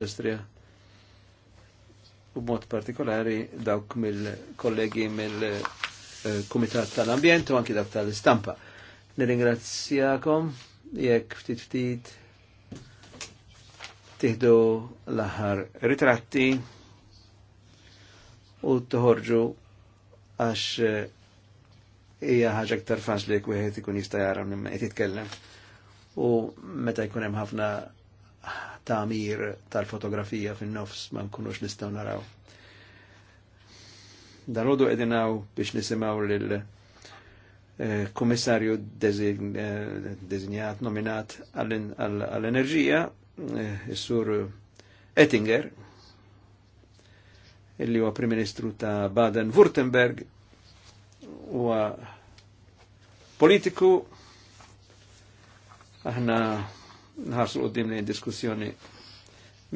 industrija u mod partikolari dawk mill-kollegi mill-Kumitat tal-Ambjent u anki dawk tal-Istampa. Nirringrazzjakom jekk ftit ftit tihdu l-aħħar ritratti u toħorġu għax eh, hija ħaġa aktar faċli jekk wieħed ikun jista' jara minn jitkellem. U meta jkun hemm ħafna ta' tal-fotografija fin-nofs ma nkunux nistgħu naraw. Dalodu għedinaw biex nisimaw lil eh, komissarju dezinjat, eh, nominat għall-enerġija, eh, il sur Ettinger, illi huwa Prim Ministru ta' Baden-Württemberg, huwa politiku aħna nħarsu l-qoddim lejn diskussjoni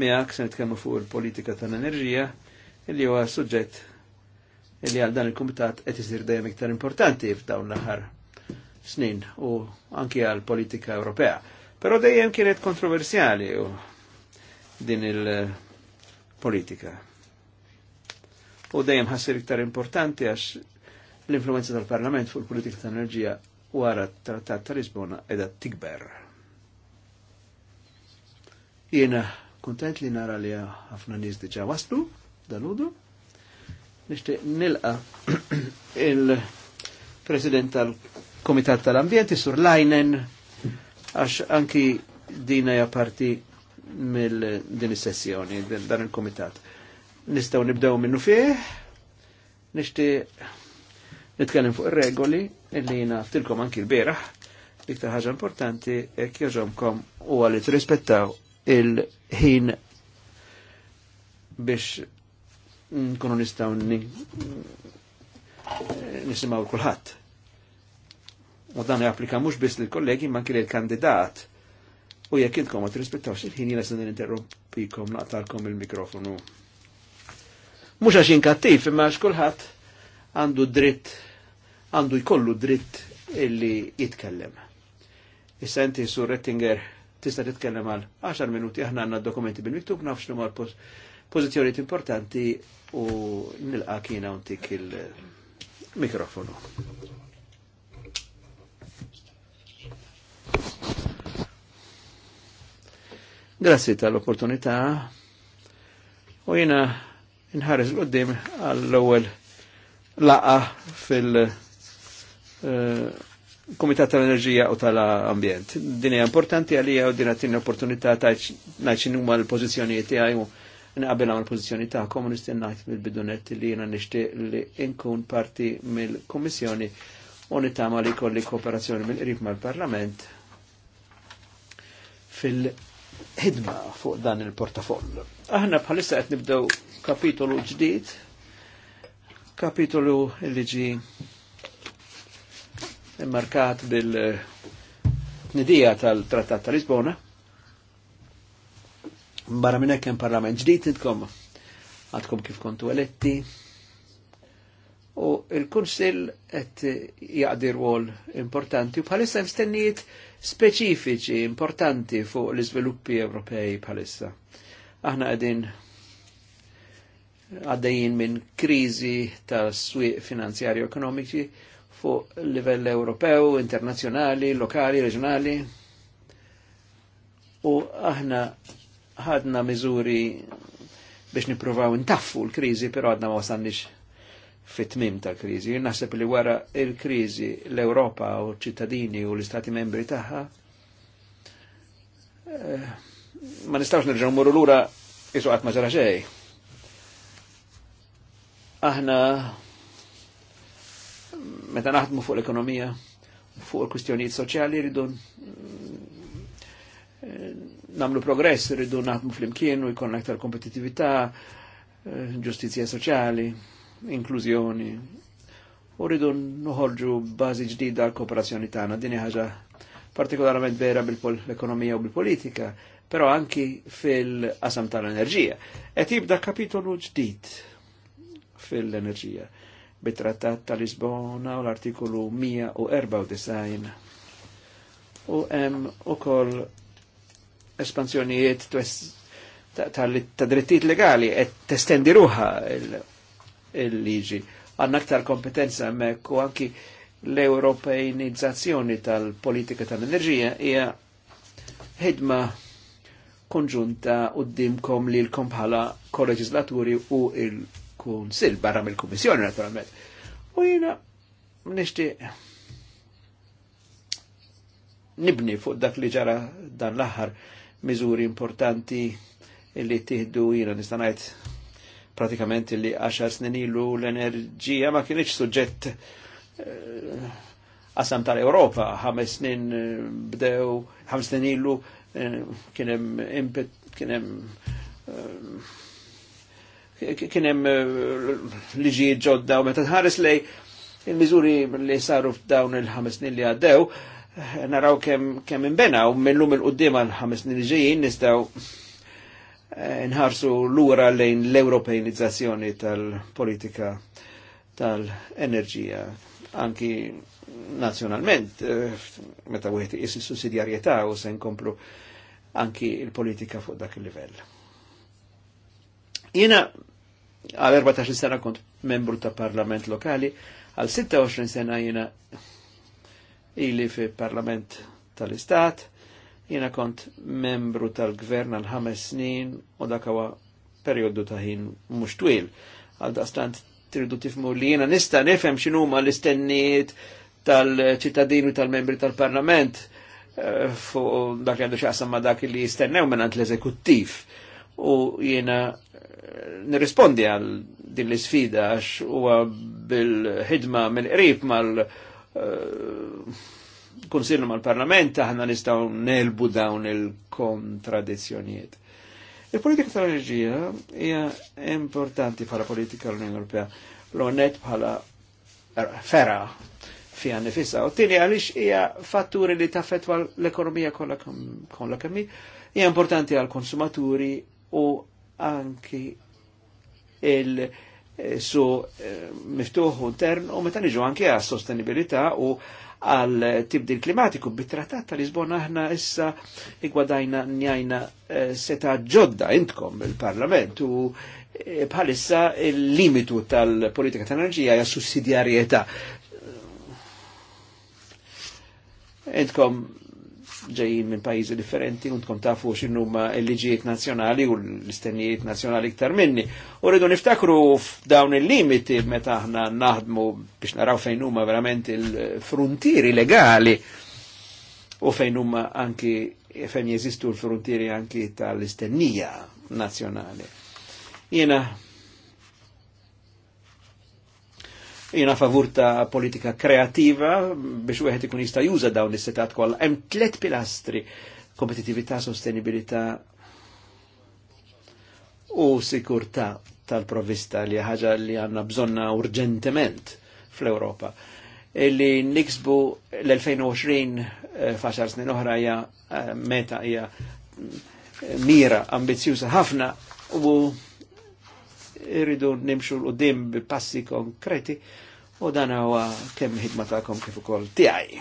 miħak, se nitkemmu fuq il-politika tal-enerġija illi huwa suġġett illi għal dan il-kumitat qed isir dejjem iktar importanti f'dawn l-aħħar snin u anki għal politika Ewropea. Però dejjem kienet kontroversjali u din il-politika. U dejjem ħassir iktar importanti għax l-influenza tal-Parlament fuq il-politika tal-enerġija wara t-Trattat ta' Lisbona edha tikber. Jena kontent li nara li ħafna nis diġa waslu, daludu, nishti nilqa il-President tal-Komitat tal-Ambjenti, Sur Lajnen, għax anki dina ja mill-din sessjoni dan il-Komitat. Nistaw nibdew minnu fieħ, nishti nitkellem fuq ir-regoli illi jina tilkom anki l-beraħ, iktar ħaġa importanti, jek joġomkom u għalit rispettaw il-ħin biex nkunu nistaw nisimaw kulħadd. U dan japplika mhux biss lill-kollegi ma kien il-kandidat. U jekk intkom ma tirrispettawx il-ħin jiena se ninterrompikom naqtalkom il-mikrofonu. Mhux għax inkattiv, imma għax kulħadd għandu dritt għandu jkollu dritt illi jitkellem. Issa inti sur Rettinger tista' titkellem għal 10 minuti aħna għandna dokumenti bil-miktub nafx li mar pożizzjonijiet importanti u nilqa kien hawntik il-mikrofonu. Grazzi tal-opportunità u jiena nħares l-qoddim għall-ewwel laqa fil- uh, Komitat tal-Enerġija u tal-Ambjent. Din hija importanti għalija u din għatin l-opportunità ta' ngħid huma l-pożizzjonijiet tiegħi u nqabel għal pozizjoni ta' u nistgħu mill-bidunet li jiena nixtieq li nkun parti mill-Kummissjoni u nittama li kolli kooperazzjoni mill-qrib mal-Parlament fil-ħidma fuq dan il-portafoll. Aħna bħalissa qed nibdew kapitolu ġdid, kapitolu li ġi immarkat bil-nidija eh, tal-Trattat tal-Lisbona. Barra minn hemm parlament ġdid nitkom għadkom kif kontu eletti. U il-Kunsil qed jaqdi rwol importanti u bħalissa hemm stennijiet speċifiċi importanti fuq l-iżviluppi Ewropej bħalissa. Aħna qegħdin għaddejjin minn kriżi ta' swieq finanzjarju ekonomiċi fuq livell Ewropew, internazzjonali, lokali, reġjonali. U aħna ħadna miżuri biex nippruvaw intaffu l kriżi però għadna ma wasannix fit-tmim tal kriżi Naħseb li wara il kriżi l ewropa u ċittadini u l-Istati membri tagħha eh, ma nistawx nerġa' mmorru lura isu qatt ma ġara xej. Aħna meta naħdmu fuq l-ekonomija, fuq il-kwistjonijiet soċjali rridu eh, namlu progress, rridu naħdmu fl-imkien u jkollna aktar kompetitività, eh, ġustizja soċjali, inklużjoni. U rridu nħorġu bażi ġdida għal kooperazzjoni tagħna. Din ħaġa partikolarment vera bil-ekonomija u bil-politika, però anki fil-qasam tal-enerġija. Qed jibda kapitolu ġdid fil-enerġija bit-trattat tal-Lisbona u l-artikolu 194. U hemm ukoll espansjonijiet ta' drittijiet legali qed testendi ruħa il-liġi. Għandna aktar kompetenza hemmhekk u anki l-Ewropejnizzazzjoni tal-politika tal-enerġija hija ħidma konġunta u dimkom li l-kom bħala kolleġislaturi u il- kunsil barra mill-Kummissjoni naturalment. U jina nishti nibni fuq dak li ġara dan l-aħħar miżuri importanti li tiħdu jina nistanajt pratikament li 10 snin ilu l-enerġija ma kienieċ suġġett eh, qasam tal-Europa, ħames snin eh, bdew, ħames snin ilu eh, kienem impet, kienem hemm eh, liġi ġodda u meta tħares lej il miżuri li saru f'dawn il-ħames snin li għaddew, eh, naraw kemm kem imbena u minnum il-qoddim għal-ħames snin li ġejjin nistaw eh, nħarsu l-ura lejn l-Europeanizzazzjoni tal-politika tal-enerġija anki nazjonalment meta wieħed is sussidjarjetà u se nkomplu anki il-politika fuq dak il-livell. Jiena għal 14 sena kont membru ta' parlament lokali, għal 26 sena jina ili fi parlament tal-istat, jina kont membru tal-gvern għal ħames snin u dakawa periodu ta' ħin mux twil. Għal daqstant tridu tifmu li jina nista nifem xinu ma l-istenniet tal-ċittadini tal-membri tal-parlament eh, fuq dak għandu xaqsam ma dak li jistennew minn l-eżekuttiv u jiena eh, nirrispondi għal din l-sfida għax huwa bil-ħidma mill-qrib mal- eh, konsilna mal-parlament aħna nistgħu nelbu dawn il-kontradizzjonijiet. Il-politika tal-enerġija hija importanti bħala politika l-Unjoni Ewropea l-onet bħala fera fija nifissa. U tini għalix hija fatturi li tafetwa l-ekonomija kollha kemm hija importanti għal konsumaturi u anki il- su eh, miftuħ intern u meta niġu anke għas sostenibilità u għal tibdil klimatiku bit-trattat tal-Lisbona aħna issa igwadajna njajna eh, seta ġodda intkom il-Parlament u eh, bħalissa il-limitu tal-politika tal-enerġija hija sussidjarjetà. Intkom ġejjin minn pajjiżi differenti u tkun tafu x'inhuma l-liġijiet nazzjonali u l-istennijiet nazzjonali iktar minni. U rridu niftakru f'dawn il-limiti meta aħna naħdmu biex naraw fejn huma verament il-fruntieri legali u fejn huma anki fejn jeżistu l-fruntieri anki tal-istennija nazzjonali. Jiena Jina favur ta' politika kreativa biex wieħed ikun jista' juża dawn is-setat kollha. Hemm tliet pilastri kompetitività, sostenibilità u sikurtà tal-provvista li ħaġa li għandna bżonna urġentement fl-Ewropa illi niksbu l-2020 eh, faċar snin oħra hija eh, meta hija mm, mira ambizjuża ħafna u irridu nimxu l-qoddim bil passi konkreti u dan huwa kemm ħidma tagħkom kif ukoll tiegħi.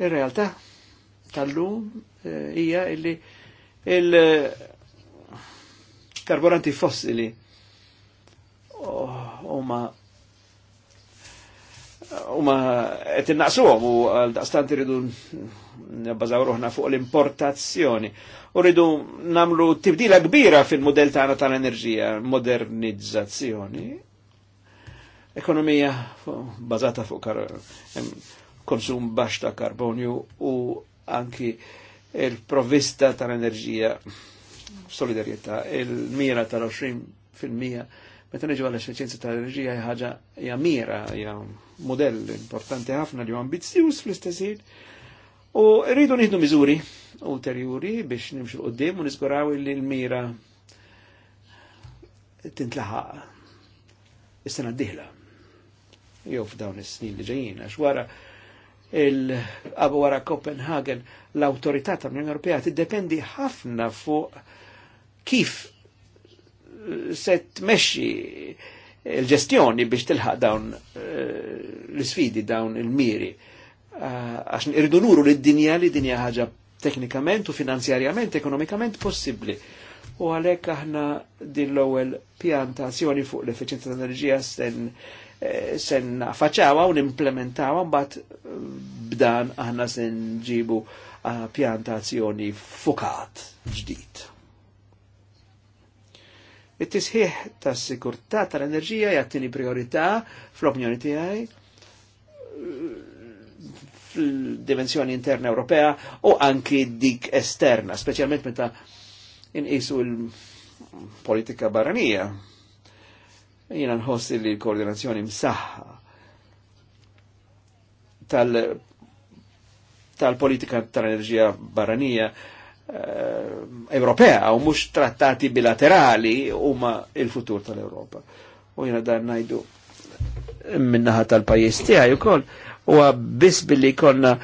Ir-realtà tal-lum eh, hija illi il-karburanti fossili huma oh, huma qed innaqsuhom u għal daqstant iridu nabbażaw ruħna fuq l-importazzjoni. U rridu namlu tibdila kbira fil-modell tagħna tal-enerġija, modernizzazzjoni. Ekonomija bażata fuq konsum baxx ta' karbonju u anki il-provvista tal-enerġija solidarjetà, il-mira tal-20% meta neġu għal efficienza tal-enerġija ħaġa hija mira, hija modell importanti ħafna li ambizzjuż fl-istess U rridu nieħdu miżuri ulterjuri biex nimxu l-qoddim u nizguraw li l-mira tintlaħaq is-sena d-dihla. Jow f'dawn is-snin li ġejjin, għax wara il-qabu wara Copenhagen l-autorità tal-Unjoni Ewropea tiddependi ħafna fuq kif eh, se tmexxi l ġestjoni biex tilħaq dawn eh, l-sfidi dawn il-miri. il miri Eh, għax irridu nuru lid-dinja li dinja ħaġa teknikament u finanzjarjament, ekonomikament possibbli. U għalhekk aħna din l-ewwel pjantazzjoni fuq l efficienza tal-enerġija sen eh, sen faċawa u n-implementawa, mbagħad eh, b'dan aħna sen ġibu pjantazzjoni fukat ġdid. It-tisħiħ tas-sikurtà tal-enerġija jattini priorità fl-opinjoni tijaj fil-dimensjoni interna Ewropea u anki dik esterna, specialment meta inqisu il-politika barranija. Jina nħossi li l-koordinazzjoni msaħħa tal-politika tal tal-enerġija barranija eh, Ewropea u mux trattati bilaterali huma il-futur tal-Europa. U jina dan najdu minnaħa tal-pajis tiegħi ukoll u biss billi konna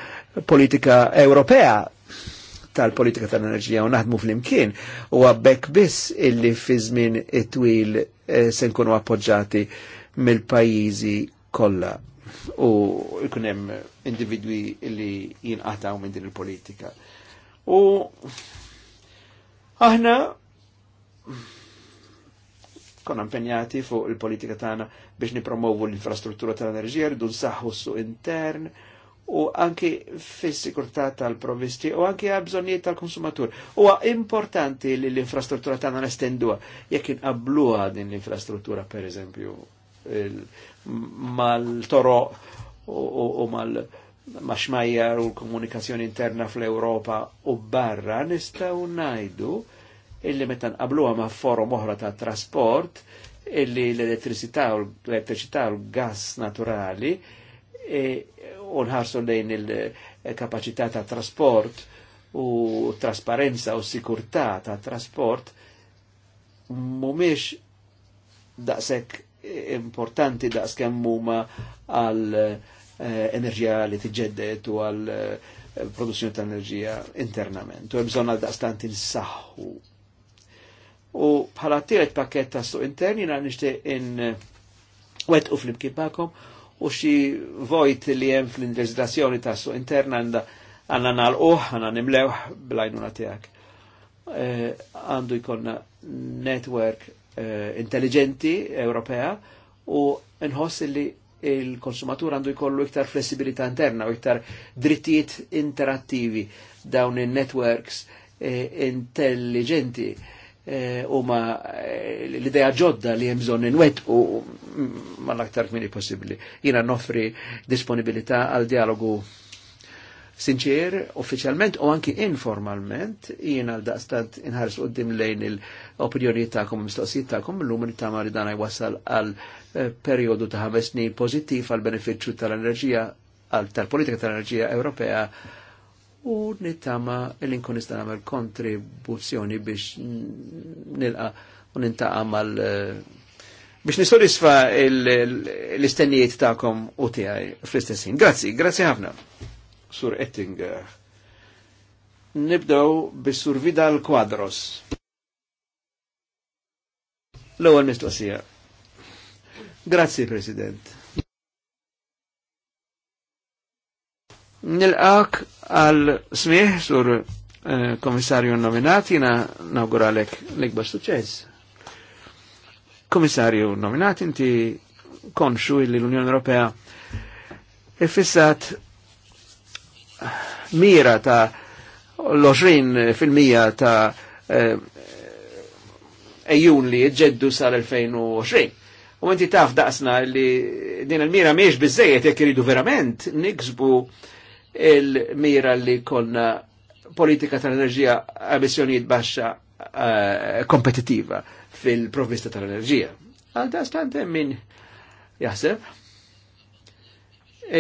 politika Ewropea tal-politika tal-enerġija u naħdmu fl-imkien u għabbek biss illi fi żmien it-twil eh, se nkunu appoġġati mill-pajjiżi kollha u jkunem hemm individwi illi jinqataw minn din il-politika. U aħna konna impenjati fuq il-politika tagħna biex nipromovu l-infrastruttura tal-enerġija, rridu nsaħħu su intern u anki fis-sikurtà tal-provisti u anki għal bżonnijiet tal-konsumatur. Huwa importanti li l-infrastruttura tagħna nestenduha jekk inqabluha din l-infrastruttura pereżempju mal-toro u mal maxmajjar u l-komunikazzjoni interna fl-Europa u barra nistaw najdu illi meta nqabluha ma' forum oħra ta' trasport illi l elettricità u l elettricità u l-gas naturali e, u nħarsu lejn il-kapacità ta' trasport u trasparenza u sikurtà ta' trasport mumiex daqshekk importanti daqs kemm huma għal e, enerġija li tiġġedded u għal e, produzzjoni ta' enerġija internament. U hemm għal U bħala t-tielet pakket ta' suq interni na' nishti in eh, wet u fl bakom u xi vojt li jem fl-leġislazzjoni ta' suq interna għanda għanna nal-uħ, għanna nimlewħ blajnuna tijak. Eh, għandu uh, jkonna network uh, intelligenti Ewropea u nħoss li il-konsumatur għandu jkollu iktar flessibilità interna u iktar drittijiet interattivi dawn in-networks e, intelligenti huma eh, eh, l-idea ġodda li hemm bżonn wet u mal-aktar kmini possibbli. Jiena noffri disponibilità għal dialogu sinċer, uffiċjalment u anki informalment, jiena l daqstant d-dim lejn il opinjoni tagħkom u mistoqsijiet tagħkom l nittama li maridana jwassal għal eh, perjodu ta' ħames snin pożittiv għal benefiċċju tal-enerġija tal-politika tal-enerġija Ewropea u nittama l-inkun nista' kontribuzzjoni biex nilqa' u nintaqa' mal eh, biex nisodisfa l-istennijiet takom u tijaj fl-istessin. Grazzi, grazzi ħafna. Sur Ettinger. Nibdow bis-Sur Vidal Quadros. L-ewwel mistoqsija. Grazzi, President. Nilqak għal smieħ sur eh, komissarju Nominati na nawguralek l-ikba suċess. Komissarju Nominati inti konxu illi l-Unjoni Ewropea effissat mira ta' l-20% ta' eh, ejjun li jġeddu sal-2020. U inti taf daqsna li din il-mira miex bizzejet jek jridu verament niksbu il-mira li konna politika tal-enerġija emissjonijiet baxxa eh, kompetitiva fil-provvista tal-enerġija. Għal dastant min jaħseb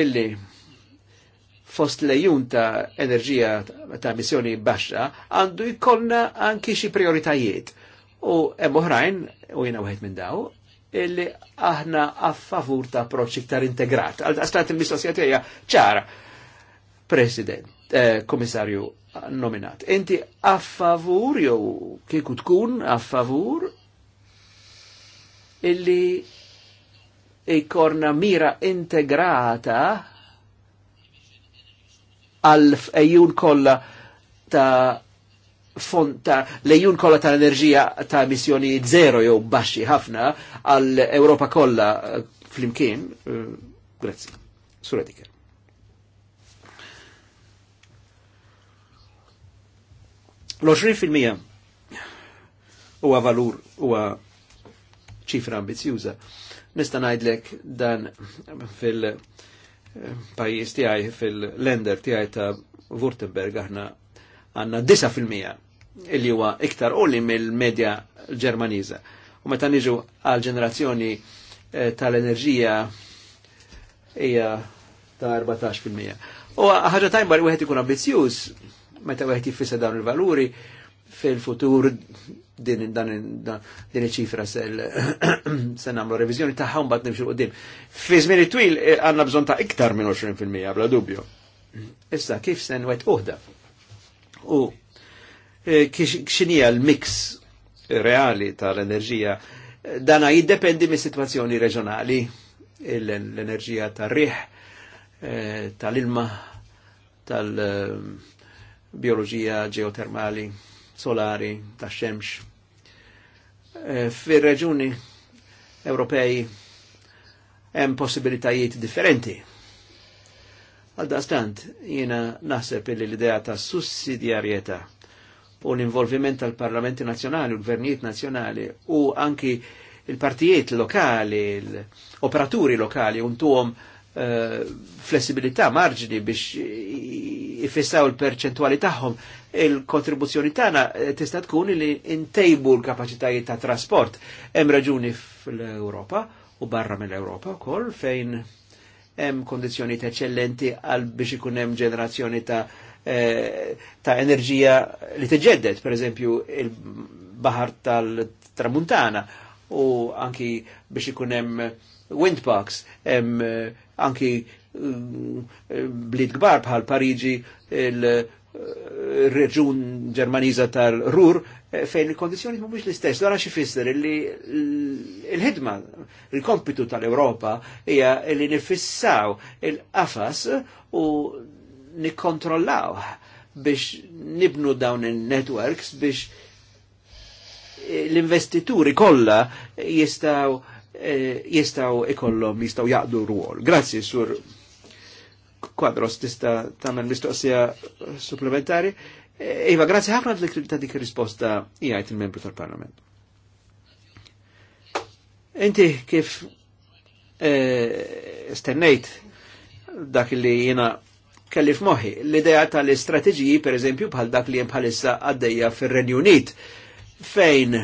illi fost lejun ta' enerġija ta' emissjoni baxxa għandu jkollna anki xi prioritajiet. U hemm oħrajn, u jiena wieħed minn daw, illi aħna a favur ta' approċċ iktar integrat. Għal dastant il-mistoqsija tiegħi ċara president, eh, komissarju nominat. Inti a favur, jew kieku tkun a favur, illi ikorna mira integrata għal ejjun kolla ta' fonta lejjun kolla ta' enerġija ta' emissjoni zero jew baxxi ħafna għall Europa kolla eh, flimkien. Eh, grazzi. Sura diker. L-20% huwa valur, huwa ċifra ambizjuża. Nista' ngħidlek dan fil-pajjiż eh, tiegħi fil-lender tiegħi ta' Württemberg aħna għandna 9% illi huwa iktar qoli mill-medja Ġermaniża. U meta niġu għal ġenerazzjoni eh, tal-enerġija hija ta' 14%. U ħaġa tajbar li wieħed ikun ambizzjuż meta wieħed jiffissa dawn il-valuri fil-futur din dan din iċifra sel se nagħmlu revizjoni ta' u mbagħad nimxu qudiem. Fi żmien twil eh, għandna bżonn ta' iktar minn 20% bla dubju. Issa kif se nwet uħda? U eh, x'inhija l-mix reali tal-enerġija dana jiddependi mis situazzjoni reġjonali l-enerġija tar-riħ eh, tal-ilma tal-, tal bioloġija ġeotermali, solari, ta' xemx. E, fir-reġuni Ewropej hemm possibilitajiet differenti. Għaldaqstant, jina naħseb li l-idea ta' sussidjarieta u l-involviment tal-parlamenti nazjonali u l-gvernijiet nazjonali u anki il-partijiet lokali, l-operaturi lokali, untuhom Eh, flessibilità marġini biex jifissaw il-perċentuali tagħhom il-kontribuzzjoni tagħna eh, tista' tkun li intejbu l-kapaċitajiet ta' trasport. Hemm raġuni fl-Ewropa u barra mill-Ewropa wkoll fejn hemm kondizzjonijiet eċċellenti għal biex ikun hemm ġenerazzjoni ta' eh, ta' enerġija li tiġġedded, per eżempju il-baħar tal-Tramuntana u anki biex ikun hemm windparks, hemm anki mm, blid gbar bħal Pariġi il-reġun eh, ġermaniza tal-Rur eh, fejn il-kondizjoni mhumiex l-istess. Dara xi fisser li l-ħidma, il-kompitu tal-Ewropa hija li nifissaw il-qafas u nikkontrollaw biex nibnu dawn il-networks biex eh, l-investituri kollha jistaw Eh, jistaw ikollom, jistaw jaqdu ruol. Grazzi, sur kwadros tista tagħmel mistoqsija supplementari. Eh, iva, grazzi ħafna ta' dik risposta jgħajt il-membru tal-Parlament. Inti kif eh, stennejt dak li jena kelli f'moħi, l-ideja tal-istrateġiji, per eżempju, bħal dak li jem bħalissa għaddeja fir-Renju Unit, fejn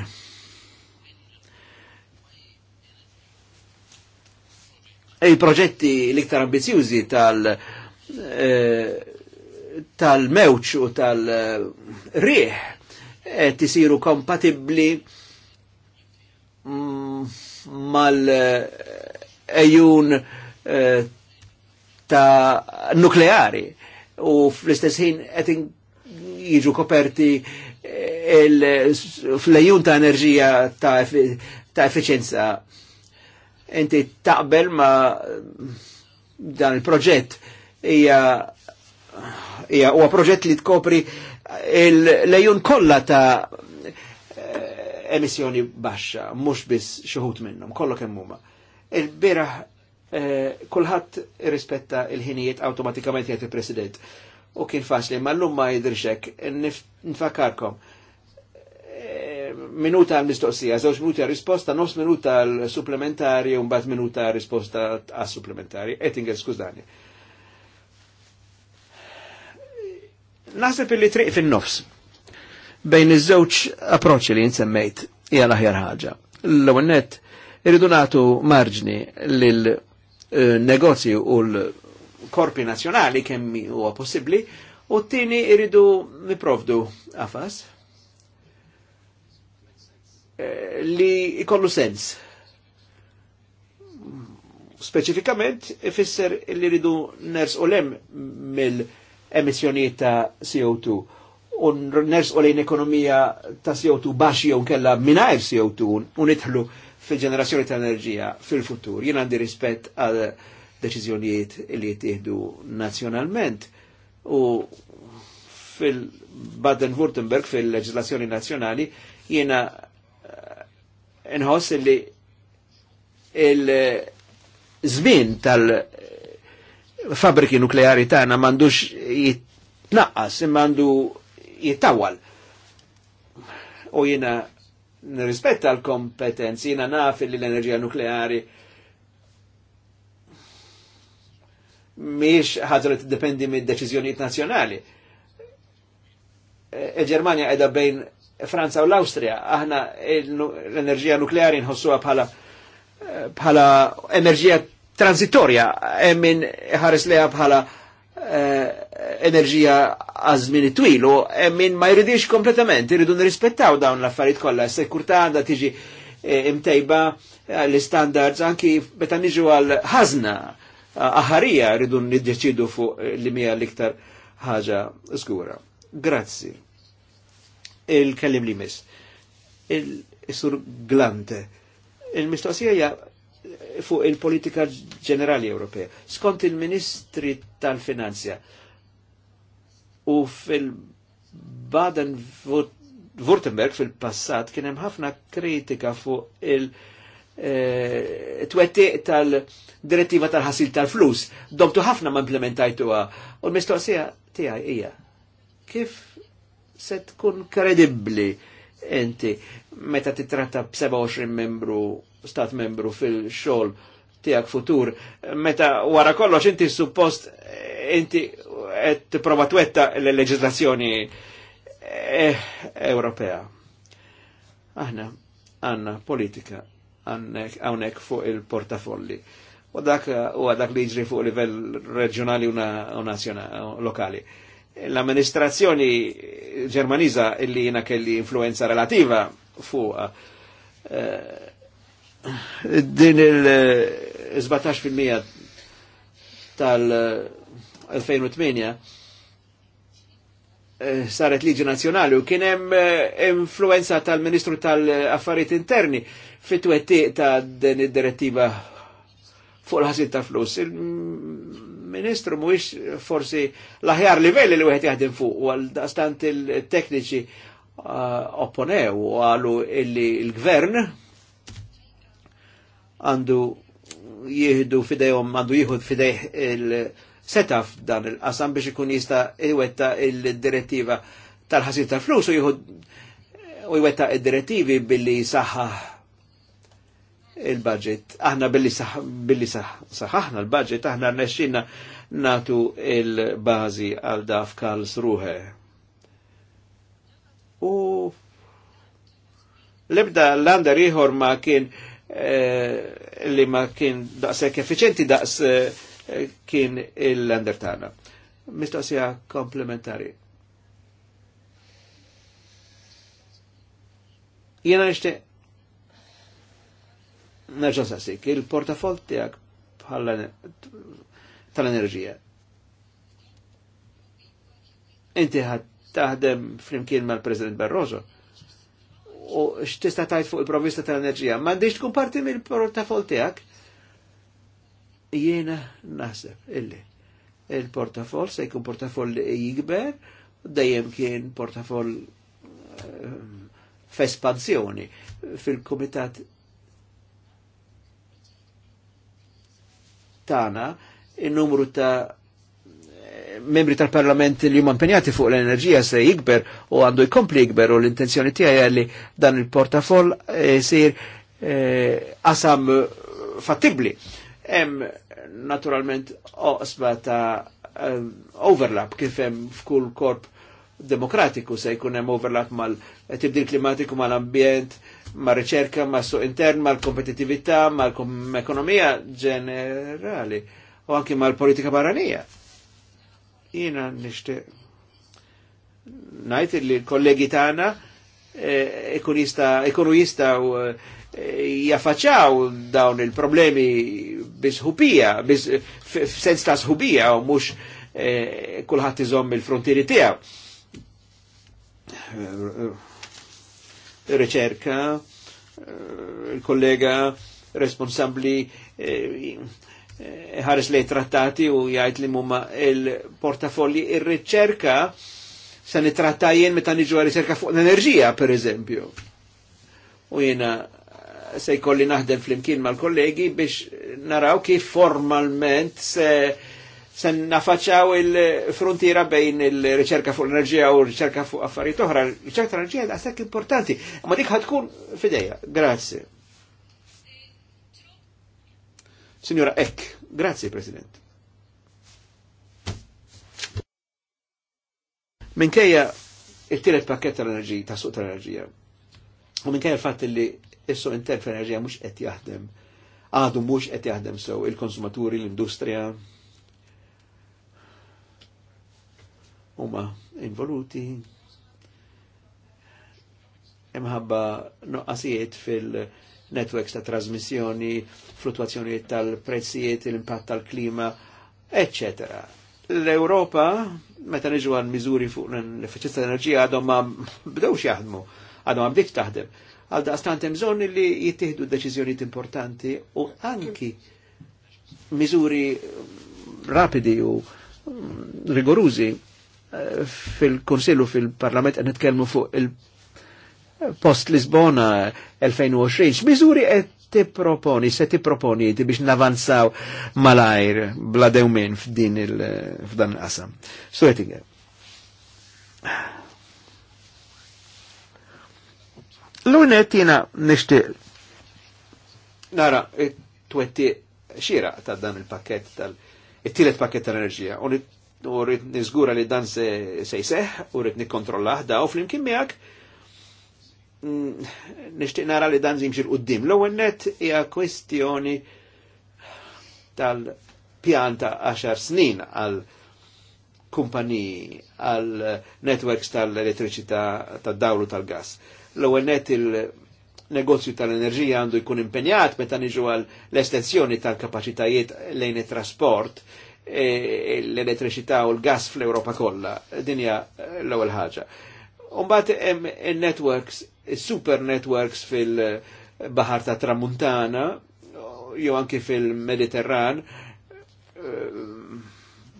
il-proġetti l-iktar ambizjużi tal- eh, tal-mewċ u tal-riħ eh, tisiru kompatibli mm, mal-ejjun eh, ta' nukleari u fl-istess ħin qed jiġu koperti fl-ejjun ta' enerġija ta' efficienza inti taqbel ma dan il-proġett hija hija huwa proġett li tkopri l lejun kollha ta' emissjoni baxxa, mhux biss xuħut minnhom, kollok hemm huma. Il-bieraħ eh, kulħadd irrispetta il-ħinijiet awtomatikament jgħid il-President. U kien faċli, ma llum ma jidrixek, nifakarkom. Nif minuta għal mistoqsija, żewġ minuti għal risposta, nofs minuta għal supplementari, un bat minuta għal risposta għal supplementari. Ettinger, skużani. Nasib li triq fin-nofs bejn iż-żewġ approċċi li nsemmejt hija l-aħjar ħaġa. L-ewwel nett irridu nagħtu marġni lil eh, negozju u l-korpi nazzjonali kemm huwa possibbli u t-tieni irridu niprovdu afas. Eh, li ikollu sens. Speċifikament ifisser li ridu ners u lem mill-emissjonijiet ta' CO2 u ners u lejn ekonomija ta' CO2 baxi jew kella minajr CO2 u nidħlu fil-ġenerazzjoni ta' enerġija fil-futur. Jien għandi rispett għal deċiżjonijiet li jittihdu nazzjonalment u fil-Baden-Württemberg fil-leġislazzjoni nazzjonali jiena nħoss li il-żmien tal-fabriki nukleari tagħna m'għandux jitnaqqas imma għandu jittawal. U jiena nirrispetta l-kompetenzi, jiena naf li l-enerġija nukleari miex ħadra tiddependi mid-deċiżjonijiet nazzjonali. il germania e, e bejn Franza u l-Austria. Aħna l-enerġija nukleari nħossuha bħala bħala enerġija transitorja minn ħares leha bħala eh, enerġija għazmin twil u min ma jridix kompletament, jridu nirrispettaw dawn l-affarijiet kollha, s-sekurtà għandha tiġi eh, imtejba l-standards anki meta niġu għal ħażna eh, aħarija rridu niddeċidu fuq li mija l-iktar ħaġa żgura. Grazzi il-kellim li mis. Il-sur glante. Il-mistoqsija hija fuq il-politika ġenerali Ewropea. Skont il-Ministri tal-Finanzja u fil-Baden-Württemberg fil-passat kien hemm ħafna kritika fuq il- eh, twettiq tal-direttiva tal-ħasil tal-flus. Domtu ħafna ma implementajtuha. U l-mistoqsija tiegħi hija. Kif se tkun kredibbli enti meta titratta b-27 membru, stat membru fil-xol tijak futur, meta wara kollox inti suppost inti et prova twetta l-leġislazzjoni eh, Ewropea. Aħna għanna politika għawnek fuq il-portafolli. U dak u dak li jġri fuq livell reġjonali u nazjonali lokali l-amministrazzjoni ġermaniza illi jina kelli influenza relativa fuq eh, din il-17% tal-2008 eh, saret liġi nazjonali u kien hemm eh, influenza tal-Ministru tal-Affarijiet Interni fit twetti ta' din id-direttiva fuq l-ħasil ta' flus il-ministru mhuwiex forsi l-aħjar livell li wieħed jaħdem fuq għal stant il-tekniċi uh, opponew u għalu illi il-gvern għandu jihdu fidejhom għandu jieħud fidej il setaf dan il-qasam biex ikun jista' iwetta il-direttiva tal ħasib tal-flus u jieħu u jwetta id-direttivi billi saħħa il-budget. Aħna billi saħħaħna il budget aħna rnexxinna natu il-bazi għal daf Karlsruhe. U lebda l-ander ieħor ma kien eh, li ma kien daqs efficienti eh, daqs kien il-lander tagħna. Mistoqsija komplementari. Jena nishtiq nerġa' sassik, il-portafol tijak tal-enerġija. Inti ħad taħdem flimkien l president Barroso u x'tista' tajt fuq il-provvista tal-enerġija. ma diġ tkun parti mill-portafol tijak, Jiena naħseb illi il-portafol se jkun portafol li jikber, dajem kien portafol eh, f'espansjoni fil komitat Tana in-numru ta' membri tal-parlament li huma impenjati fuq l-enerġija se jikber u għandu jkompli jikber u l-intenzjoni tiegħi li dan il-portafoll jsir eh, eh, qasam fattibbli. Hemm naturalment oqsba ta' eh, overlap kif hemm f'kull korp demokratiku se jkun hemm overlap mal tibdil klimatiku mal-ambjent, ma' riċerka, ma' suq intern, ma' kompetitività, ma' ekonomija ġenerali u anki ma' politika barranija. Jina nishti najt li kollegi tana, ekonista, eh, ikunu u eh, jaffaċaw dawn il-problemi bizħubija, biz, sens ta' sħubija u mux eh, kulħadd iżomm il frontiri tiegħu riċerka, eh, il-kollega responsabli eh, ħares li trattati u jgħajt li mumma il-portafolli ir-riċerka se nitratta jien meta niġu riċerka fuq l-enerġija, per eżempju. U jiena eh, se jkolli naħdem flimkien mal-kollegi biex naraw kif formalment se sen nafaċaw il-frontiera bejn il-riċerka fuq l-enerġija u l-riċerka fuq affarijiet oħra. Riċerka l-enerġija da sekk importanti, ma dik ħadkun fideja. Grazie. Signora Eck, grazie President. Minkejja il-tielet pakket tal-enerġija, ta' suq tal-enerġija, u minkejja il-fat li issu intern fl-enerġija mhux qed jaħdem, għadu mhux qed jaħdem sew il-konsumaturi, l-industrija, huma involuti imħabba noqqasijiet fil-networks ta' trasmissjoni, fluttuazzjonijiet tal-prezzijiet, l-impatt tal-klima, ecc. L-Europa, meta niġu għan miżuri fuq l-efficienza enerġija għadhom ma bdew jaħdmu, għadhom ma taħdem. Għal daqstant hemm li jittihdu deċiżjonijiet importanti u anki miżuri rapidi u mm, rigorużi fil-Konsillu fil-Parlament qed nitkellmu fuq il-Post Lisbona 2020, miżuri qed tipproponi, se tipproponi ti biex navanzaw malajr bla dewmin f'din il f'dan il-qasam. Suetinger. L-unet jina nishtiq. Nara, twetti xira ta' dan il-pakket tal- it-tielet pakket tal-enerġija, u u rrit nizgura li dan se jseħ u rrit nikkontrollah da u flimkien miegħek mm, nixtieq nara li dan jimxi l-qudiem. L-ewwel net hija kwestjoni tal-pjan ta' 10 snin għal kumpaniji għal networks tal-elettriċità tad dawlu tal-gas. L-ewwel net il-negozju tal-enerġija għandu jkun impenjat meta niġu għal l-estensjoni tal-kapaċitajiet lejn it-trasport E, e l elettricità u l-gas fl-Europa kollha. Dinja l-ewwel ħaġa. Umbagħad hemm networks super networks fil-Bahar ta' Tramuntana jew anki fil-Mediterran e,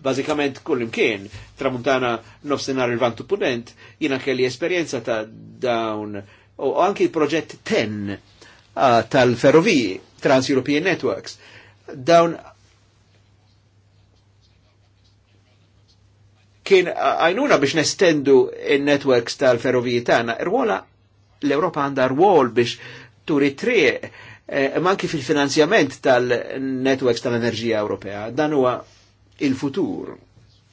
bazikament kull imkien, tramuntana nofsenar il-vantu punent, jina kelli esperienza ta' dawn, u anki il-proġett 10 tal-ferroviji, Trans-European Networks, dawn kien għajnuna biex nestendu il-networks tal-ferroviji tagħna. Rwola l-Ewropa għandha rwol biex turi triq e, manki fil-finanzjament tal-networks tal-enerġija Ewropea. Dan huwa il-futur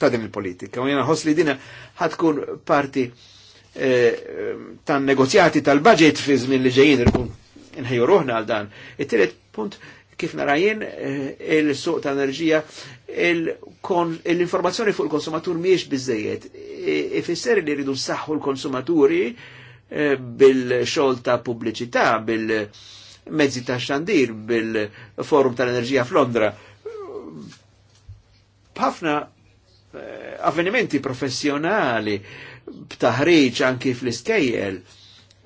ta' din il-politika. U jena ħoss li dina ħatkun parti e, tan negozjati tal-budget fi żmien li ġejjin irkun inħejju ruħna għal dan. It-tielet punt kif narajin e, il-suq tal-enerġija l-informazzjoni fuq il-konsumatur miex bizzejiet. Ifisser li rridu saħħu l-konsumaturi eh, bil-xol ta' pubbliċità, bil-mezzi ta' xandir, bil-forum tal-enerġija f'Londra. B'ħafna eh, avvenimenti professjonali, b'taħriġ anki fl-iskejjel,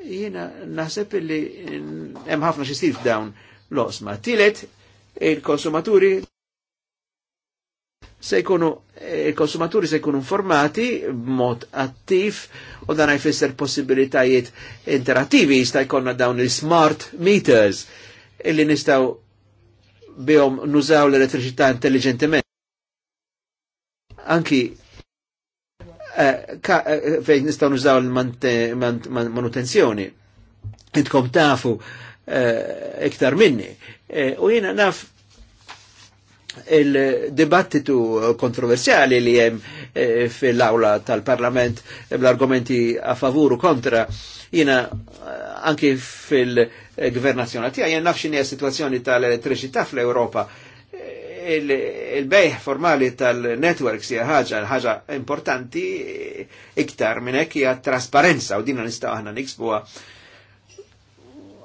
jiena naħseb li mm, hemm ħafna xisir f'dawn l-osma. Tilet, il-konsumaturi se jkunu il-konsumaturi eh, se jkunu informati b'mod attiv u dan jfisser possibilitajiet interattivi jista' jkollna dawn il-smart meters illi nistaw bihom nużaw l-elettriċità intelligentement. Anki eh, eh, fejn nistaw nużaw l-manutenzjoni. Intkom tafu iktar minni. U jiena naf il-dibattitu kontroversjali li jem eh, fil-awla tal-parlament eh, bl-argumenti a favuru kontra jina eh, anki fil-gvern tija jen nafxin għas situazzjoni tal-elettricità fl-Europa il-bejħ formali tal-networks hija ħaġa ħaġa importanti iktar minn hekk hija trasparenza u din nistgħu aħna niksbuha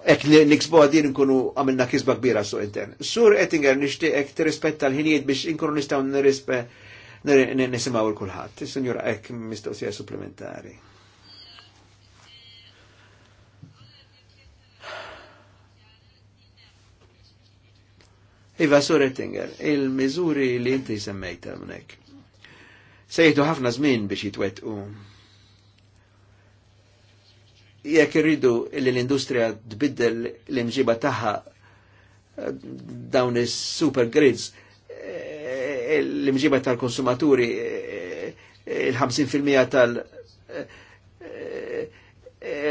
ek niksbuħa din nkunu għamilna kisba kbira su intern. Sur Ettinger nishti ek t-rispetta l-ħinijiet biex nkunu nistaw n-rispe nisimaw il-kulħat. Signora ek mistoqsija supplementari. Iva, sur Ettinger, il-mizuri li inti semmejta mnek. Sejtu ħafna zmin biex jitwet u. Um jekk irridu li l-industrija tbiddel l-imġiba tagħha dawn is-super grids eh, l-imġiba tal-konsumaturi eh, eh, il-50% tal-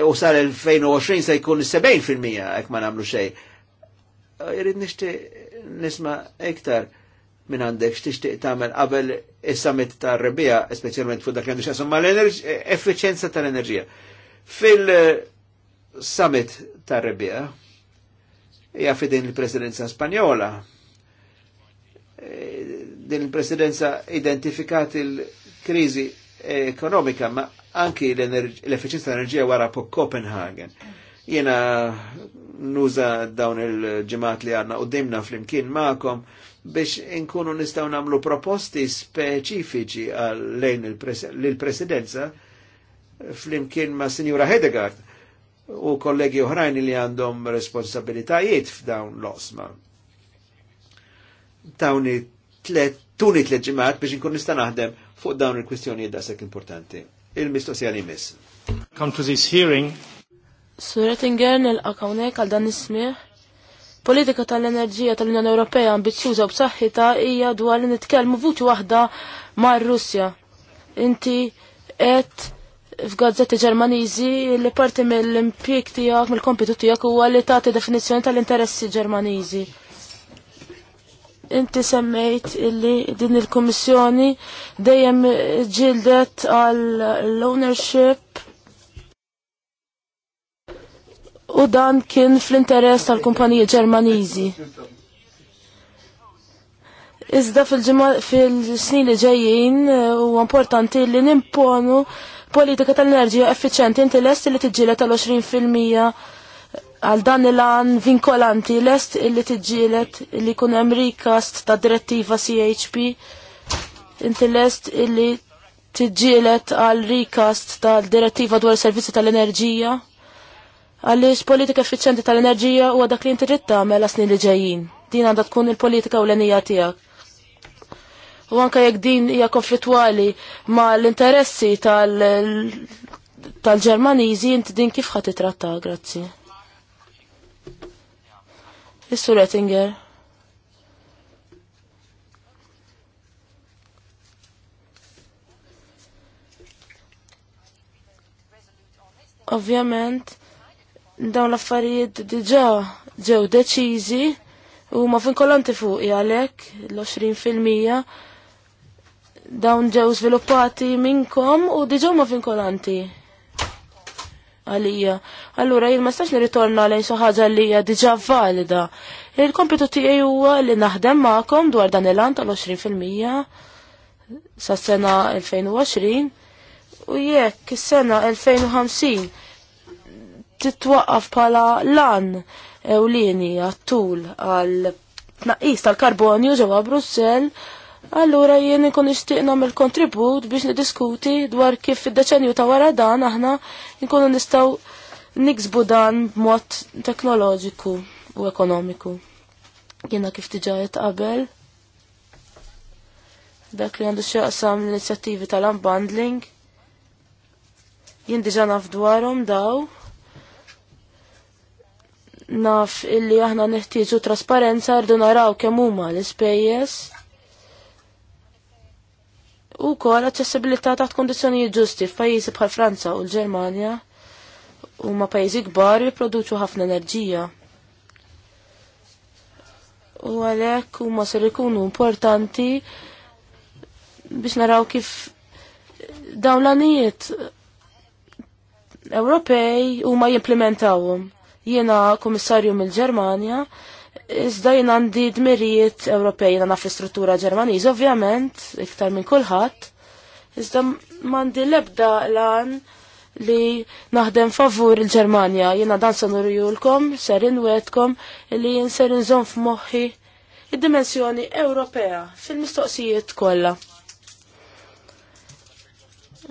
u sal-2020 se jkun 70% jekk ma nagħmlu xejn. Jrid nixtieq nisma' iktar minn għandek x'tixtieq tagħmel qabel is-summit tar-rebija, speċjalment fuq dak li għandu x'asum mal-effiċjenza tal-enerġija. tal enerġija Fil-summit tar rebija hija fidin il-presidenza Spanjola. E, din il-presidenza identifikat il krizi ekonomika ma anki l-efficienza enerġija wara po Copenhagen. Jena nuża dawn il-ġemat li għanna u dimna fl-imkien ma'kom biex inkunu nistaw namlu proposti speċifiċi għal lejn l presidenza -pres flimkien ma' Sinjura Hedegard u kollegi oħrajn li għandhom responsabilitajiet f'dawn l-osma. Tawni tlet, tuni tlet ġimat biex inkun nista' naħdem fuq dawn il-kwistjonijiet dasek importanti. Il-mistoqsija li miss. Come to this hearing. Sur Ettinger nilqak hawnhekk għal dan ismih. Politika tal-enerġija tal-Unjoni Ewropea ambizzjuża b'saħħitha hija dwar li nitkellmu vuċi waħda mar-Russja. Inti qed f'gazzetti Ġermaniżi li parti mill impjik tiegħek mill-kompitu tiegħek huwa li tagħti definizzjoni tal-interessi Ġermaniżi. Inti semmejt illi din il-Kummissjoni dejjem ġildet għal l-ownership u dan kien fl-interess tal-kumpaniji Ġermaniżi. Iżda fil-snin fil li ġejjin eh, u importanti li nimponu politika tal-enerġija effiċenti inti lest li tiġġieled tal-20% għal dan il-għan vinkolanti lest li tiġġielet li kun hemm ta' direttiva CHP inti lest li tiġġielet għal rikast ta' direttiva dwar servizzi tal-enerġija għaliex politika effiċenti tal-enerġija u dak li inti rittam tagħmel snin li ġejjin. Din għandha tkun il-politika u l-enija tiegħek u anka jekk din hija konflittwali ma l-interessi tal-Ġermaniżi inti din kif ħadd titratta, grazzi. Issur Ettinger. Ovvjament, dawn l-affarijiet diġà ġew deċiżi u ma fin kollanti fuq għalhekk l-20 fil-mija dawn ġew sviluppati minnkom u diġew ma vinkolanti għalija. Allura jien ma stax nirritorna lejn soħħaġa li hija diġà valida. Il-kompitu tiegħi huwa li naħdem magħkom dwar dan il għan tal-20% sas-sena 2020 u jekk is-sena 2050 titwaqqaf bħala lan ewlieni għattul tul għal tnaqis tal-karbonju ġewwa Brussell Allura jien ikun nixtieq nagħmel kontribut biex nidiskuti dwar kif id-deċenju ta' wara dan aħna nkunu nistgħu niksbu dan b'mod teknoloġiku u ekonomiku. Jiena kif diġà qed qabel dak li għandu x'jaqsam l-inizjattivi tal-unbundling. Jien diġà naf dwarhom daw. Naf illi aħna neħtieġu trasparenza rdu naraw kemm huma l-ispejjeż u kol aċċessibilità taħt kondizjoni ġusti f'pajjiżi bħal Franza u l-Ġermanja huma pajjiżi kbar jipproduċu ħafna enerġija. U għalhekk huma ser ikunu importanti biex naraw kif dawn l-anijiet Ewropej huma jimplementawhom. Jiena komissarju mill-Ġermanja Iżda jien għandi dmirijiet Ewropej jiena naf struttura istruttura Ġermaniż, ovvjament, iktar minn kulħadd. Iżda m'għandi l-ebda lan li naħdem favur il-Ġermanja, jiena dan se nurjulkom, ser inwedkom li jien ser inżon f'moħħi id-dimensjoni Ewropea fil-mistoqsijiet kollha.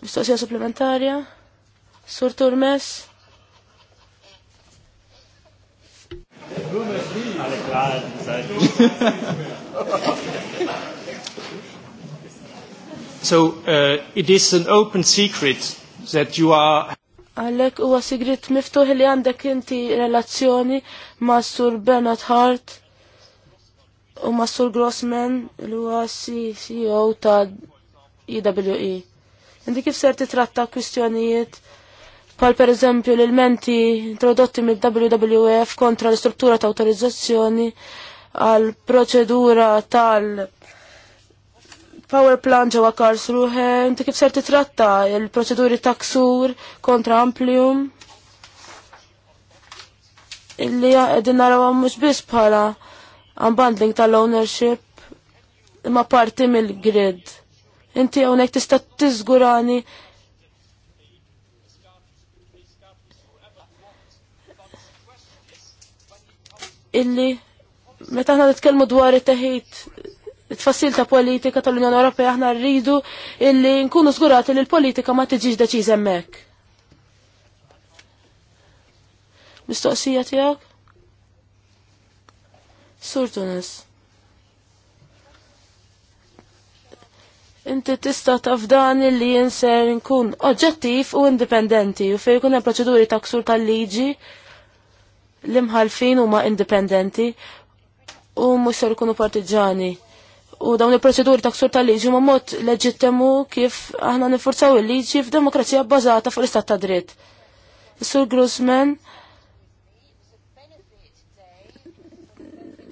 Mistoqsija supplementarja? Sur Turmes? So uh, it is an open secret that you are Alek huwa sigrit miftuħ li għandek inti relazzjoni ma' Sur Bernard Hart u ma' Sur Grossman li huwa CEO ta' IWE. E. Inti kif ser titratta kwistjonijiet pal per eżempju l-elementi introdotti mill-WWF kontra l-istruttura ta' autorizzazzjoni għal proċedura tal- Power plant ġewwa Karlsruhe, inti kif ser titratta il-proċeduri ksur kontra Amplium? Illi qegħdin narawha mhux biss bħala unbundling tal-ownership imma parti mill-grid. Inti hawnhekk tista' tiżgurani illi meta aħna nitkellmu dwar it-teħid it-fassil ta' politika tal-Unjoni Ewropea aħna rridu illi nkunu żgurati li l-politika ma tiġix deċiż hemmhekk. Mistoqsija tiegħek? Sur Tunis. Inti tista taf dan illi jinser nkun oġġettiv u indipendenti u fejn jkun hemm proċeduri ta' ksur tal-liġi l-imħalfin huma indipendenti u mhux ser ikunu partiġani. U dawn il-proċeduri ta' ksur tal-liġi huma mod leġittemu kif aħna nifforzaw il-liġi f'demokrazija bbażata fuq l-istat ta' dritt. sur Grossman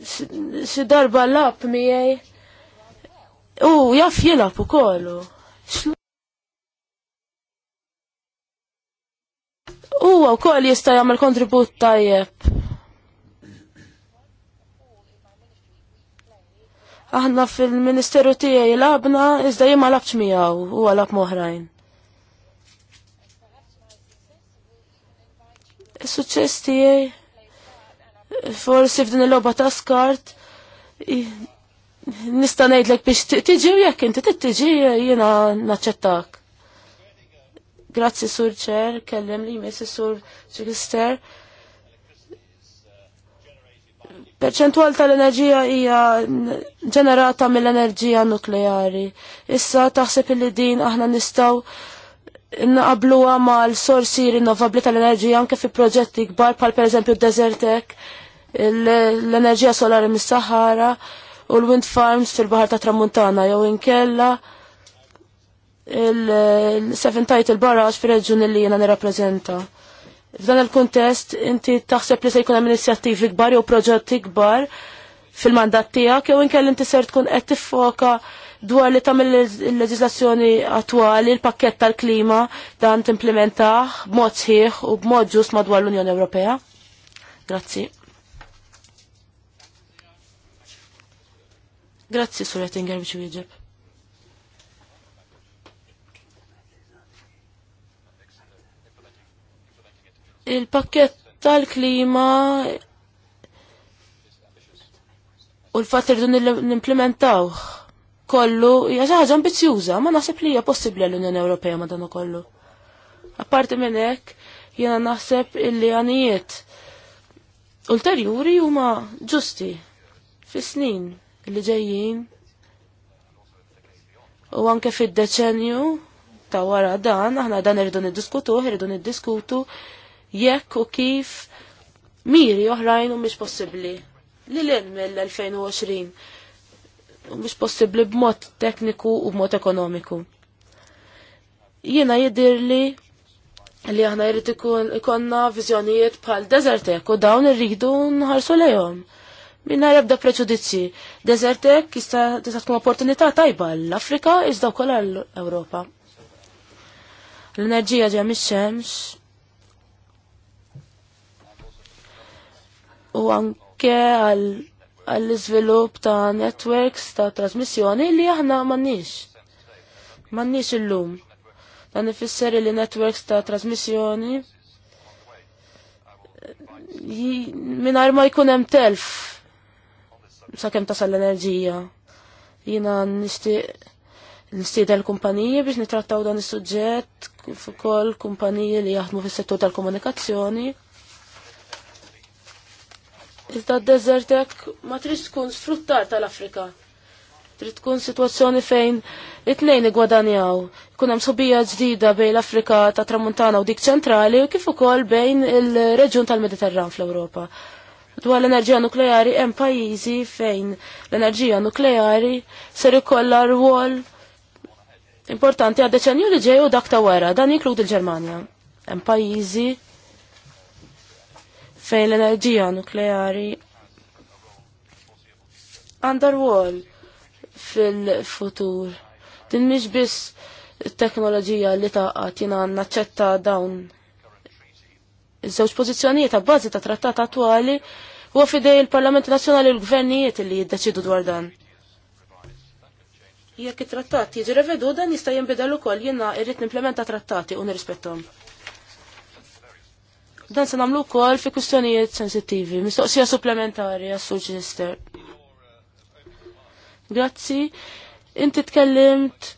xi darba lab miegħi u jaf jilab ukoll. huwa wkoll jista' jagħmel kontribut tajjeb. Aħna fil-Ministeru tiegħi labna iżda jien ma labx miegħu għalab moħrajn. Is-suċċess tiegħi forsi f'din il-logħba ta' skart nista' ngħidlek biex tiġi u jekk inti tiġi jiena naċċettak. Grazzi sur ċer, kellem li jmiss sur ċikister. Perċentwal tal-enerġija hija ġenerata mill-enerġija nukleari. Issa taħseb li din aħna nistaw naqabluha mal-sorsi rinnovabli tal-enerġija anke fi proġetti kbar bħal pereżempju d-Desertek, l-enerġija solari mis-Sahara u l-wind farms fil-Bahar ta' Tramuntana jew inkella il-seven title barrage fi reġun li jena nirrapprezenta. F'dan il-kontest, inti taħseb li se jkun hemm inizjattivi kbar jew proġetti kbar fil-mandat tiegħek jew inkell inti ser tkun qed tiffoka dwar li tagħmel il-leġislazzjoni attwali l-pakkett tal-klima dan timplementah b'mod sħiħ u b'mod ġust madwar l-Unjoni Ewropea. Grazzi. Grazzi, Sur Ettinger, biex wieġeb. Il-pakket tal-klima u l-fatt irridu nimplementaw kollu hija xi ħaġa ambizzjuża, ma naħseb li hija possibbli l-Unjoni Ewropea ma dan ukollu. Apparti minn hekk, jiena naħseb illi għanijiet ulterjuri huma ġusti fis-snin li ġejjin u anke fid-deċenju ta' wara dan, aħna dan irridu niddiskutuh, irridu niddiskutu jekk u kif miri oħrajn u mhix possibbli. Li l mill-2020 u mhix possibbli b'mod tekniku u b'mod ekonomiku. Jiena jidirli li aħna jrid ikonna viżjonijiet bħal Desertek u dawn irridu nħarsu lejhom. Minna jibda preġudizzi. Desertek jista' tista' tkun opportunità tajba l-Afrika iżda wkoll għall-Ewropa. L-enerġija ġeja mix-xemx, u anke għall-izvilup ta' networks ta' trasmissjoni li aħna mannix. Mannix illum. Dan ifisser li networks ta' trasmissjoni minar ma jkun hemm telf kem tasal l-enerġija. Jina nixtieq l-kumpaniji biex nitrattaw dan is-suġġett ukoll kumpaniji li jaħdmu fis-settur tal-komunikazzjoni Iżda d-desertek ma trid tkun sfruttar tal-Afrika. Trid tkun sitwazzjoni fejn it-tnejn igwadanjaw. Kun hemm sobija ġdida bejn l-Afrika ta' Tramuntana u dik ċentrali u kif ukoll bejn il-reġjun tal-Mediterran fl-Ewropa. Dwar l-enerġija nukleari hemm pajjiżi fejn l-enerġija nukleari ser ikollha rwol importanti għad deċenju li ġejju dak ta' wara, dan jinkludi l-Ġermanja. Hemm pajjiżi fejn l-enerġija nukleari għandha rwol fil-futur. Din mhix biss teknoloġija li taqgħod jiena naċċetta dawn iż-żewġ pożizzjonijiet ta' bażi ta' trattat attwali huwa fidej il-Parlament Nazzjonali u l-Gvernijiet li jiddeċidu dwar dan. Jekk it-trattat jiġi revedu dan jista' jinbidel ukoll jiena irrid nimplementa trattati u nirrispettom. Dan se nagħmlu wkoll fi kwistjonijiet sensittivi, mistoqsija supplementari għas-Sur Ġinister. Grazzi, inti tkellimt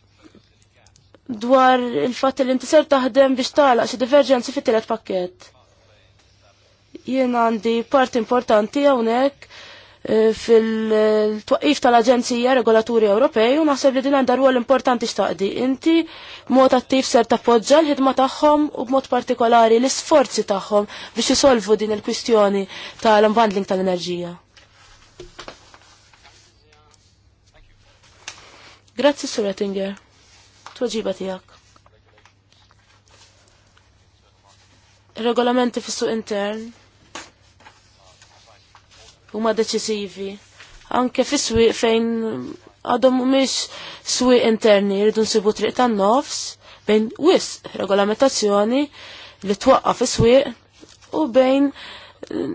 dwar il fat li inti ser taħdem biex talaq xi diverġenzi fit-tielet pakkett. Jien għandi part importanti hawnhekk Eh, fil-twaqif tal-Aġenzija Regolaturi Ewropej u naħseb li din għandha rwol importanti xtaqdi. Inti mod attiv ser tappoġġa l-ħidma tagħhom u b'mod partikolari l-isforzi tagħhom biex isolvu din il-kwistjoni tal-unbundling tal-enerġija. Grazzi Sur Ettinger. Twaġiba tiegħek. Regolamenti fis-suq intern huma deċisivi. Anke fis-swieq fejn għadhom mhumiex swieq interni jridu nsibu triq tan-nofs bejn wis regolamentazzjoni li twaqqaf fi swieq u bejn eh,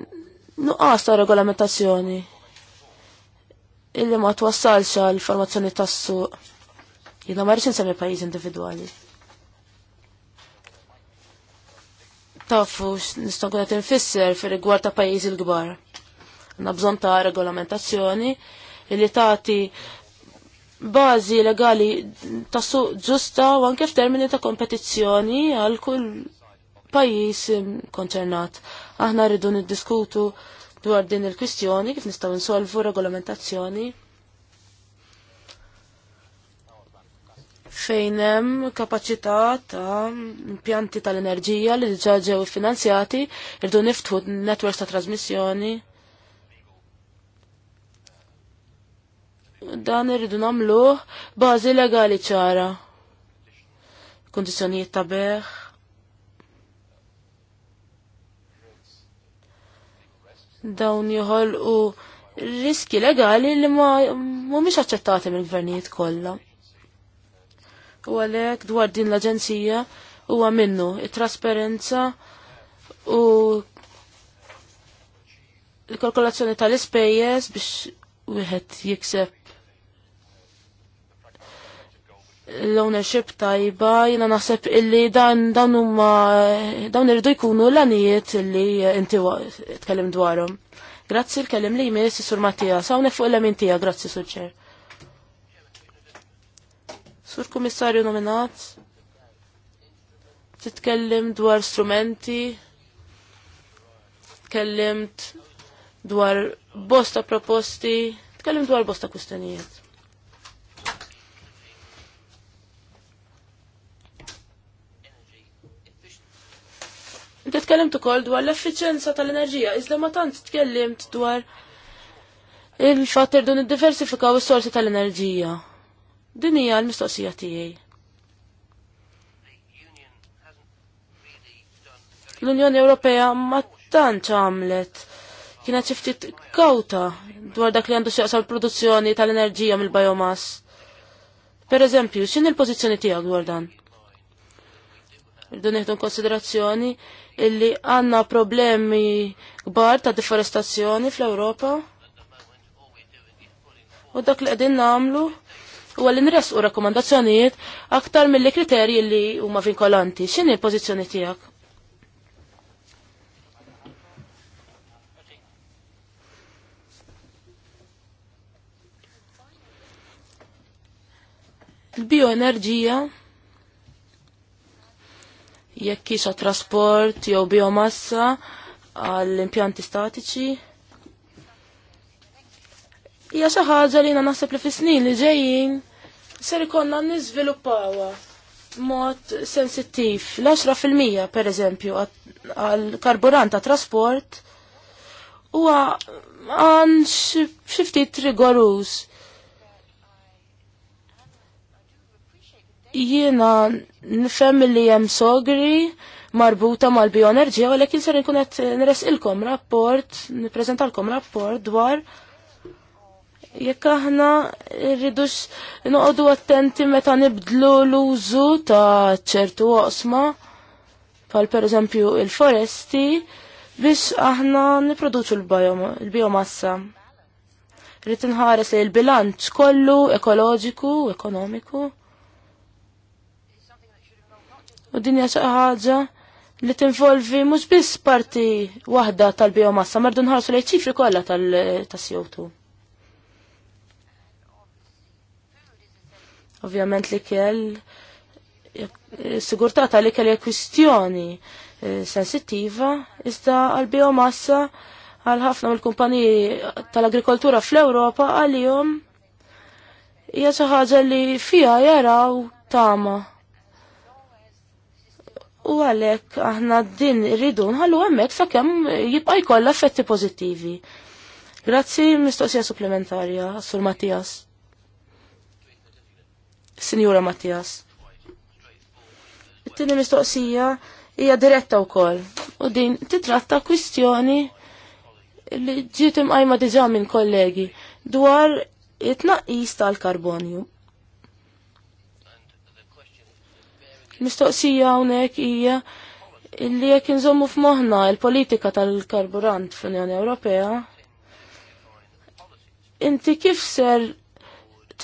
nuqqas ta' regolamentazzjoni illi ma twassalx għal informazzjoni tas-suq. Jiena ma rridx insemmi pajjiżi individwali. Tafu nistgħu nkun infisser fir-rigward ta' pajjiżi l-kbar nabżon ta' regolamentazzjoni li tagħti bażi legali ta' su ġusta u anke f'termini ta' kompetizzjoni għal kull pajjiż konċernat. Aħna rridu niddiskutu dwar din il-kwistjoni kif nistgħu nsolvu regolamentazzjoni. fejn hemm kapaċità ta' impjanti tal-enerġija li ġew finanzjati irdu niftħu netwerks ta' trasmissjoni dan irridu namluħ bażi legali ċara. Kondizjonijiet ta' beħ. Dawn joħolqu riski legali li ma mhumiex aċċettati mill-gvernijiet kollha. U għalhekk dwar din l-aġenzija huwa minnu it-trasparenza u l-kalkolazzjoni tal-ispejjeż biex wieħed jikseb l-ownership tajba, jina naħseb illi dan dan umma, dawn irridu jkunu l għanijiet illi inti tkellim dwarhom. Grazzi l-kellim li jmiss Sur Mattia, sawnek fuq l-emin grazzi Sur Ċer. Sur komissarju nominat, titkellim dwar strumenti, tkellimt dwar bosta proposti, tkellimt dwar bosta kustanijiet. Inti tkellimt ukoll dwar l-effiċenza tal-enerġija, iżda ma tant tkellimt dwar il-fatt irdu niddiversifikaw is-sorsi tal-enerġija. Din hija l-mistoqsija tiegħi. L-Unjoni Ewropea ma tantx għamlet kienet xi ftit kawta dwar dak li għandu xieqsa l-produzzjoni tal-enerġija mill-biomass. Per eżempju, xin il-pożizzjoni tiegħek dwar dan? Dun nieħdu konsiderazzjoni illi għandna problemi kbar ta' deforestazzjoni fl-Ewropa. U dak li qegħdin nagħmlu huwa li nresqu rakkomandazzjonijiet aktar mill kriterji li huma vinkolanti. X'inhi l-pożizzjoni tiegħek? il-bioenerġija jekk kisa trasport jew biomassa għall-impjanti statiċi. Hija xi ħaġa li jiena naħseb li fis-snin li ġejjin ser ikonna niżviluppawha mod sensittiv. L-10% pereżempju għall-karburant ta' trasport huwa għan ftit rigorus Jiena nifem li hemm sogri marbuta mal-bioenerġija, u lekin ser nres qed nresqilkom rapport, nippreżentalkom rapport dwar jekk aħna rridux noqogħdu attenti meta nibdlu l-użu ta' ċertu oqsma, bħal pereżempju il-foresti, biex aħna niproduċu l-biomassa. Rrid inħares li l-bilanċ kollu ekoloġiku, ekonomiku. U din hija xi ħaġa li tinvolvi mhux biss parti waħda tal-biomassa, mardu nħarsu lejn ċifri kollha tal-CO2. Ovvjament li kell sigurtà tal kell kwistjoni eh, sensittiva, iżda għal-biomassa għal ħafna mill-kumpaniji tal-agrikoltura fl-Ewropa għalihom hija xi ħaġa li fiha jaraw tama għalhekk aħna din irridu nħallu hemmhekk sakemm jibqa' jkollha effetti pożittivi. Grazzi mistoqsija supplementarja sur Mattias. Sinjura Mattias. It-tieni mistoqsija hija diretta wkoll u din titratta kwistjoni li ġiet imqajma diġà minn kollegi dwar it-tnaqqis tal-karbonju. Mistoqsija hawnhekk hija illi jekk inżommu f'moħħna il-politika tal-karburant fl-Unjoni Ewropea. Inti kif ser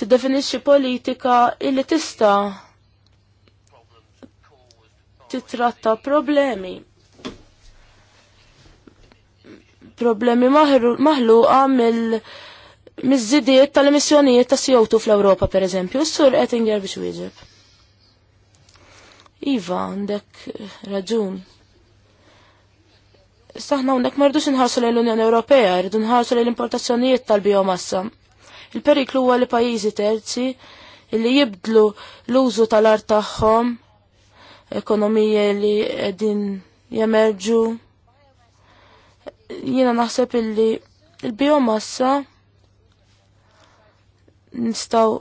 tiddefinixxi politika illi tista' titratta problemi problemi maħluqa għamil miż-żidiet tal-emissjonijiet ta' CO2 fl-Ewropa, per eżempju, s-sur Ettinger biex wieġeb. Iva, għandek eh, raġun. Saħna għandek mardux nħarsu l-Unjoni Ewropea, rridu nħarsu l-importazzjonijiet tal-biomassa. Il-periklu huwa li pajjiżi terzi li jibdlu l-użu tal-art tagħhom, ekonomije li qegħdin jemerġu. Jiena naħseb illi il-biomassa nistaw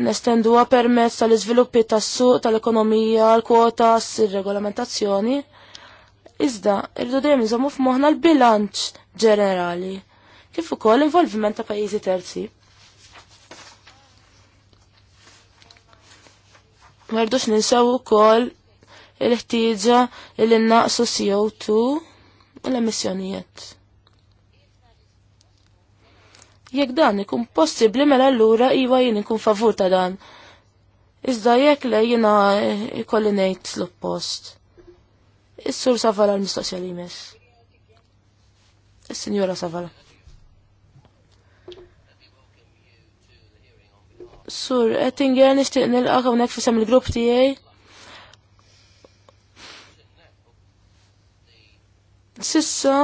nestenduha permezz tal-iżviluppi tas-suq tal-ekonomija, l-kwotas, ir-regolamentazzjoni. Iżda, irdu dejjem nżommu f'moħħna l-bilanċ ġenerali, kif ukoll involviment ta' pajjiżi terzi. Ma rdux ninsew ukoll il-ħtieġa il-innaqsu CO2 u l-emissjonijiet. Jekk dan ikun possibbli mela allura iva jien ikun favur ta' dan. Iżda jekk le jina ikolli ngħid l post Is-sur Savala l-mistoqsija li jmiss. Is-Sinjora Savala. Sur Ettinger nixtieq nilqak hawnhekk fisem il-grupp tiegħi. Sissa,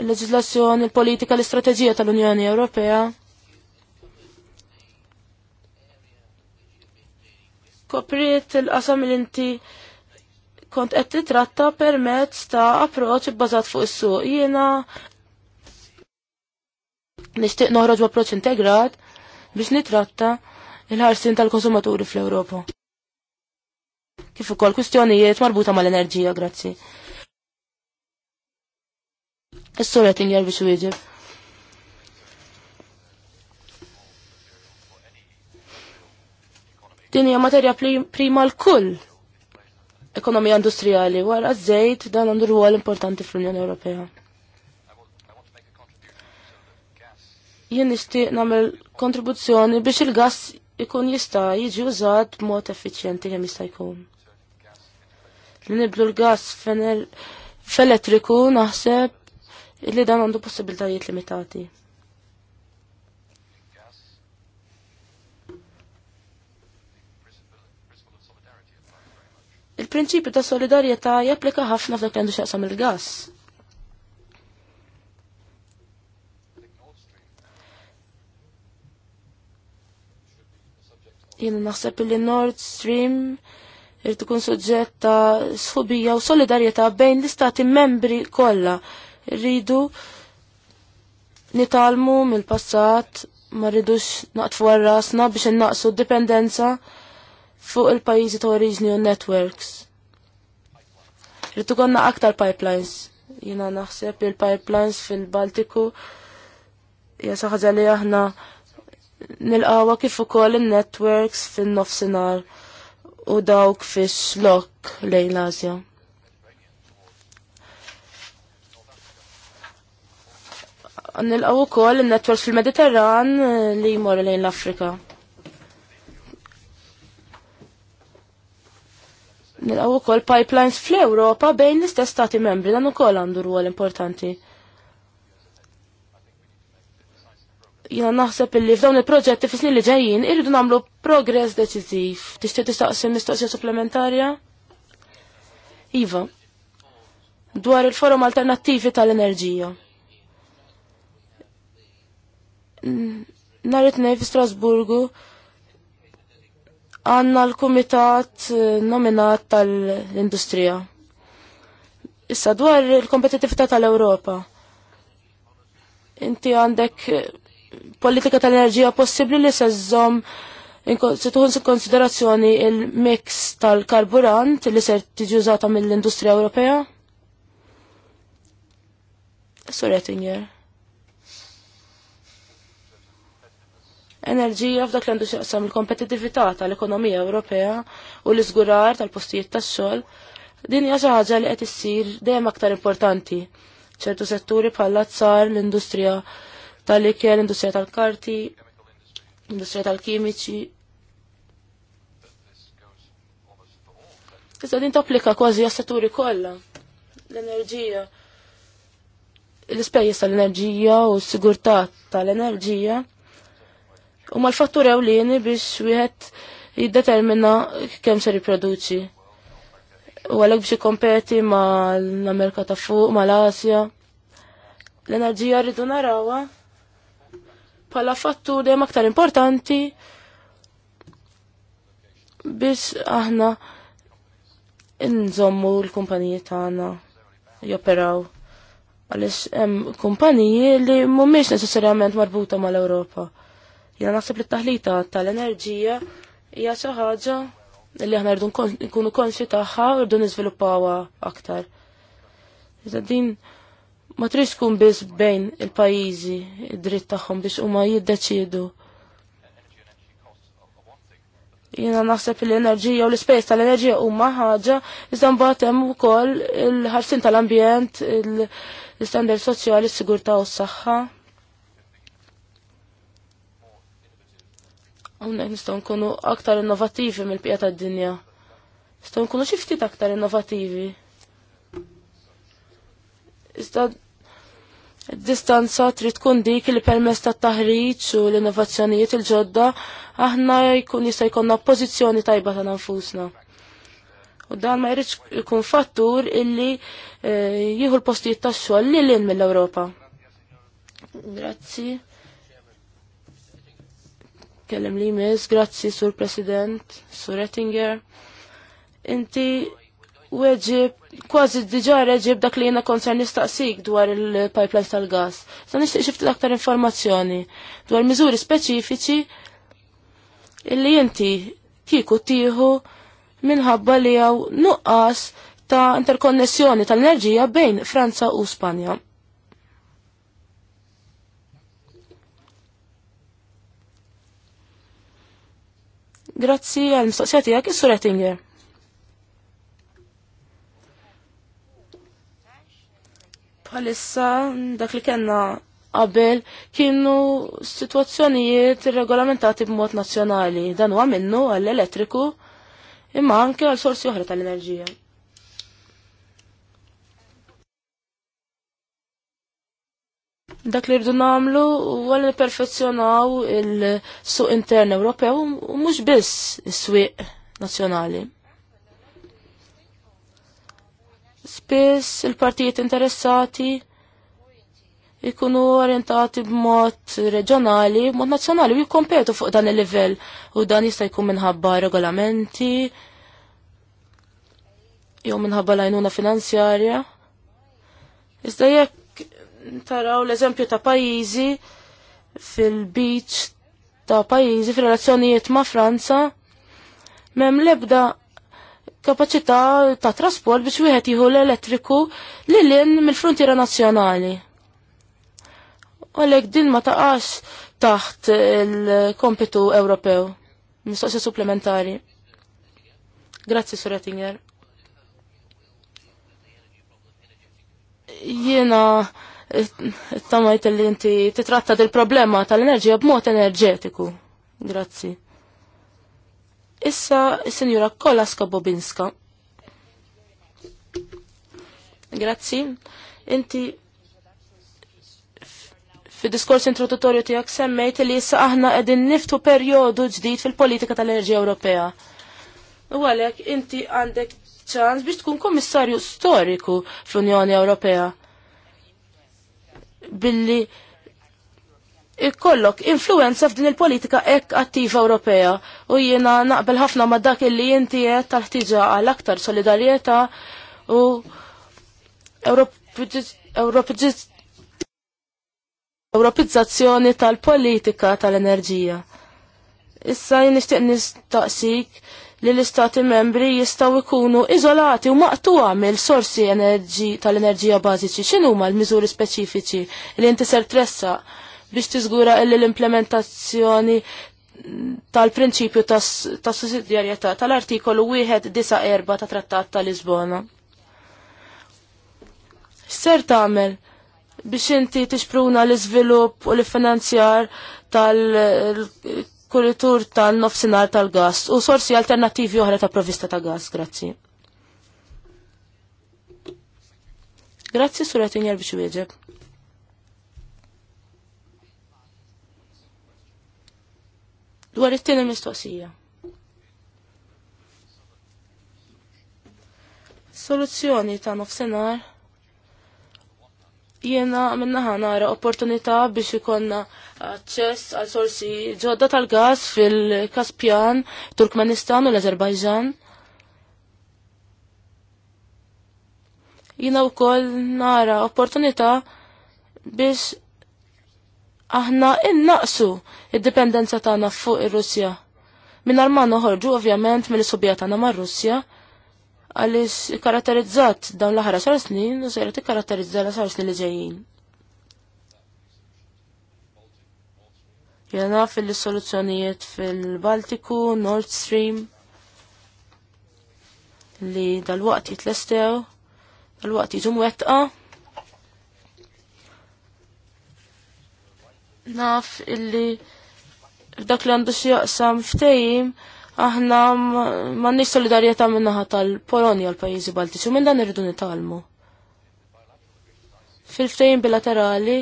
il-leġislazzjoni, il-politika, l-istrateġija tal-Unjoni Ewropea. Kopriet il-qasam l-inti kont qed titratta permezz ta' approċċ bbażat fuq is-suq. Jiena nixtieq noħroġ b'approċċ integrat biex nitratta il-ħarsin tal-konsumaturi fl-Ewropa. Kif ukoll kwistjonijiet marbuta mal-enerġija, grazzi. Is-sura tinjar biex wieġeb. Din hija materja prima l-kull ekonomija industrijali wara żejt dan għandu rwol importanti fl-Unjoni Ewropea. Jien nixtieq nagħmel kontribuzzjoni biex il-gass ikun jista' jiġi użat b'mod effiċjenti kemm jista' jkun. Li niblu l-gass f'elettriku naħseb illi dan għandu possibiltajiet limitati. Il-prinċipju ta' solidarjetà japplika ħafna f'dak li għandu xaqsam il-gas. Jien naħseb li Nord Stream irid ikun suġġett ta' sħubija u solidarjetà bejn l-istati membri kollha rridu nitalmu mill-passat ma rridux naqtfu għarrasna biex innaqsu d-dipendenza fuq il-pajizi ta' oriġni u networks. Rridu konna aktar pipelines. Jina naħseb il pipelines fil-Baltiku jasa ħaġa li aħna nil-għawa kif ukoll in-networks fin-nofsinhar u dawk fix-lok lejn l-Asja. nilqaw ukoll in-networks fil-Mediterran eh, li jmorru lejn l-Afrika. Nilqaw ukoll pipelines fl-Ewropa bejn l-istess stati membri dan ukoll għandu rwol importanti. Jina naħseb illi f'dawn il-proġetti fis li ġejjin irridu nagħmlu progress deċiżiv. Tixtieq tistaqsi mistoqsija supplementarja? Iva, dwar il-forum alternattivi tal-enerġija. Nhar it-tnejn fi Strasburgu għandna l-kumitat eh, nominat tal-industrija. Issa dwar il-kompetitività tal-Ewropa. Inti għandek eh, politika tal-enerġija possibbli li seżżomm se tuħun konsiderazzjoni il-mix tal-karburant li ser tiġi użata mill-industrija Ewropea? Sorry, Tinger. enerġija f'dak li għandu xaqsam il-kompetitività tal-ekonomija Ewropea u l-iżgurar tal-postijiet tax-xogħol, din hija xi ħaġa li qed issir dejjem aktar importanti. ċertu setturi bħala tsar, l-industrija tal-ikel, l-industrija tal-karti, l-industrija tal-kimiċi. Issa din tapplika kważi għas-setturi kollha. L-enerġija, l-ispejjeż tal-enerġija u s-sigurtà tal-enerġija. tal enerġija u s sigurtà tal enerġija u mal-fattur ewlieni biex wieħed jiddetermina kemm se jipproduċi. U għalhekk biex jikkompeti mal-Amerika ta' fuq, mal-Asja. L-enerġija rridu narawha bħala fattur dejjem aktar importanti biex aħna nżommu l-kumpaniji tagħna joperaw għaliex hemm kumpaniji li mhumiex neċessarjament marbuta mal-Ewropa. Jena naħseb li t-taħlita tal-enerġija hija xi ħaġa li aħna rridu nkunu konxi tagħha u rridu niżviluppawha aktar. Iżda din ma tridx tkun biss bejn il-pajjiżi id-dritt tagħhom biex huma jiddeċiedu. Jiena naħseb li l-enerġija u l-ispejs tal-enerġija huma ħaġa iżda mbagħad hemm ukoll il-ħarsin tal-ambjent, il-standard soċjali, s-sigurtà u s-saħħa. Unnek nistaw nkunu aktar innovativi mill-pija ta' dinja. Nistaw nkunu xiftit aktar innovativi. Iżda distanza trid tkun dik li permess ta' taħriġ u l-innovazzjonijiet il-ġodda aħna jkun jista' jkollna pożizzjoni tajba ta' nfusna. U dan ma jridx ikun fattur illi eh, jieħu l-postijiet tax-xogħol lil mill-Ewropa. Grazzi kellem li mis, grazzi sur President, sur Ettinger. Inti weġib, kważi diġa reġib dak li jena konser nistaqsik dwar il-pipeline tal-gas. Sa nishtiq xifti aktar informazzjoni dwar miżuri speċifiċi illi inti kiku tiħu minħabba li għaw nuqqas ta' interkonnessjoni tal-enerġija bejn Franza u Spanja. Grazzi għal mistoqsijati għak is-Sur Ettinger. Bħalissa dak li kellna qabel kienu situazzjonijiet regolamentati b'mod nazzjonali. Dan huwa minnu għall-elettriku imma anke għal sorsi oħra tal-enerġija. Dak li rridu nagħmlu huwa li nipperfezzjonaw il-suq intern Ewropew u mhux biss is-swieq nazzjonali. Spiss il-partijiet interessati ikunu orientati b'mod reġjonali, b'mod nazzjonali u jikkompetu fuq dan il-livell u dan jista' jkun minħabba regolamenti jew minħabba lajnuna finanzjarja. Iżda jekk taraw l-eżempju ta' pajizi fil-beach ta' pajizi fil-relazzjonijiet ma' Franza mem lebda kapacità ta' trasport biex wieħed jieħu l-elettriku li l-in mill-frontiera nazzjonali. Għalhekk din ma taqax taħt il-kompitu Ewropew. Mistoqsi supplementari. Grazzi, Sur Ettinger. Jiena tamajt li inti titratta dil-problema tal-enerġija b'mod enerġetiku. Grazzi. Issa, sinjura Kolaska Bobinska. Grazzi. Inti fi diskors introduttorju tijak semmejt li issa aħna edin niftu periodu ġdid fil-politika tal-enerġija Ewropea. U għalek, inti għandek ċans biex tkun komissarju storiku fl-Unjoni Ewropea billi ikollok influenza f'din il-politika ek attiva Ewropea u jiena naqbel ħafna ma dak illi jinti qed taħtiġa għal aktar solidarjetà u Europizzazzjoni tal-politika tal-enerġija. Issa jien nixtieq nistaqsik li l-istati membri jistaw ikunu izolati u maqtuwa mill sorsi tal-enerġija bażiċi. ċinu ma l-miżuri speċifiċi li inti ser tressa biex tiżgura li l-implementazzjoni tal-prinċipju tas sussidjarjetà tal-artikolu 194 ta' Trattat ta' Lisbona. Ser tagħmel biex inti tixpruna l-iżvilupp u l-finanzjar tal kuritur tal-nofsinar tal-gas u sorsi alternativi oħra ta' provista ta' gas, grazzi. Grazzi, suratin jarbiċu wieġeb. Dwar it-tieni mistoqsija. Soluzzjoni ta' nofsinar Jiena minnaħa nara opportunità biex ikonna aċċess għal sorsi ġodda tal-gas fil-Kaspjan, Turkmenistan u l-Azerbajġan. Jiena wkoll nara opportunità biex aħna innaqsu id-dipendenza tagħna fuq ir-Russja. Minn ma noħorġu ovvjament mill-subja tagħna mar-Russja għalis karatterizzat dawn l-aħħar sar snin u sejra tikkaratterizza l-sar snin li ġejjin. Jena fil-soluzzjonijiet fil-Baltiku, Nord Stream, li dal-waqt jitlestew, dal-waqt jiġu wetqa. Naf illi f'dak li għandu xieqsam ftejim aħna m'għandniex solidarjetà min-naħa tal-Polonja l pajjiżi Baltiċi u minn dan irridu nitalmu. Fil-ftehim bilaterali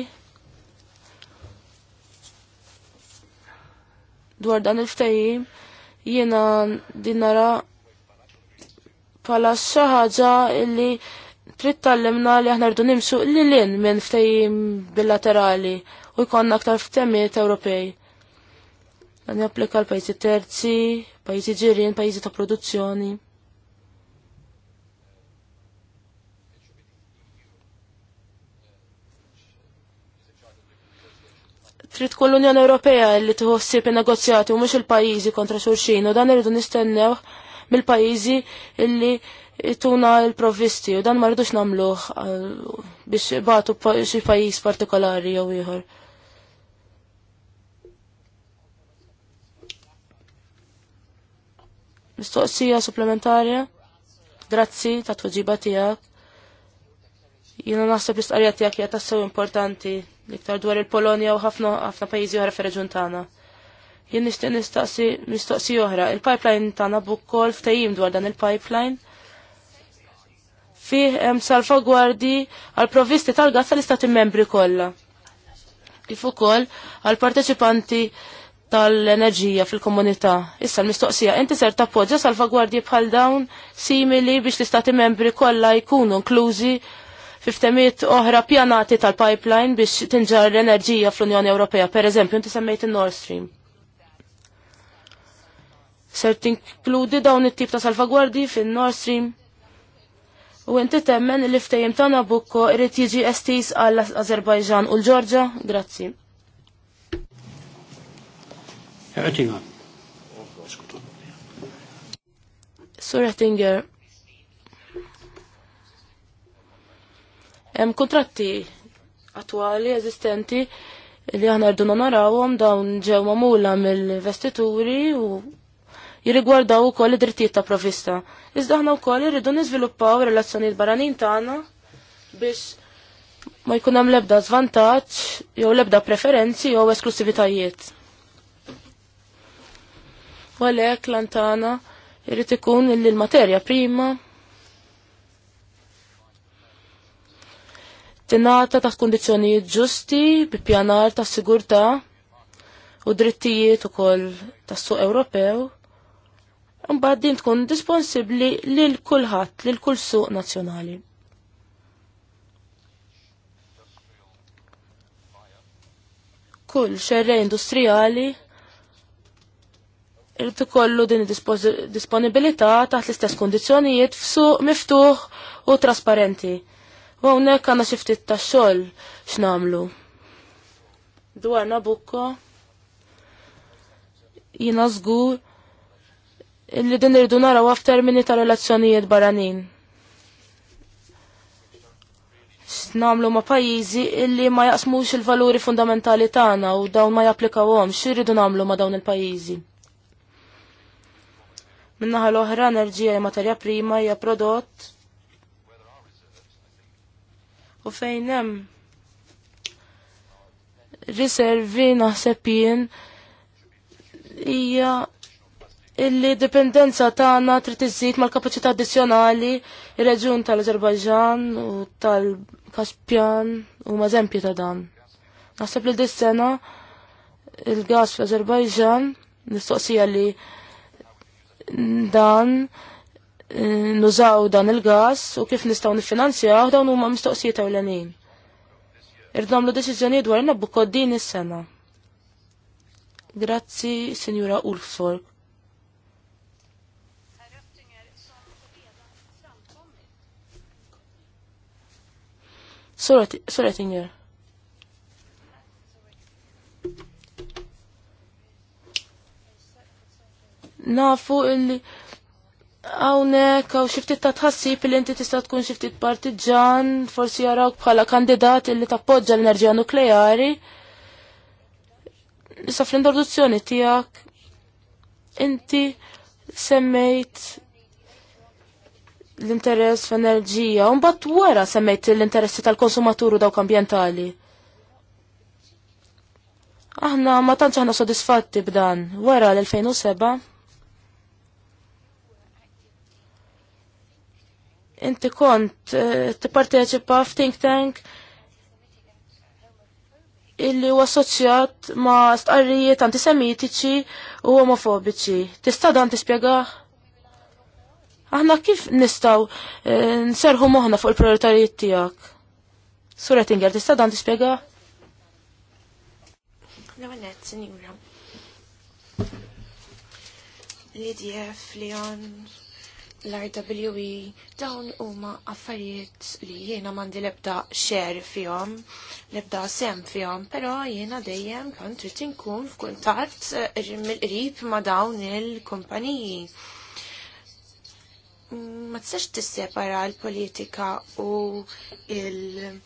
dwar dan il-ftehim jiena din nara bħala xi ħaġa illi trid tallimna li aħna rridu nimxu l lin minn ftehim bilaterali u jkollna aktar ftemiet Ewropej dan japplika l-pajjiżi terzi, pajjiżi ġirien, pajjiżi ta' produzzjoni. trid tkun l-Unjoni Ewropea li tħossib in-negozjati u mhux il-pajjiżi kontra xulxin u dan irridu nistennew mill-pajjiżi illi ituna l-provvisti u dan ma rridux nagħmluh eh, biex batu xi pajjiż partikolari jew ieħor. Mistoqsija supplementarja? Grazzi ta' tweġiba tiegħek. Jiena naħseb l istqarja tiegħek hija tassew importanti iktar dwar il-Polonja u ħafna ħafna pajjiżi oħra fir-reġjun tagħna. Jien nixtieq nistaqsi mistoqsi oħra. Il-pipeline tagħna bukkol ftehim dwar dan il-pipeline fih hemm salvagwardi għal provisti tal gazza tal-istati membri kollha. Kif ukoll għal parteċipanti tal-enerġija fil-komunità. Issa l-mistoqsija, inti ser tappoġġa salvagwardji bħal dawn simili biex l-istati membri kollha jkunu inklużi fiftemiet oħra pjanati tal-pipeline biex tinġar l-enerġija fl-Unjoni Ewropea. Per eżempju, inti semmejt il-Nord Stream. Ser tinkludi dawn it-tip ta' salvagwardji fin-Nord Stream U inti temmen li ftejim ta' Nabucco irid jiġi estis għall azerbajġan u l-Ġorġa? Grazzi. Sur Oettinger, hemm kontratti attwali eżistenti li aħna rdu narawhom dawn ġew magħmula mill-vestituri u jirrigwardaw ukoll id-drittijiet ta' provista. Iżda aħna wkoll irridu niżviluppaw relazzjonijiet barranin tagħna biex ma jkun hemm l-ebda żvantaġġ jew l-ebda preferenzi jew esklusivitajiet. Għalek lantana irrid ikun illi l-materja prima tingħata taħt kundizzjonijiet ġusti bi pjanar ta' sigurtà u drittijiet ukoll tas-suq Ewropew. Mbagħad din tkun disponsibbli lil kulħadd, lil kull suq nazzjonali. Kull xerre industrijali irrid ikollu din disponibilità taħt l-istess kundizzjonijiet f'suq miftuħ u trasparenti. U hawnhekk għandna xi ftit tax-xogħol x'namlu. Dwar Nabucco jiena żgur illi din irridu naraw f'termini ta' relazzjonijiet barranin. X'namlu ma' pajjiżi illi ma jaqsmux il-valuri fundamentali tagħna u dawn ma japplikawhomx, xirridu nagħmlu ma' dawn il-pajjiżi. Minnaħa l-oħra enerġija hija materja prima hija prodott u fejn hemm riservi naħseb jien hija illi dipendenza tagħna trid iżid mal-kapaċità addizzjonali ir-reġjun tal-Azerbajġan u tal-Kaspjan huma eżempji ta' dan. Naħseb li dis-sena il-gas fl-Azerbajġan mistoqsija li dan eh, nużaw dan il-gas u kif nistaw nifinanzjaw dawn huma mistoqsijiet ewlenin. Irdamlu deċiżjoni dwar nabbu din is-sena. Grazzi, Sinjura Ulfsorg. Soratinger. nafu illi għawnek għaw xiftit ta' tħassib li inti tista' tkun xiftit partiġan, forsi jarawk bħala kandidat illi tappoġġa l-enerġija nukleari. Issa fl-introduzzjoni tiegħek inti semmejt l-interess f'enerġija, un mbagħad wara semmejt l-interessi tal-konsumaturu dawk ambjentali. Aħna ma tantx aħna sodisfatti b'dan wara l-2007 inti kont eh, tipparteċipa think tank illi huwa assoċjat ma' stqarrijiet antisemitiċi u omofobiċi. Tista' dan tispjegah? Aħna kif nistaw eh, nserħu moħna fuq il-prioritarijiet tiegħek? Sura Tinger, tista' dan tispjegah? Nawanet, sinjura. Lidjef, Leon, l-RWE dawn huma affarijiet li jiena mandi lebda xer fihom, lebda sem fihom, però jiena dejjem kont trid inkun f'kuntatt eh, mill-qrib ma' dawn il-kumpaniji. Ma tistax tissepara l-politika u il-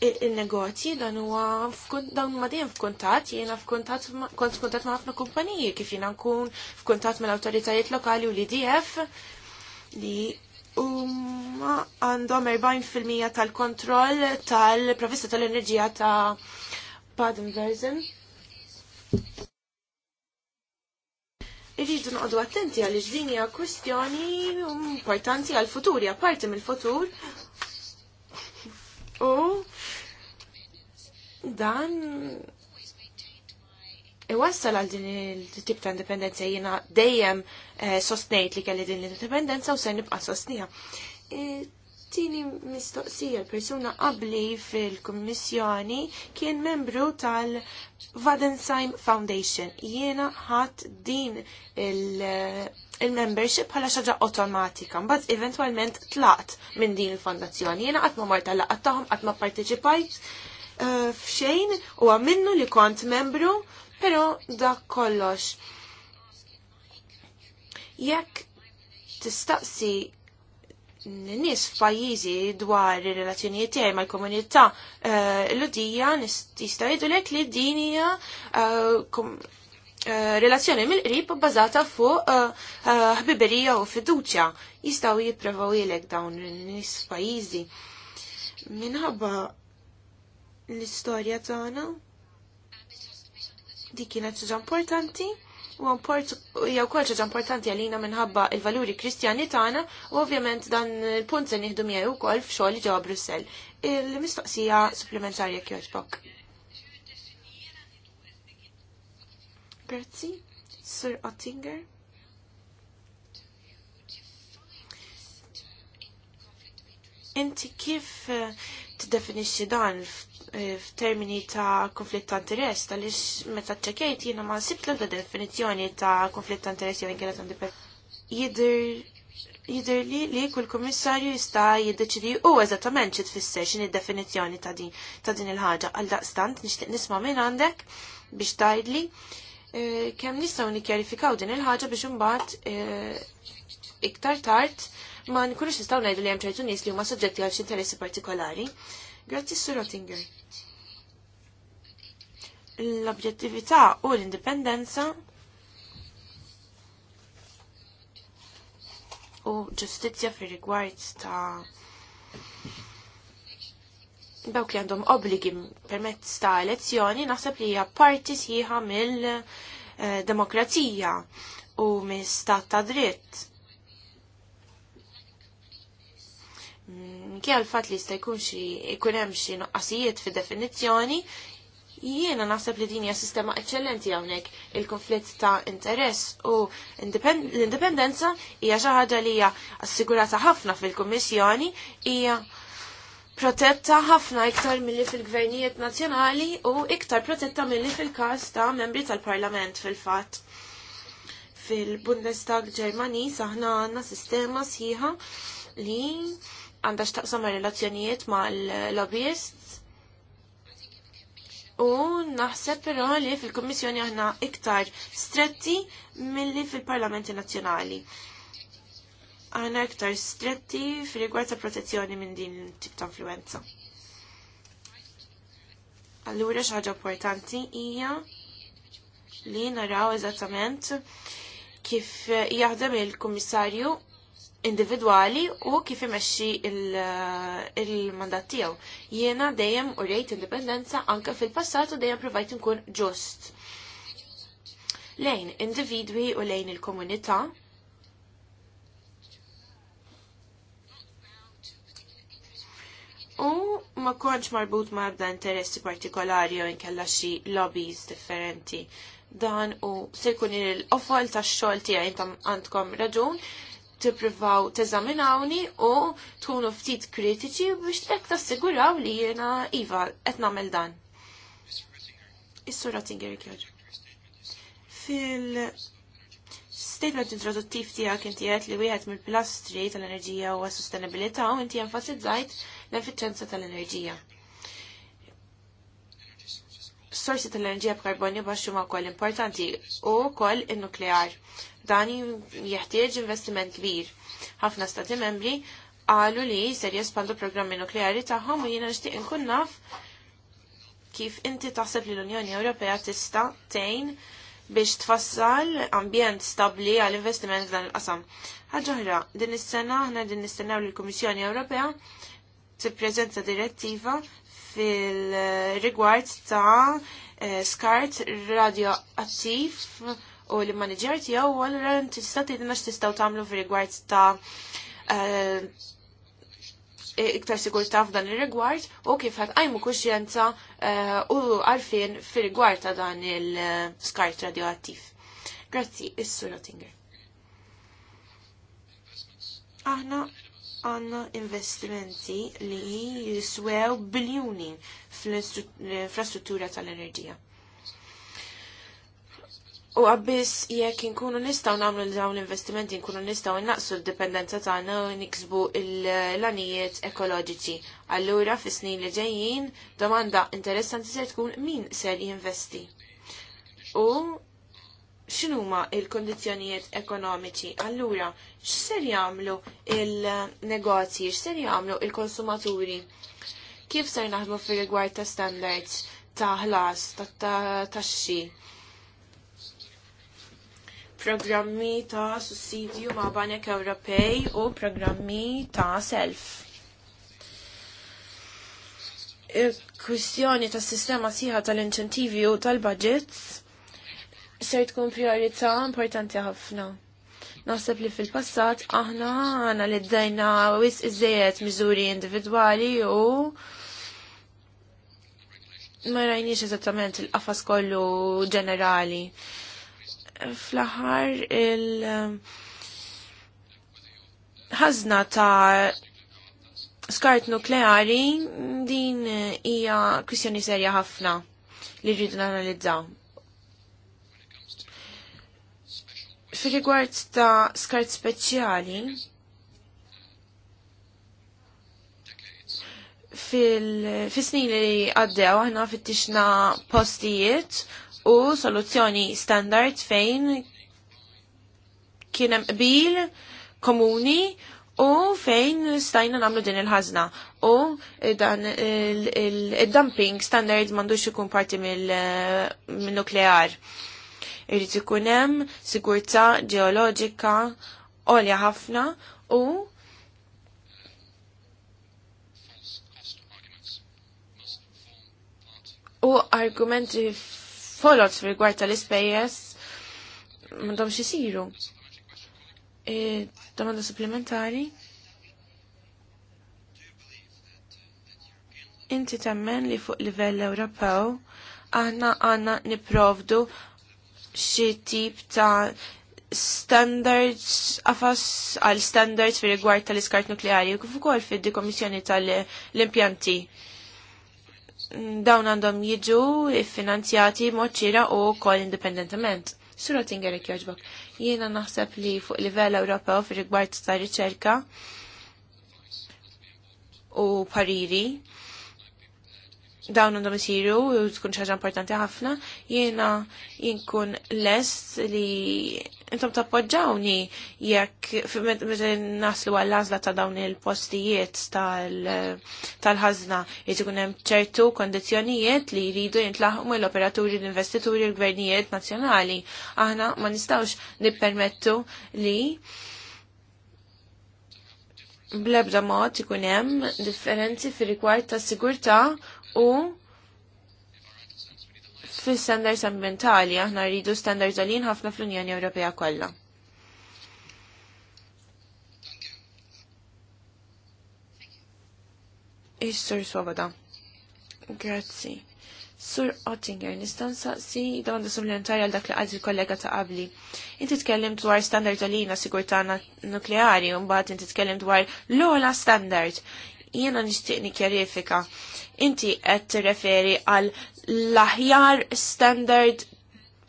il-negozji dan huwa dawn ma dejjem f'kuntatt, jiena f'kuntatt kont f'kuntatt ma' ħafna kumpaniji kif jiena nkun f'kuntatt mill awtoritajiet lokali u l-IDF li huma għandhom 40% tal-kontroll tal-provista tal-enerġija ta' Baden-Württemberg. Irridu noqdu attenti għal din hija kwistjoni importanti għal futuri apparti mill-futur. U dan iwassal għal din il-tip ta' indipendenza jiena dejjem eh, sostnejt li kelli din l-indipendenza u se nibqa' sostnija. E, tini mistoqsija persuna qabli fil-Kummissjoni kien membru tal-Vadensheim Foundation. Jiena ħadd din il-membership bħala xaġa otomatika, mbagħad eventwalment tlaqt minn din il-fondazzjoni. Jiena qatt ma marta tal-laqgħat tagħhom qatt ma parteċipajt eh, f'xejn u għamilnu li kont membru pero dak kollox. Jekk tistaqsi n-nis f'pajjiżi dwar ir-relazzjonijiet tiegħi mal-komunità eh, l-udija jista' jgħidulek li din hija eh, eh, relazzjoni mill-qrib bbażata fuq ħbiberija u fiduċja jistgħu jipprovaw ilek dawn n-nies f'pajjiżi. Minħabba l-istorja tagħna Di kienet ċaġa importanti u jew kol ċaġa importanti għalina minħabba il-valuri kristjani tagħna u ovvjament dan il-punt se nieħdu miegħu wkoll f'xogħol ġewwa Brussell. Il-mistoqsija supplementarja kjoġbok. Grazzi, Sir Ottinger. Inti kif eh, tiddefinixxi dan Eh, f'termini ta' konflitt ta' interess, tal meta ċekejt jiena ma' sibt l-ebda definizzjoni ta' konflitt ta' interess kena kienet għandi Jider li li kull komissarju jista' jiddeċidi u eżattament xi tfisser x'inhi definizzjoni ta' din ta' din il-ħaġa għal daqstant nixtieq nisma' minn għandek biex tgħidli eh, kemm nistgħu nikkjarifikaw din il-ħaġa biex imbagħad eh, iktar tard ma nkunux nistgħu ngħidu li hemm ċertu nies li huma soġġetti għal xi interessi partikolari. Grazzi Sur Rottinger. L-objettività u l-indipendenza u ġustizzja fir rigward ta' dawk li għandhom obbligi permezz ta' elezzjoni naħseb li hija parti sħiħa mill-demokrazija eh, u mill-stat ta' dritt. minkejja għal-fat li jista' jkun xi jkun hemm xi nuqqasijiet fid-definizzjoni, jiena naħseb li din hija sistema eċċellenti hawnhekk il-konflitt ta' interess u l-indipendenza hija xi ħaġa li hija assigurata ħafna fil-Kummissjoni hija protetta ħafna iktar milli fil-gvernijiet nazzjonali u iktar protetta milli fil-każ ta' membri tal-Parlament fil-fatt. Fil-Bundestag Ġermani saħna għandna sistema sħiħa li għandax taqsam relazzjonijiet ma' l lobbyist U naħseb però li fil-Kummissjoni aħna iktar stretti milli fil-Parlamenti Nazzjonali. Aħna iktar stretti fil-rigward ta' protezzjoni minn din tip ta' influenza. Allura xi ħaġa importanti hija li naraw eżattament kif jaħdem il-Kummissarju individwali u kif imexxi eh, il-mandat tiegħu. Jiena dejjem u rejt indipendenza anke fil-passat u dejjem provajt inkun ġust. Lejn individwi u lejn il-komunità U ma konċ marbut ma' ebda interessi partikolari u inkella xi lobbies differenti. Dan u se jkun il-offol tax xogħol tiegħi għandkom raġun tippruvaw teżaminawni u tkunu ftit kritiċi biex trek tassiguraw li jiena iva qed nagħmel dan. Is-sura Tinger Fil-statement introduttiv tiegħek inti qed li wieħed mill-pilastri tal-enerġija u s-sostenibilità u inti enfasizzajt l-effiċenza tal-enerġija sorsi tal-enerġija b'karbonju baxx ma' wkoll importanti u wkoll in-nuklear. Dan jeħtieġ investiment kbir. Ħafna stati membri qalu li ser jespandu programmi nukleari tagħhom u jiena nixtieq inkun naf kif inti taħseb li l-Unjoni Ewropea tista' tgħin biex tfassal ambjent stabli għal investiment f'dan il-qasam. Ħaġoħra, din is-sena aħna din nistennew li l-Kummissjoni Ewropea tippreżenta direttiva fil-rigward ta' eh, skart radioattiv u li manager tiegħu allura tista' tgħidilna x'tistgħu tagħmlu fir-rigward ta' eh, eh, iktar sigurtà f'dan ir-rigward u kif ħadd qajmu kuxjenza u għarfien fir-rigward ta' dan il-skart radioattiv. Grazzi, is Tinger. Aħna għanna investimenti li jiswew biljuni fl-infrastruttura tal-enerġija. U għabbis jekk nkunu nistaw namlu dawn l-investimenti, nkunu nistaw naqsu l-dipendenza tagħna u niksbu l-anijiet ekoloġiċi. Allura fis-snin li ġejjin domanda interessanti se tkun min ser jinvesti. U x'inhuma il-kondizzjonijiet ekonomiċi. Allura, x'ser jagħmlu il-negozji, x'ser jagħmlu il-konsumaturi? Kif ser naħdmu fir-rigward ta' standards ta' ħlas, ta' taxxi? Programmi ta' sussidju ma' Banek Ewropej u programmi ta' self il kwistjoni tas sistema siħa tal-inċentivi u tal-budgets ser tkun priorità importanti ħafna. Naħseb li fil-passat aħna li d-dajna wis iżejjed miżuri individwali u ma rajniex eżattament il-qafas kollu ġenerali. Fl-aħħar il- ħazna ta' skart nukleari din hija kwistjoni serja ħafna li rridu nanalizzaw. Fil-rigward ta' skart speċjali, fil-snin li għaddew aħna fittixna postijiet u soluzzjoni standard fejn kienem bil komuni u fejn stajna namlu din il-ħazna. U dan il-dumping standard mandux ikun parti mill-nuklear. Irrid ikun hemm sigurtà ġeoloġika għolja ħafna u u argumenti folot rigward tal-ispejjeż m'għandhom isiru. jsiru. E, domanda supplementari? Inti temmen li fuq livell Ewropew aħna għanna niprovdu xi tip ta' standards għafas għal standards fi rigward tal-iskart nukleari u kif ukoll fid-dikommissjoni tal-impjanti. Dawn għandhom jiġu finanzjati moċira u kol indipendentement. Sura tingerek joġbok. Jiena naħseb li fuq livell Ewropew fi rigward ta' riċerka u pariri dawn għandhom isiru u tkun ħaġa importanti ħafna, jiena jinkun lest li intom tappoġġawni jekk meta naslu għall-għażla ta' dawn il-postijiet tal ħazna jrid ikun hemm ċertu kondizzjonijiet li jridu jintlaħqu l operaturi l-investituri l-gvernijiet nazzjonali. Aħna ma nistawx nippermettu li blebda mod ikun hemm differenzi fir rigward ta' sigurtà u fi standards ambientali aħna rridu standards għalin ħafna fl-Unjoni Ewropea kollha. Is-sur Swoboda. Grazzi. Sur Ottinger, nistansa si domanda supplementari għal dak li għadzi kollega ta' qabli. Inti tkellim dwar standard għalina sigurtà nukleari, un bat inti tkellim dwar l-ola standard. Jiena nixtieq nikjarifika inti qed tirreferi għal l-aħjar standard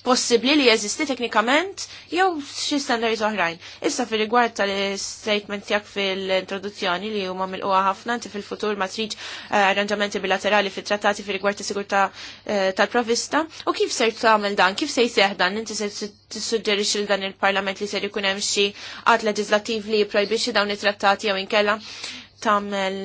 possibli li jeżisti teknikament jew xi standards oħrajn. Issa fil rigward tal-statement tiegħek fil-introduzzjoni li huma milquha ħafna inti fil-futur ma trid eh, arranġamenti bilaterali fit-trattati fil rigward tas-sigurtà eh, tal-provista u kif ser tagħmel dan, kif se jseħ dan, inti se tissuġġerix lil dan il-Parlament li ser ikun hemm xi qatt leġislattiv li jipprojbixxi dawn it-trattati jew inkella tamel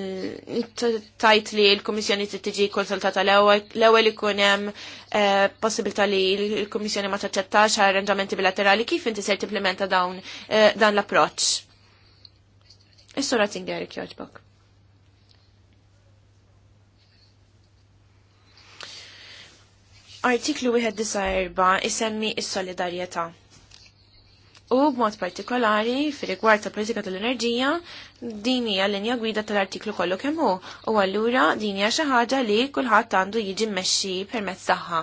tajt li l-Komissjoni tiġi konsultata l-ewwel ikun hemm eh, possibilità li l-Komissjoni ma taċċettax arranġamenti bilaterali kif inti ser tipplementa dawn eh, dan l-approċċ. Is-sura Tinger jogħġbok. Artiklu 1 isemmi is-solidarjetà. U b'mod partikolari fil rigward ta' politika tal-enerġija, din hija linja gwida tal-artiklu kollu kemm hu, u allura din hija xi ħaġa li kulħadd għandu jiġi mmexxi permezz tagħha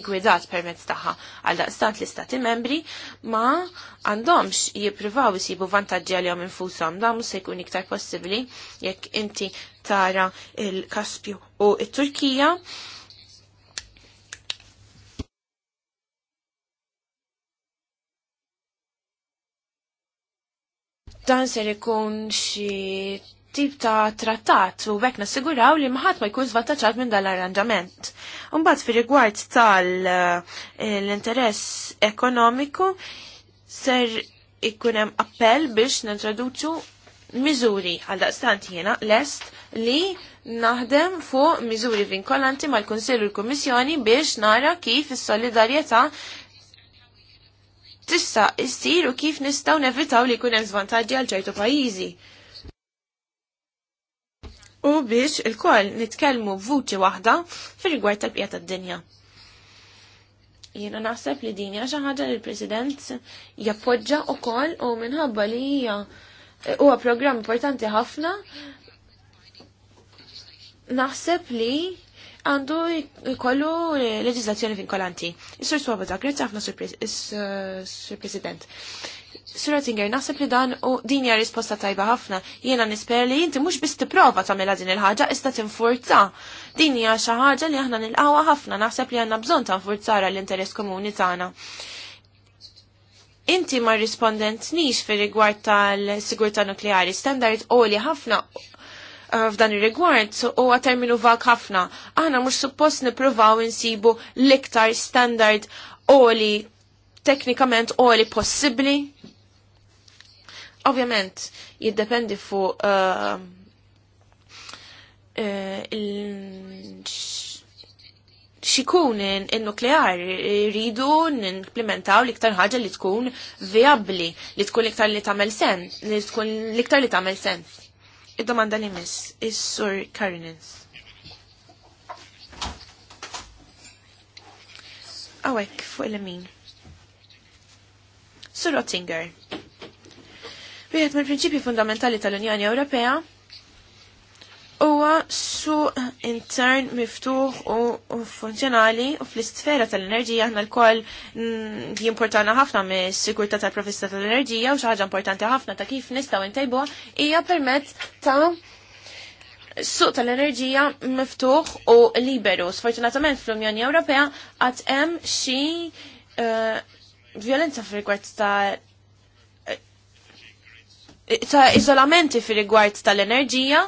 igwidat permezz tagħha għal daqstant l-istati membri ma għandhomx jippruvaw isibu vantaġġi għalihom infushom dan mhux se jkun iktar possibbli jekk inti tara il-Kaspju u t-Turkija dan ser ikun xi tip ta' trattat u bekk nassiguraw li maħat ma jkun zvantaċat minn dal-arranġament. Umbat fi rigward tal-interess eh, ekonomiku ser ikunem appell biex nintroduċu miżuri għal daqstant jena lest li naħdem fuq miżuri vinkolanti mal-Konsil u l komissjoni biex nara kif is-solidarjetà tista' issir u kif nistgħu nevitaw li jkun hemm żvantaġġi għal ċertu pajjiżi. U biex il-koll nitkellmu b'vuċi waħda fir-rigward tal pijat tad-dinja. Jiena naħseb li din hija xi ħaġa li l-President jappoġġa wkoll u minħabba li hija huwa programm importanti ħafna naħseb li għandu jkollu leġislazzjoni vinkolanti. Is-Sur Swoboda, grazzi ħafna Sur uh, President. Sur Rattinger, naħseb li dan u din hija risposta tajba ħafna. Jiena nisper li inti mhux biss tipprova tagħmilha din il-ħaġa issa tinfurza. Din hija xi ħaġa li aħna nilqawha ħafna, naħseb li għandna bżonn ta' nfurzara l-interess komuni tagħna inti ma rispondentnix fir rigward tal-sigurta nukleari, standard oli ħafna Eh, f'dan ir-rigward huwa terminu vag ħafna. Aħna mhux suppost nippruvaw insibu l-iktar standard oli teknikament oli possibbli. Ovvjament, jiddependi fuq eh, eh, xikun il nuklear rridu n-implementaw iktar ħaġa li tkun viabli, li tkun iktar li tamel sens, li tkun liktar li tamel sens. Id-domanda li miss, is-sur Karinens. Awek, fuq il-min. Sur Ottinger. Wieħed mill-prinċipji fundamentali tal-Unjoni Ewropea huwa su intern miftuħ u funzjonali u fl-isfera tal-enerġija aħna l-koll mm, jimportana ħafna me sigurtà tal profista tal-enerġija u xi ħaġa importanti ħafna ta' kif nistgħu ntejbuha hija permezz ta' suq tal-enerġija miftuħ u liberu. Sfortunatament fl-Unjoni Ewropea għat hemm xi eh, violenza fil-rigward ta' eh, ta' izolamenti fil-rigward tal-enerġija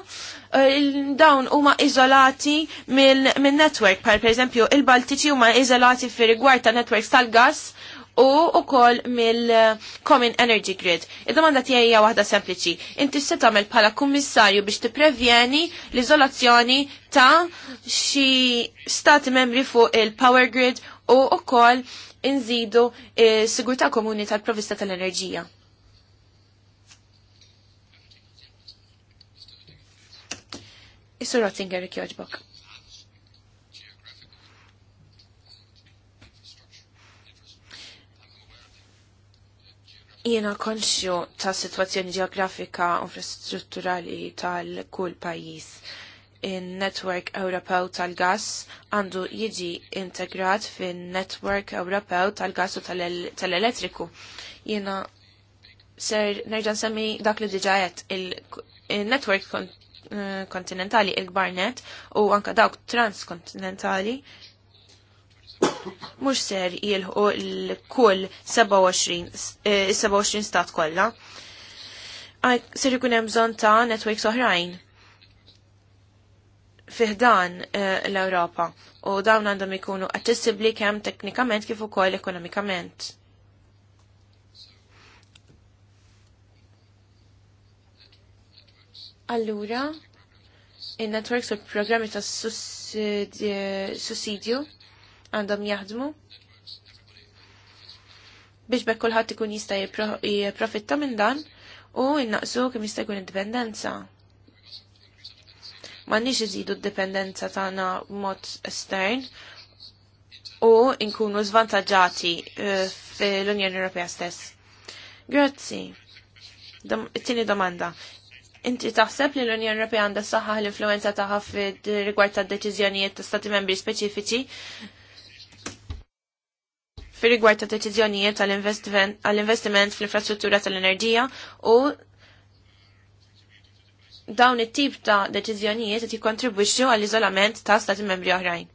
Eh, dawn huma iżolati minn network par eżempju, il-Baltiċi huma iżolati fi rigward ta' networks tal-gas u ukoll mill-Common Energy Grid. Id-domanda tiegħi hija waħda sempliċi. Inti se tagħmel bħala kummissarju biex tipprevjeni l-iżolazzjoni ta' xi stati membri fuq il-power grid u ukoll inżidu s eh, sigurtà komuni tal-provista tal-enerġija. Issu Rottinger ikjoġbok. Jiena konxju ta' situazzjoni ġeografika u infrastrutturali tal-kull pajjiż. In-Network Ewropew tal-Gas għandu jiġi integrat fin-Network Ewropew tal-Gas u tal-Elettriku. Jiena ser nerġa' semmi dak li diġa il-network Eh, kontinentali il-kbar net u anka dawk transkontinentali mux ser jilħu l-kull 27, eh, stat kolla. Ser ikun hemm bżonn ta' networks oħrajn fiħdan eh, l-Ewropa u dawn għandhom ikunu accessibli kemm teknikament kif ukoll ekonomikament. Allura, il-networks u programmi ta' sussidju għandhom jaħdmu biex bekk kulħadd ikun jista' jipprofitta minn dan u innaqsu kemm jista' jkun indipendenza. M'għandniex iżidu d-dipendenza tagħna mod estern u nkunu żvantaġġati eh, fl-Unjoni Ewropea stess. Grazzi. Dom, it-tieni domanda. Inti taħseb li l-Unjoni Ewropea għandha saħħa l-influenza tagħha rigward tad-deċiżjonijiet ta' stati membri speċifiċi fir rigward ta' deċiżjonijiet għall-investiment fl-infrastruttura tal-enerġija u dawn it-tip ta' deċiżjonijiet qed jikkontribwixxu għall-iżolament ta' stati membri oħrajn.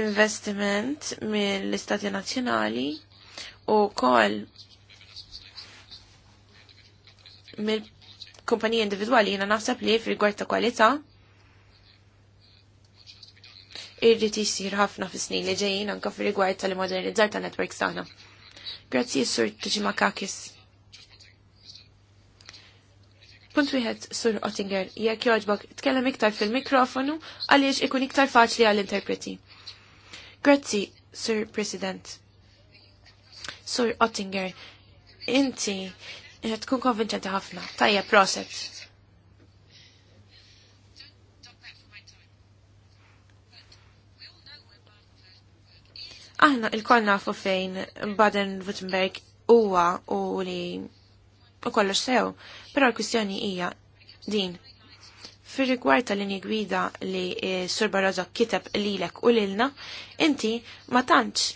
Investiment mill-Istati Nazzjonali u kol mill-kumpanija individuali jina naħseb li fil ta' kwalità irrid jisir ħafna fis-snin li ġejjin anke fir-rigward tal-modernizzar ta' networks tagħna. Grazzi sur Tiġima Makakis. Punt wieħed sur Ottinger, jekk jogħġbok tkellem iktar fil-mikrofonu għaliex ikun iktar faċli għall-interpreti. Grazzi, Sur President. Sur Ottinger, inti tkun konvinċenti ħafna. Tajja, proset. Aħna il-koll nafu fejn Baden-Württemberg huwa u li u kollox sew, però l-kwistjoni hija din. Fir-rigward tal-linji gwida li eh, Sur Barroso kiteb lilek u lilna, inti ma tantx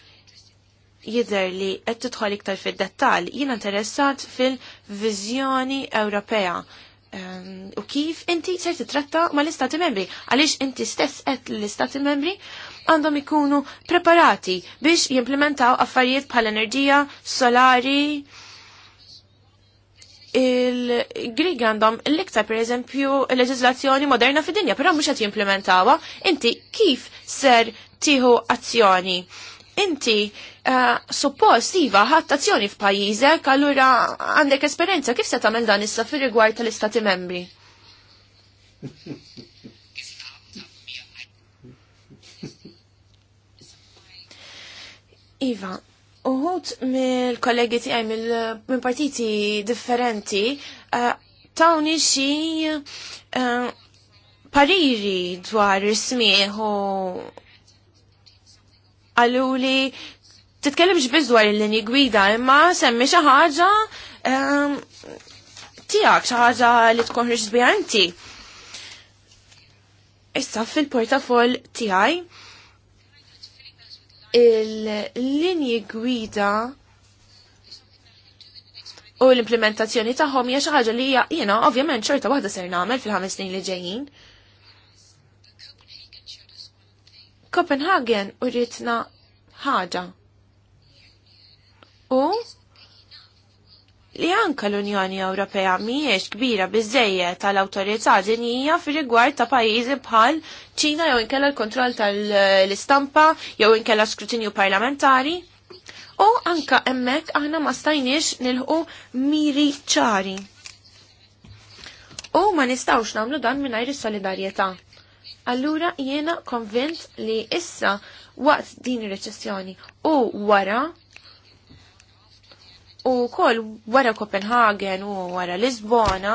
jidher li qed tidħol iktar fid-dettall. Jiena interessat fil-viżjoni Ewropea ehm, u kif inti ser titratta mal-Istati Membri għaliex inti stess qed l-Istati Membri għandhom ikunu preparati biex jimplementaw affarijiet bħal enerġija, solari, il-Grig għandhom l-iktar per eżempju leġislazzjoni moderna fid-dinja, però mhux qed jimplementawa, inti kif ser tieħu azzjoni inti uh, suppost iva ħadd azzjoni f'pajjiżek, allura għandek esperjenza kif se tagħmel dan issa fir-rigward tal-istati membri? Iva, uħut mill-kollegi tiegħi mill-partiti differenti uh, tawni xi uh, pariri dwar ismieħu għaluli titkellem biż dwar il-linji gwida imma semmi xi ħaġa ehm, tiegħek xi ħaġa li tkun ħriġt għanti. Issa fil-portafol tiegħi il-linji gwida u l-implementazzjoni tagħhom hija xi ħaġa li hija jiena ovvjament xorta waħda ser nagħmel fil-ħames snin li ġejjin. Copenhagen u rritna ħaġa. U li anka l-Unjoni Ewropea mhijiex kbira bizzeje tal-awtorità dinija fir-rigward ta' pajjiżi bħal Ċina jew inkella l-kontroll tal-istampa jew inkella skrutinju parlamentari. U anka hemmhekk aħna ma stajniex nilħu miri ċari. U ma nistawx nagħmlu dan mingħajr is-solidarjetà. Allura jiena konvint li issa waqt din ir-reċessjoni u wara u kol wara Kopenhagen u wara Lisbona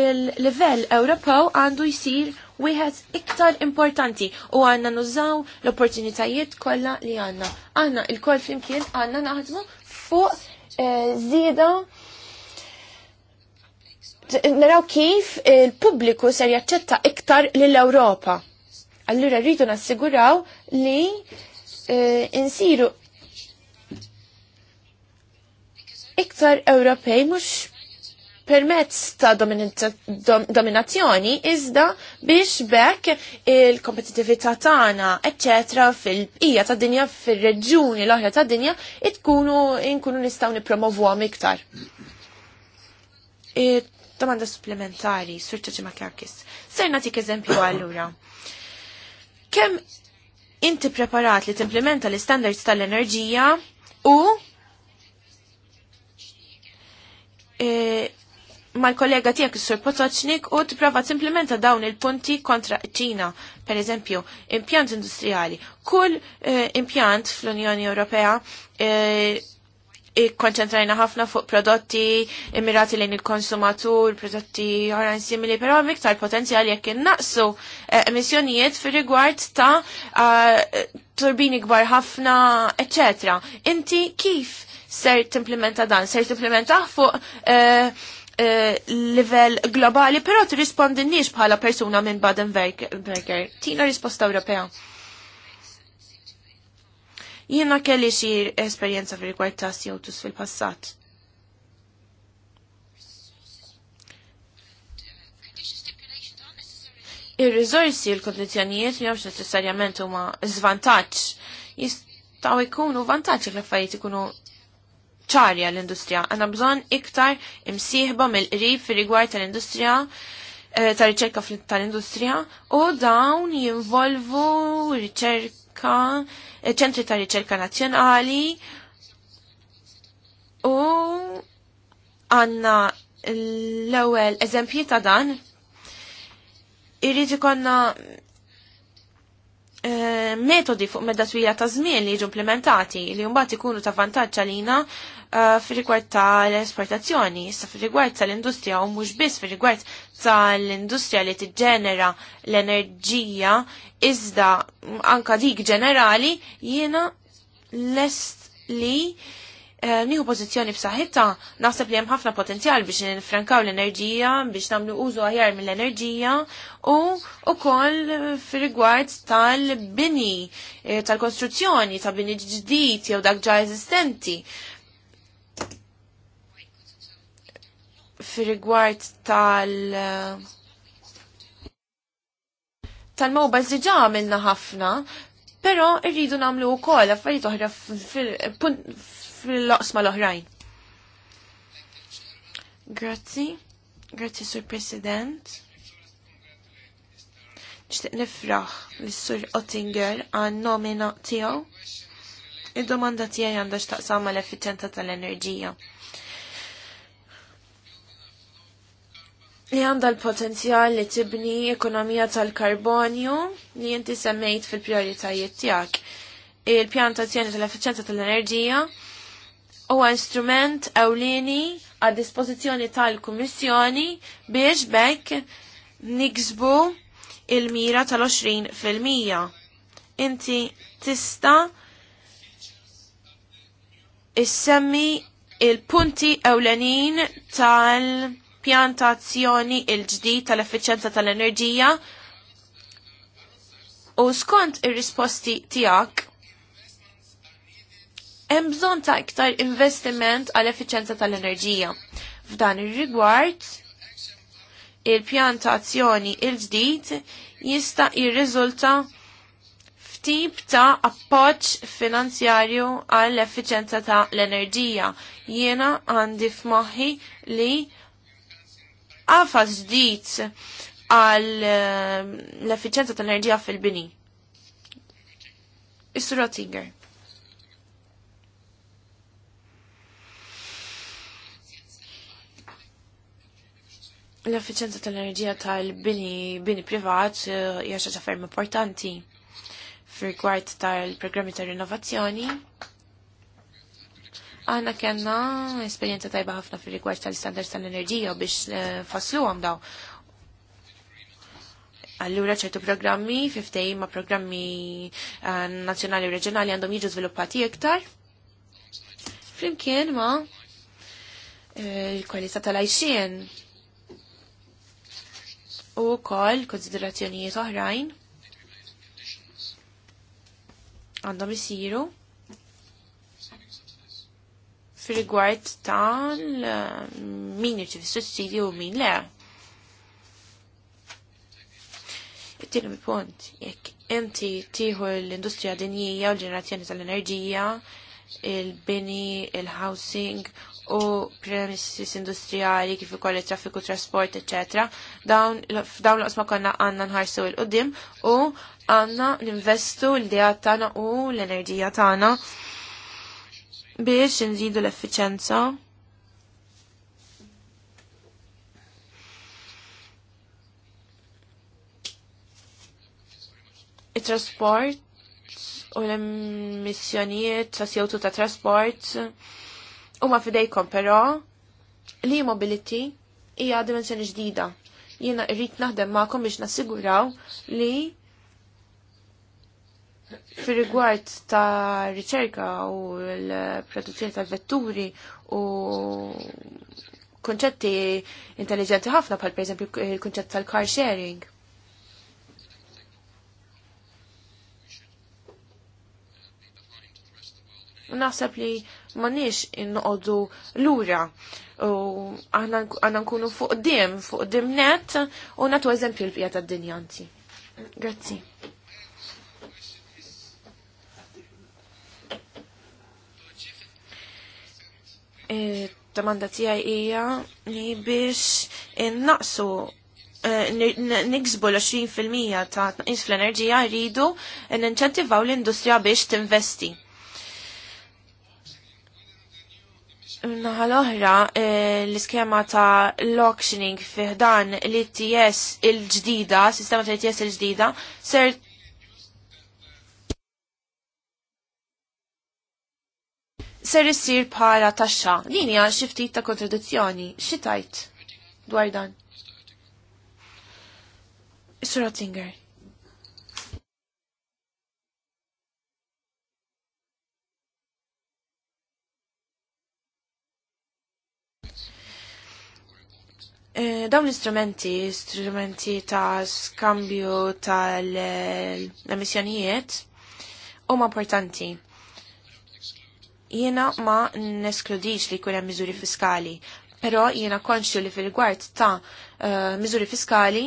il-livell Ewropew għandu jisir wieħed iktar importanti u għanna nużaw l-opportunitajiet kollha li għanna. Għanna il-kol flimkien għanna naħdmu fuq e, zida naraw kif il-pubbliku ser jaċċetta iktar lill-Ewropa. Allura rridu nassiguraw li uh, insiru iktar Ewropej mhux permezz ta' dominazzjoni iżda biex bekk il-kompetitività tagħna, eċċetra fil-bqija ta' dinja fir-reġjuni l-oħra ta' dinja tkunu nkunu nistgħu nippromovuhom iktar. E Domanda supplementari, Sur Ċaċimakakis. Ser natik eżempju għallura. Kem inti preparat li timplementa l-standards tal-enerġija u e, mal-kollega tijak s-sur Potoċnik u t timplementa t-implementa dawn il-punti kontra ċina, per eżempju, impjant industriali. Kull e, impjant fl-Unjoni Ewropea e, ikkonċentrajna ħafna fuq prodotti immirati lejn il-konsumatur, prodotti oħrajn simili, però miktar potenzjali jekk innaqsu eh, emissjonijiet fir rigward ta' eh, turbini kbar ħafna, eċetera. Inti kif ser timplementa dan? Ser timplementa fuq eh, level globali, però t nix bħala persuna minn baden württemberg Tina risposta Ewropea. Jiena kelli xi esperjenza fil-rigward ta' sjotus fil-passat. Ir-riżorsi l-kondizjonijiet mhux neċessarjament huma żvantaġġ jistgħu jkunu vantaġġ l-affarijiet ikunu ċari għall-industrija. Għandna bżonn iktar imsieħba mill-qrib fir-rigward tal-industrija eh, tar riċerka tal-industrija u dawn jinvolvu riċerka riċerka, ċentri ta' riċerka nazzjonali u għanna l-ewwel eżempji ta' dan irrid konna eh, metodi fuq medda twila ta' żmien li jiġu implementati li mbagħad ikunu ta' vantaġġ għalina Eh, fil-rigward tal-esportazzjoni, issa fil-rigward tal-industrija u mhux biss fil-rigward tal-industrija li tiġġenera l-enerġija iżda anka dik ġenerali jiena lest li eh, nieħu pożizzjoni b'saħħitha naħseb li hemm ħafna potenzjal biex nifrankaw l-enerġija, biex nagħmlu użu aħjar mill-enerġija u ukoll fir-rigward tal-bini, eh, tal-kostruzzjoni, ta' bini ġdid jew dak ġa eżistenti. fir-rigward tal- tal-mobiles diġa għamilna ħafna, pero irridu namlu u kol affarijiet oħra fil-loqsma l-oħrajn. Grazzi, grazzi Sur President. Nishtiq nifraħ li sur Ottinger għan nomina tiegħu. Id-domanda tiegħi għandha x'taqsam l tal-enerġija. tal enerġija li għanda l-potenzjal li tibni ekonomija tal-karbonju li jinti semmejt fil-prioritajiet tijak. Il-pjantazzjoni tal-efficienza tal-enerġija huwa instrument ewlieni għad dispozizjoni tal-Kummissjoni biex bekk niksbu il-mira tal-20 fil-mija. Inti tista' issemmi il-punti ewlenin tal-Kummissjoni pjantazzjoni il-ġdid tal-effiċenza tal-enerġija u skont ir-risposti tiegħek hemm bżonn ta' iktar investiment għal effiċenza tal-enerġija. F'dan ir-rigward, il pjantazzjoni il-ġdid jista' jirriżulta f'tip ta' appoġġ finanzjarju għall effiċenza ta' l-enerġija. Jiena għandi f'moħħi li għafa ġdid għal ehm, l-effiċenza tal-enerġija fil-bini. Is-Sur L-effiċenza tal-enerġija tal-bini bini privat eh, hija xi ferm importanti fir-rigward tal-programmi tal-rinnovazzjoni. tal programmi tal rinnovazzjoni Aħna kellna esperjenza tajba ħafna fir-rigward tal-standards tal-enerġija biex għam eh, daw. Allura ċertu programmi, fiftej ma programmi eh, nazjonali u reġjonali għandhom jiġu sviluppati iktar. Flimkien ma eh, il-kwalità tal ajxien u kol konsiderazzjonijiet oħrajn għandhom isiru fil-rigward tal eh, min jirċivi sussidju u min le. It-tieni punt, jekk inti tieħu l-industrija dinjija u l-ġenerazzjoni tal-enerġija, il-bini, il-housing u premises industrijali kif ukoll traffiku trasport, etc. Dawn f'dawn l osma konna għandna nħarsu il qudiem u għandna ninvestu l-dijat tagħna u l-enerġija tagħna biex nżidu l-effiċenza. Il-trasport u l-emissjonijiet ta' CO2 ta' trasport u ma' fidejkom però li mobility hija dimensjoni ġdida. Jiena rrit naħdem ma'kom biex nassiguraw li fil-rigward ta' riċerka u l-produzzjoni tal-vetturi u konċetti intelligenti ħafna bħal per eh, il-konċett tal-car sharing. Naħseb li manix innoqodu l-ura u għanna nkunu fuq dim, fuq dim net u natu eżempju l-pijat d dinjanti Grazzi. domanda tiegħi hija li biex innaqsu eh, niksbu l-20% ta' tnaqis fl-enerġija rridu ninċentivaw l-industrija biex tinvesti. Naħal oħra eh, l-iskema ta' l-auctioning fiħdan l-ITS il-ġdida, sistema ta' ITS il-ġdida, ser ser issir bħala taxxa. Dini għal xi ftit ta' kontradizzjoni. Xi tajt dwar dan? Is-Sur eh, dawn l-istrumenti, istrumenti ta' skambju tal-emissjonijiet, eh, huma importanti Jiena ma neskludix li jkun hemm miżuri fiskali, però jiena konxju li fil-gwart ta' uh, miżuri fiskali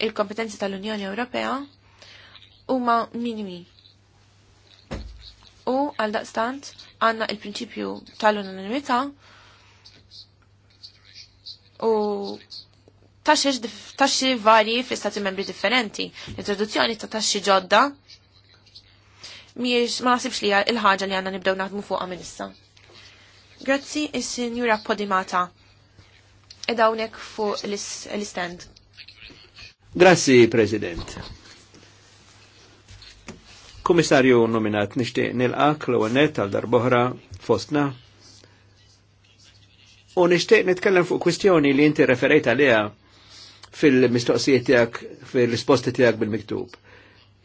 il-kompetenzi tal-Unjoni Ewropea huma minimi. U għal daqstant għanna il-prinċipju tal-unanimità u taxxi varji fl-istati membri differenti. L-introduzzjoni ta' taxxi ġodda miex ma nasibx li il-ħaġa li għanna nibdew naħdmu fuqha minissa. Grazzi is-Sinjura Podimata. Ed hawnhekk fuq l-istend. Grazzi, President. Komissarju nominat nixtieq nilqak l net għal darboħra fostna. U nixtieq nitkellem fuq kwistjoni li inti referejt għaliha fil-mistoqsijiet tiegħek, fil-risposti tiegħek bil-miktub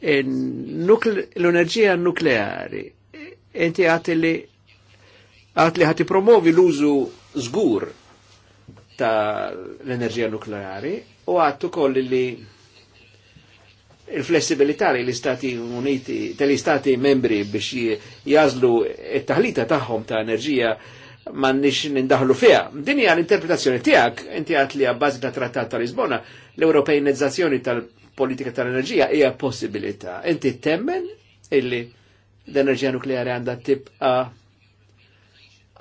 l-enerġija nukleari inti għati li li promovi l-użu zgur ta' l-enerġija nukleari u għattu koll li il-flessibilità li l-Istati Uniti, tal-Istati membri biex jazlu il taħlita tagħhom ta' enerġija ma nix nindahlu fija. Din hija l-interpretazzjoni tijak, inti għat li għabbażi ta' Trattat ta' Lisbona, l europejnizzazzjoni tal- politika tal-enerġija hija possibilità. Inti temmen illi l-enerġija nukleari għandha tibqa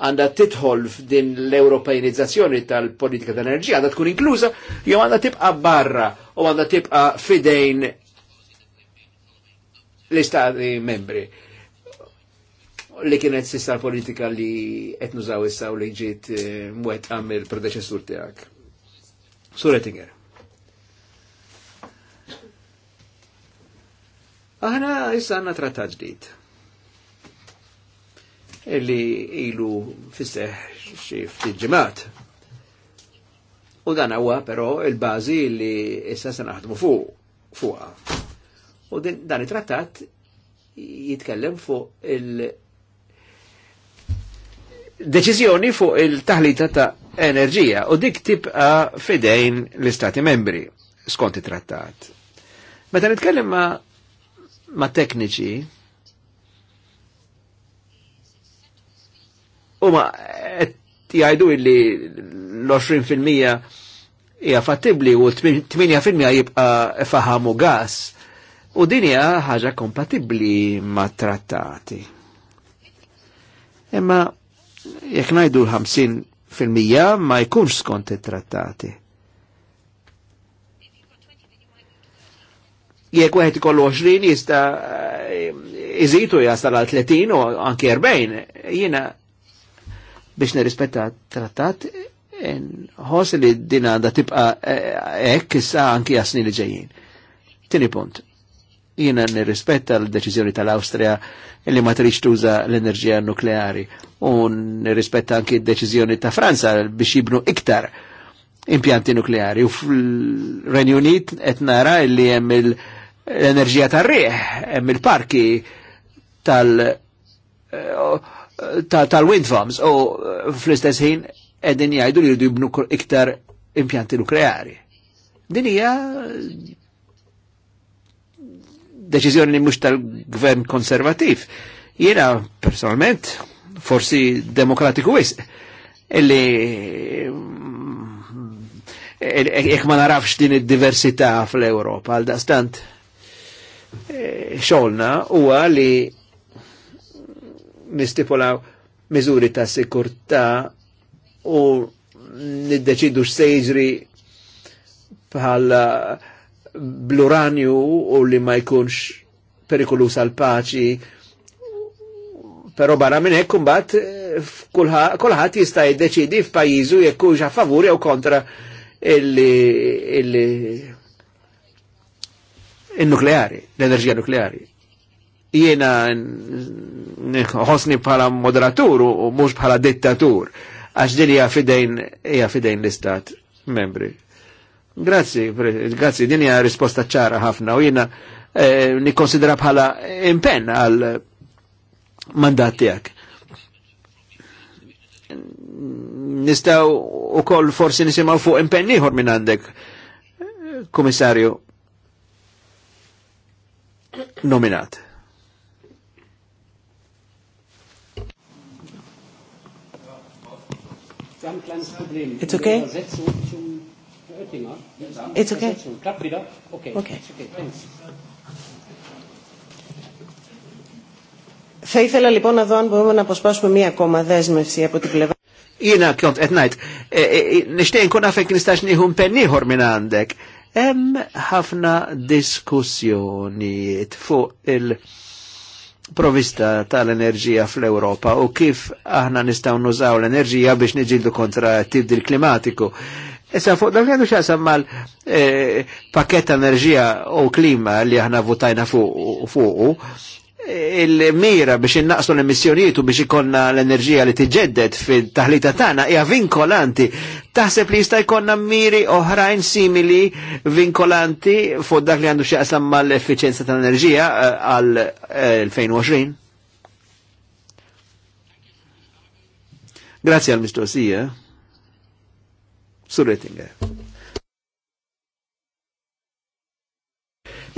għandha titħol f'din l-Europejnizzazzjoni tal-politika tal-enerġija għandha tkun inkluża jew għandha tibqa' barra u għandha tibqa' fidejn l-istati membri li kienet sista politika li etnużaw issa u li ġiet mwet għamil il-predeċessur tijak. Sur Ettinger. Aħna issa għanna trattat ġdid illi ilu fisseħ xie ftit ġemat. U dan għawa però il-bażi li issa se naħdmu fuq fuqa. U dan it-trattat jitkellem fuq il- deċiżjoni fuq il-taħlita ta' enerġija u dik tibqa' fidejn l-Istati membri skont it-trattat. Meta nitkellem ma' ma' tekniċi u ma' jgħidu illi l-20% hija fattibli u 8% jibqa' faħam u gas. U din ħaġa kompatibbli ma' trattati. Imma jekk ngħidu l-50% ma jkunx skont it-trattati. jekk wieħed ikollu 20 jista' jizitu eh, jasal għal 30 u anki 40. jina biex nirrispetta trattat nħoss li din għandha tibqa eh, hekk issa anki jasni li ġejjin. Tieni punt. Jiena nirrispetta l-deċiżjoni tal austria li ma trix tuża l-enerġija nukleari u nirrispetta anki d-deċiżjoni ta' Franza biex jibnu iktar impjanti nukleari u fil renjunit etnara li il- l-enerġija tar-rieħ, hemm il-parki tal- eh, tal-wind farms u fl-istess ħin qegħdin jgħidu li jibnu iktar impjanti nukleari. Din hija deċiżjoni li mhux tal-gvern konservativ. Jiena personalment forsi demokratiku wis illi mm, jekk ma narafx din id-diversità fl-Ewropa għal dastant Eh, xolna huwa li nistipulaw miżuri ta' sikurta u niddeċidu x-sejġri bħala bluranju u li ma jkunx perikolus għal paċi pero barra minn hekk imbagħad eh, kulħadd jista' jiddeċidi f'pajjiżu jekk hux a favur jew kontra illi, illi il-nukleari, l-enerġija nukleari. Jiena nħosni bħala moderatur u mhux bħala dittatur, għax din hija fidejn hija fidejn l-istat membri. Grazzi, grazzi, din hija risposta ċara ħafna u jiena eh, nikkonsidra bħala impenn għal mandat tiegħek. Nistaw ukoll forsi nisimgħu fuq impenn ieħor minn għandek, komissarju nominat. It's okay? It's okay? Klappt wieder? Okay. okay. Θα ήθελα λοιπόν να δω αν μπορούμε να αποσπάσουμε μία ακόμα δέσμευση από την πλευρά. Είναι kont ετ νάιτ. nkun għafek φεκνιστάς νίχουν πενίχορ minn għandek Hemm ħafna diskussjoni fuq il-provista tal-enerġija fl-Europa u kif aħna nistgħu nużaw l-enerġija biex niġildu kontra t tibdil klimatiku. Issa fuq dak għandu xasam mal eh, pakket enerġija u klima li aħna votajna fuq il-mira biex innaqsu l-emissjonijiet u biex ikonna l-enerġija li tiġeddet fil-taħlita tagħna hija vinkolanti. Taħseb li jista' jkollna miri oħrajn simili vinkolanti fuq dak li għandu xi qasam mal-effiċenza tal-enerġija eh, għal 2020? Eh, Grazie għal mistoqsija. Sur Rettinger.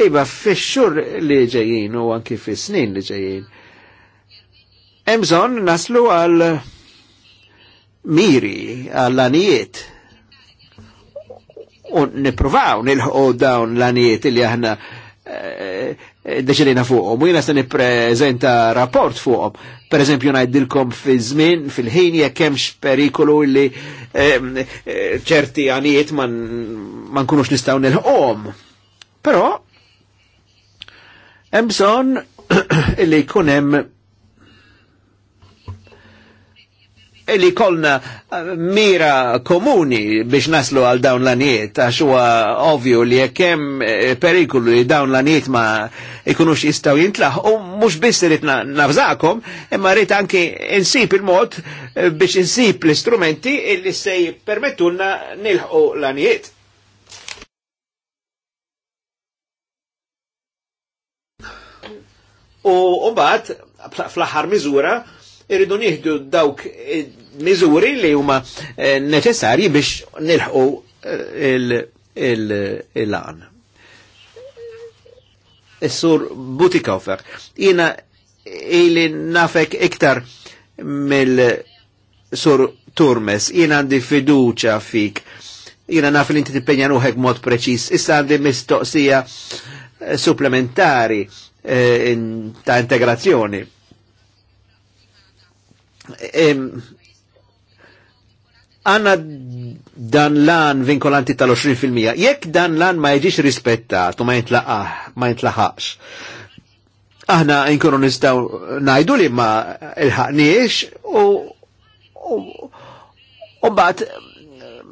iba fix-xhur li ġejjin u anki fis-snin li ġejjin. Hemm bżonn naslu għal miri għal anijiet u nipruvaw nilħu dawn l-anijiet li aħna eh, eh, deċilina fuqom. U jina se nipprezenta rapport fuqom. Per eżempju, najdilkom fi żmien fil-ħin jekk perikolu li eh, ċerti għanijiet ma nkunux nistgħu nilħu Però Hemm bżonn li jkun hemm li kolna eh, mira komuni biex naslu għal dawn l-anijiet, għax huwa ovvju li jekkem eh, perikolu li dawn l-anijiet ma ikunux jistaw jintlaħ, u mux biss rrit nafżakom, imma rrit anki insip il-mod eh, biex insip l-istrumenti illi se permettulna nilħu l-anijiet. U mbagħad fl-aħħar miżura irridu nieħdu dawk eh, miżuri li huma eh, neċessarji biex nilħqu eh, il-lan. Is-sur Butikofer, jiena ili nafek iktar mill-sur Turmes, jiena għandi fiduċa fik, jiena naf li inti tippenja ruħek mod preċis, issa għandi mistoqsija supplementari Eh, in, ta' integrazzjoni. Għanna dan lan vinkolanti tal-20%. Jekk dan lan ma jġiġ rispettat u ma ma jintlaqax. aħna nkunu nistaw najdu li ma il-ħaqniex u u, u bat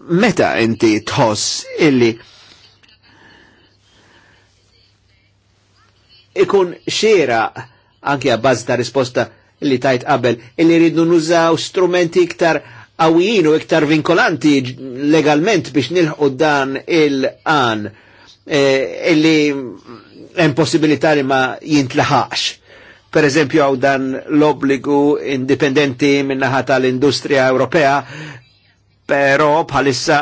meta inti tħoss illi ikun xera anke għabbaz ta' risposta li tajt qabel, illi rridu nużaw strumenti iktar għawijin u iktar vinkolanti legalment biex nilħu dan il-għan eh, illi hemm possibilità li ma jintlaħax. Per eżempju għaw dan l-obbligu indipendenti minnaħa tal-industrija Ewropea, pero bħalissa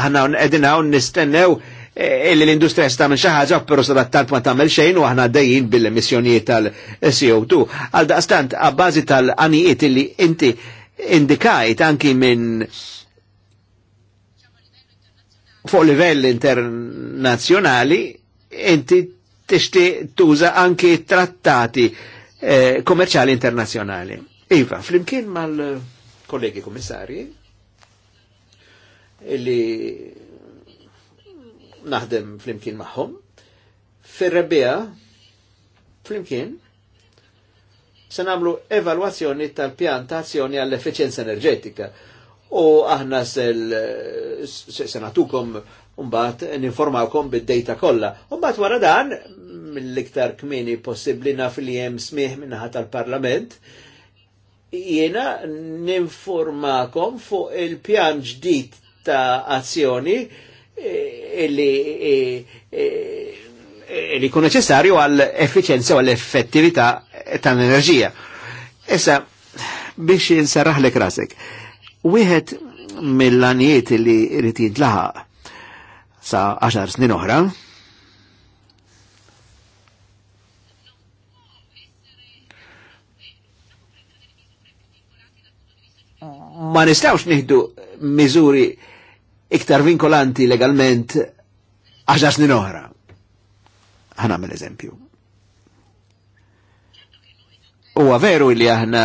aħna edina nistennew Eh, illi l-industrija minn xaħġa, pero tant ma tamel xejn u aħna dajin bil-emissjonijiet tal-CO2. Għal daqstant, għabbażi tal-anijiet illi inti indikajt anki minn fuq livell internazzjonali, inti tixti tuża anki trattati kommerċali eh, internazzjonali. Iva, flimkien mal-kollegi kommissarji, illi naħdem flimkien magħhom. Fir-rebbija flimkien se nagħmlu evalwazzjoni tal-pjan ta' azzjoni għall-efficienza enerġetika u aħna se natukom n ninformawkom bid-data kollha. Umbat wara dan, mill-iktar kmini possibbli naf li jem smih minnaħa tal-Parlament, jiena ninformakom fuq il-pjan ġdid ta' azzjoni Eh, eh, eh, li kun neċessarju għal efficienza u għall effettività tal-enerġija. Issa, biex insarraħlek rasek, wieħed mill-anijiet li rritid jintlaħaq sa 10 snin oħra, ma nistawx nihdu miżuri iktar vinkolanti legalment għaxa snin oħra. Għanamel eżempju. Huwa veru li aħna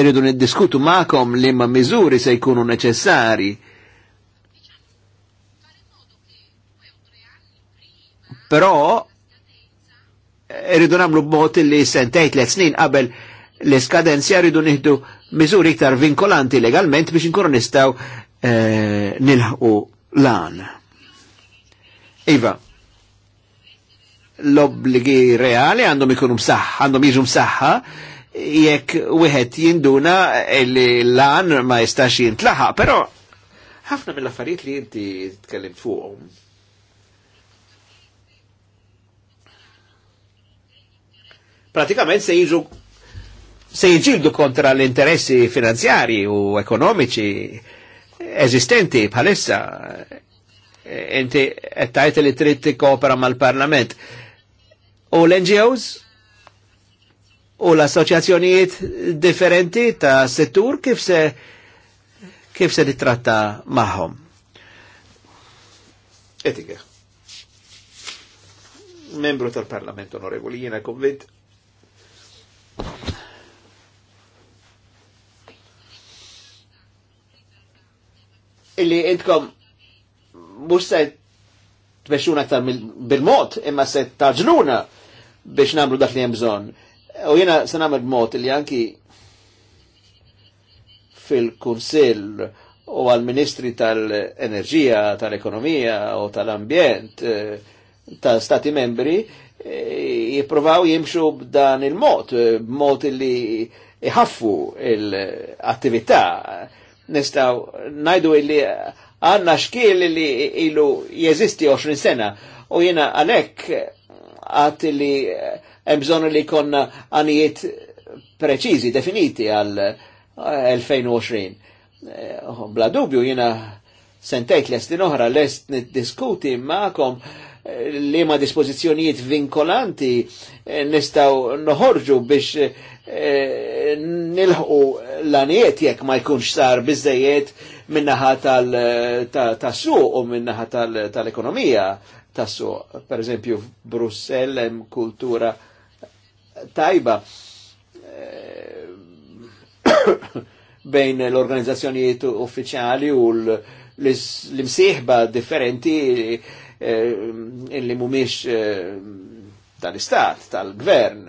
irridu niddiskutu ma'kom li ma' miżuri se jkunu neċessari. Però irridu namlu b b'mod li sentejt let snin qabel l-iskadenzja irridu nieħdu miżuri iktar vinkolanti legalment biex inkunu nistaw eh, nilħu lan. Iva, l-obligi reali għandhom ikunu msaħħa, għandhom jiġu msaħħa, jekk wieħed jinduna eh, li lan ma jistax jintlaħa, però ħafna mill-affarijiet li inti tkellimt fuqhom. Pratikament se jiġu se jġildu kontra l-interessi finanzjari u ekonomiċi eżistenti bħalissa inti għettajt li trid koopera mal-parlament. U l-NGOs u l-assoċjazzjonijiet differenti ta' settur kif se kif se titratta maħom. Etike. Membru tal-Parlament onorevoli, jiena konvint illi intkom mux se tmexxuna aktar bil-mod imma se taġluna biex namlu dak li hemm bżonn. U jiena se nagħmel mod illi anki fil-Kunsill u għal-Ministri tal-Enerġija, tal-Ekonomija u tal-Ambjent eh, tal stati membri eh, jiprovaw jimxu b'dan il-mod, eh, b'mod illi jħaffu l-attività nistaw najdu illi għanna xkiel li ilu jeżisti 20 sena u jena għalek għat eh, li emżon li kon għanijiet preċizi, definiti għal 2020. Eh, eh, bla dubju jena sentajt lest oħra lest diskuti ma'kom li ma dispozizjonijiet vinkolanti nistaw noħorġu biex nilħu l-anijiet jekk ma jkunx sar bizzejiet minnaħa tal-suq u minnaħa tal-ekonomija tas-suq. Per eżempju, Brussel hemm kultura tajba eh, bejn l-organizzazzjonijiet uffiċjali u l-imsieħba differenti eh, li mumiex eh, tal-istat, tal-gvern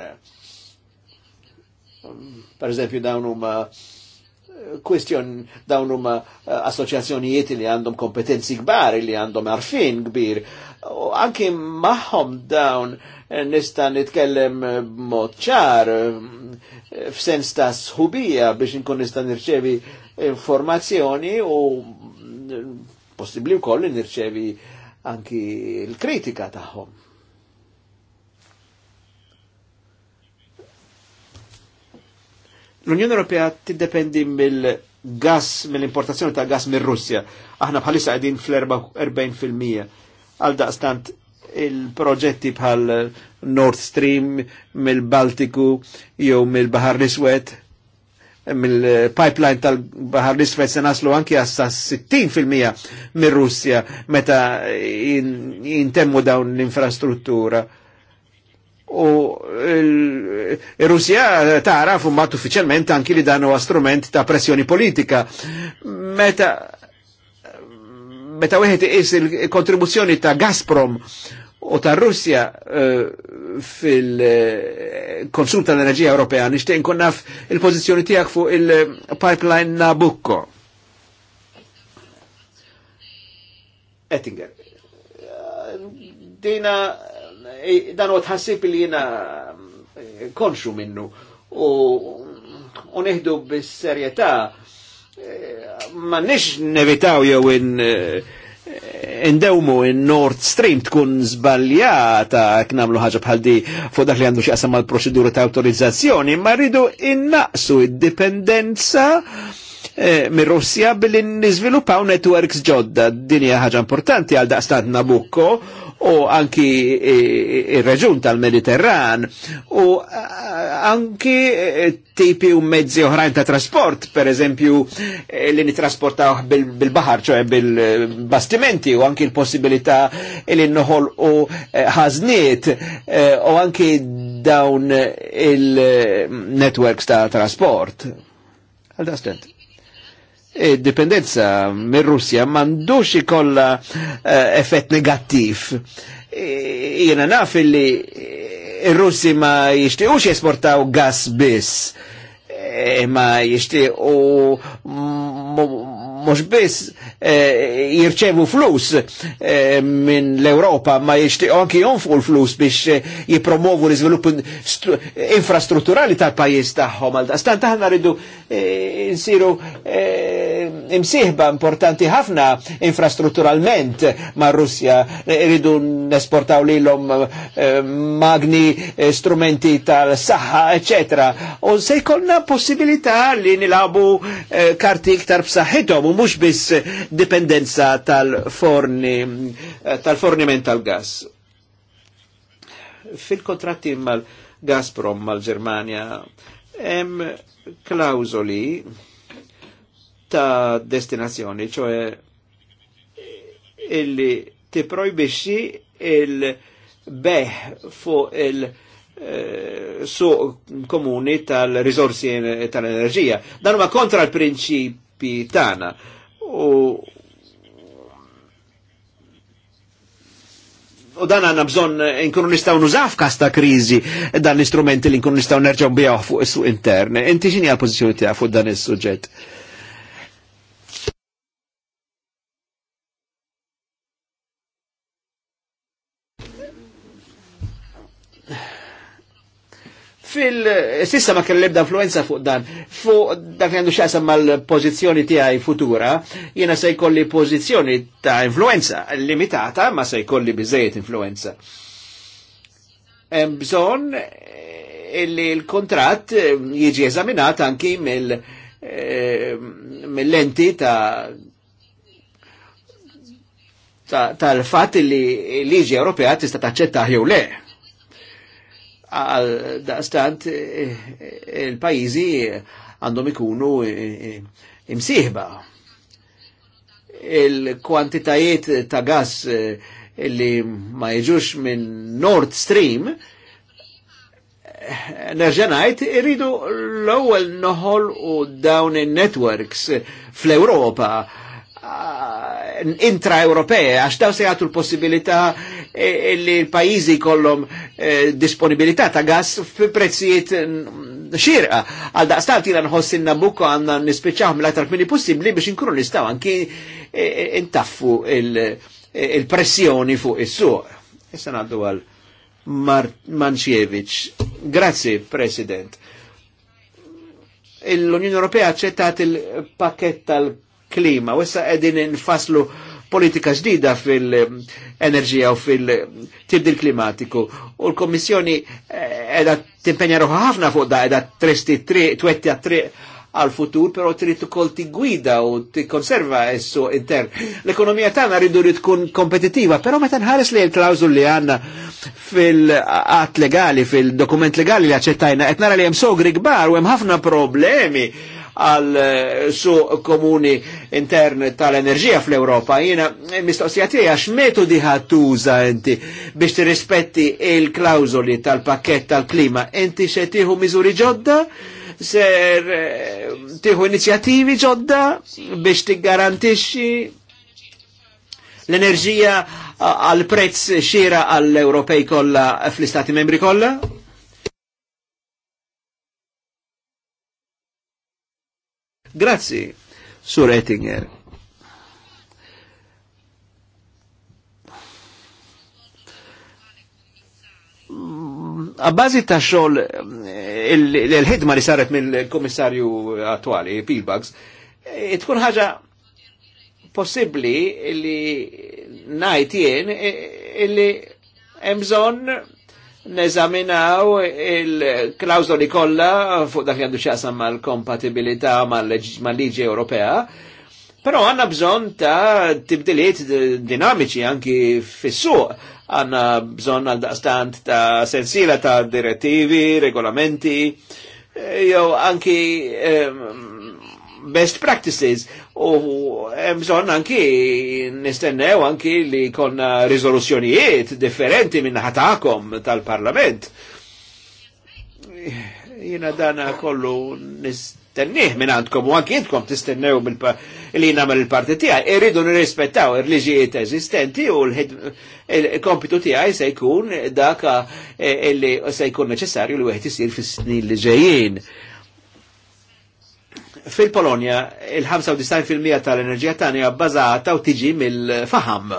Per eżempju, dawn huma eh, kwestjon dawn huma eh, assoċjazzjonijiet li għandhom kompetenzi kbar, li għandhom arfin kbir. U anki magħhom dawn eh, nista' nitkellem b'mod ċar f'sens ta' sħubija biex inkun nista' nirċevi informazzjoni u possibbli wkoll nirċevi anki l-kritika tagħhom. L-Unjoni Ewropea tiddependi mill-gas, mill-importazzjoni ta' gas mir-Russja. Aħna bħalissa qegħdin fl 40 għal daqstant il-proġetti bħal Nord Stream mill-Baltiku jew mill-Bahar l-Iswed mill-pipeline tal-Bahar l-Iswed se naslu anki għassa 60% mir-Russja meta jintemmu dawn l-infrastruttura u il-Russja e tara fummat uffiċjalment anki li danu huwa strument ta' pressjoni politika. Meta meta wieħed is il-kontribuzzjoni ta' Gazprom u ta' Russia e, fil-konsum tal-enerġija Ewropea nixtieq naf il-pożizzjoni tiegħek fuq il-pipeline Nabucco. Ettinger. Dina E, dan u tħassib li jina eh, konxu minnu u uniħdu bis-serjetà eh, ma nix nevitaw jew in eh, indewmu in Nord Stream tkun zbaljata jekk nagħmlu ħaġa bħal di fuq dak li għandu qasam mal-proċeduri ta' autorizzazzjoni, ma rridu innaqsu id-dipendenza mir russja billi niżviluppaw networks ġodda. Din hija ħaġa importanti għal daqstant Nabucco u anki e, e, il reġun tal-Mediterran u anki e, tipi u mezzi oħrajn ta' trasport, per eżempju li nitrasportaw bil-bahar, ċoħe bil-bastimenti u anki l-possibilità li noħol u ħazniet u anki dawn il-networks ta' trasport. Għal-dastent id e dipendenza mir russja mandux ikolla e, effett negattiv. E, jena naf li e, il-Russi ma jishtiqux jesportaw gas biss, ma jishtiqu mhux biss eh, jirċevu flus eh, minn l-Ewropa ma jixtiequ anki jonfu l-flus biex eh, jipromovu l-iżvilupp infrastrutturali tal-pajjiż tagħhom għal daqstant taħna rridu nsiru imsieħba importanti ħafna infrastrutturalment ma' Russja rridu nesportaw lilhom magni strumenti tal-saħħa, eċetera. U se jkollna possibilità li nilabu karti iktar b'saħħithom mux mhux biss dipendenza tal-forni eh, tal-forniment tal-gas. Fil-kontratti mal-Gazprom mal-Germania hemm klawzoli ta' destinazzjoni, cioè illi tiprojbixxi il beh fu il-, su suq komuni tal-rizorsi tal-enerġija. Dan huwa kontra l-prinċip l tana. U u dan għanna bżon inkunu eh, nistaw nużaf kasta krizi dan l-istrumenti li nkunu nistaw nerġaw bijaw fuq is-suq intern. Inti xini għal-pozizjoni tijaw fuq dan is-suġġett? Fil-sissa ma kelli ebda influenza fuq dan, fuq dak għandu xaqsam mal-pozizjoni tiegħi futura, jena se jkolli pozizjoni ta' influenza limitata, ma se jkolli biżejjed influenza. Bżon eh, illi l kontrat eh, jiġi eżaminat anki mill- eh, lenti ta' tal-fat li l-liġi Ewropea tista' taċċettaħ jew le għal daqstant eh, il-pajizi għandhom ikunu eh, eh, imsiħba. Il-kwantitajiet ta' gas li ma jġux minn Nord Stream nerġenajt irridu l-ewwel noħol u dawn in-networks fl-Ewropa intra-Ewropea, għax daw se jgħatu l possibilita E, e li l-pajizi kollom e, disponibilità ta' gas fi prezzijiet xirqa. Għal daqstat jina nħoss il-Nabucco għanna nispeċaħum l aktar minni possibli biex inkunu nistaw anki intaffu il-pressjoni fuq il-su. Issa għaddu għal Manċievic. Grazie, President. L-Unjoni Ewropea ċettat il-pakket tal-klima, Wessa issa qegħdin infaslu politika ġdida fil-enerġija u fil-tibdil klimatiku. U l-Kommissjoni eh, edha timpenja roħa ħafna fuq da edha tresti twetti għatri għal-futur, pero trid ukoll gwida u konserva essu intern. L-ekonomija tagħna rridu li tkun kompetitiva, però meta nħares li l-klawżul li għandna fil għat legali, fil-dokument legali li aċċettajna, etnara nara li hemm sogri gbar u hemm ħafna problemi għal eh, su komuni intern tal-enerġija fl-Europa. Jena eh, mistoqsijati għax metodi ħattuża inti biex tirrispetti il-klawzoli tal-pakket tal-klima. Inti se tiħu miżuri ġodda, ser eh, tiħu inizjativi ġodda biex tiggarantixxi l-enerġija għal prezz xira għall-Ewropej kollha fl-Istati membri kollha? Grazzi, Sur Ettinger. Mm, a bazi ta' xol eh, l ħidma li saret mill-komissarju attuali, Pilbags, eh, tkun ħaġa possibli li najtien eh, li hemm neżaminaw il-klawżoli kollha fuq dak li għandu x'jaqsam mal-kompatibilità mal-liġi Ewropea. Però għanna bżon ta' tibdiliet dinamiċi anki fis-suq. Għanna bżon għal daqstant ta' sensila ta' direttivi, regolamenti, e, jew anki eh, best practices u bżonn anki nistennew anki li konna riżoluzzjonijiet differenti minn ħatakom tal-Parlament. Jina dana kollu nistennih minn għandkom u anki jintkom tistennew li namel il-parti tija. Irridu nirrispettaw il-liġijiet eżistenti u l-kompitu tija se jkun daka eh, li se jkun neċessarju li għet jisir fis-snin li ġejjin fil polonia il-95% tal-enerġija tagħna hija bbażata u tiġi mill-faham.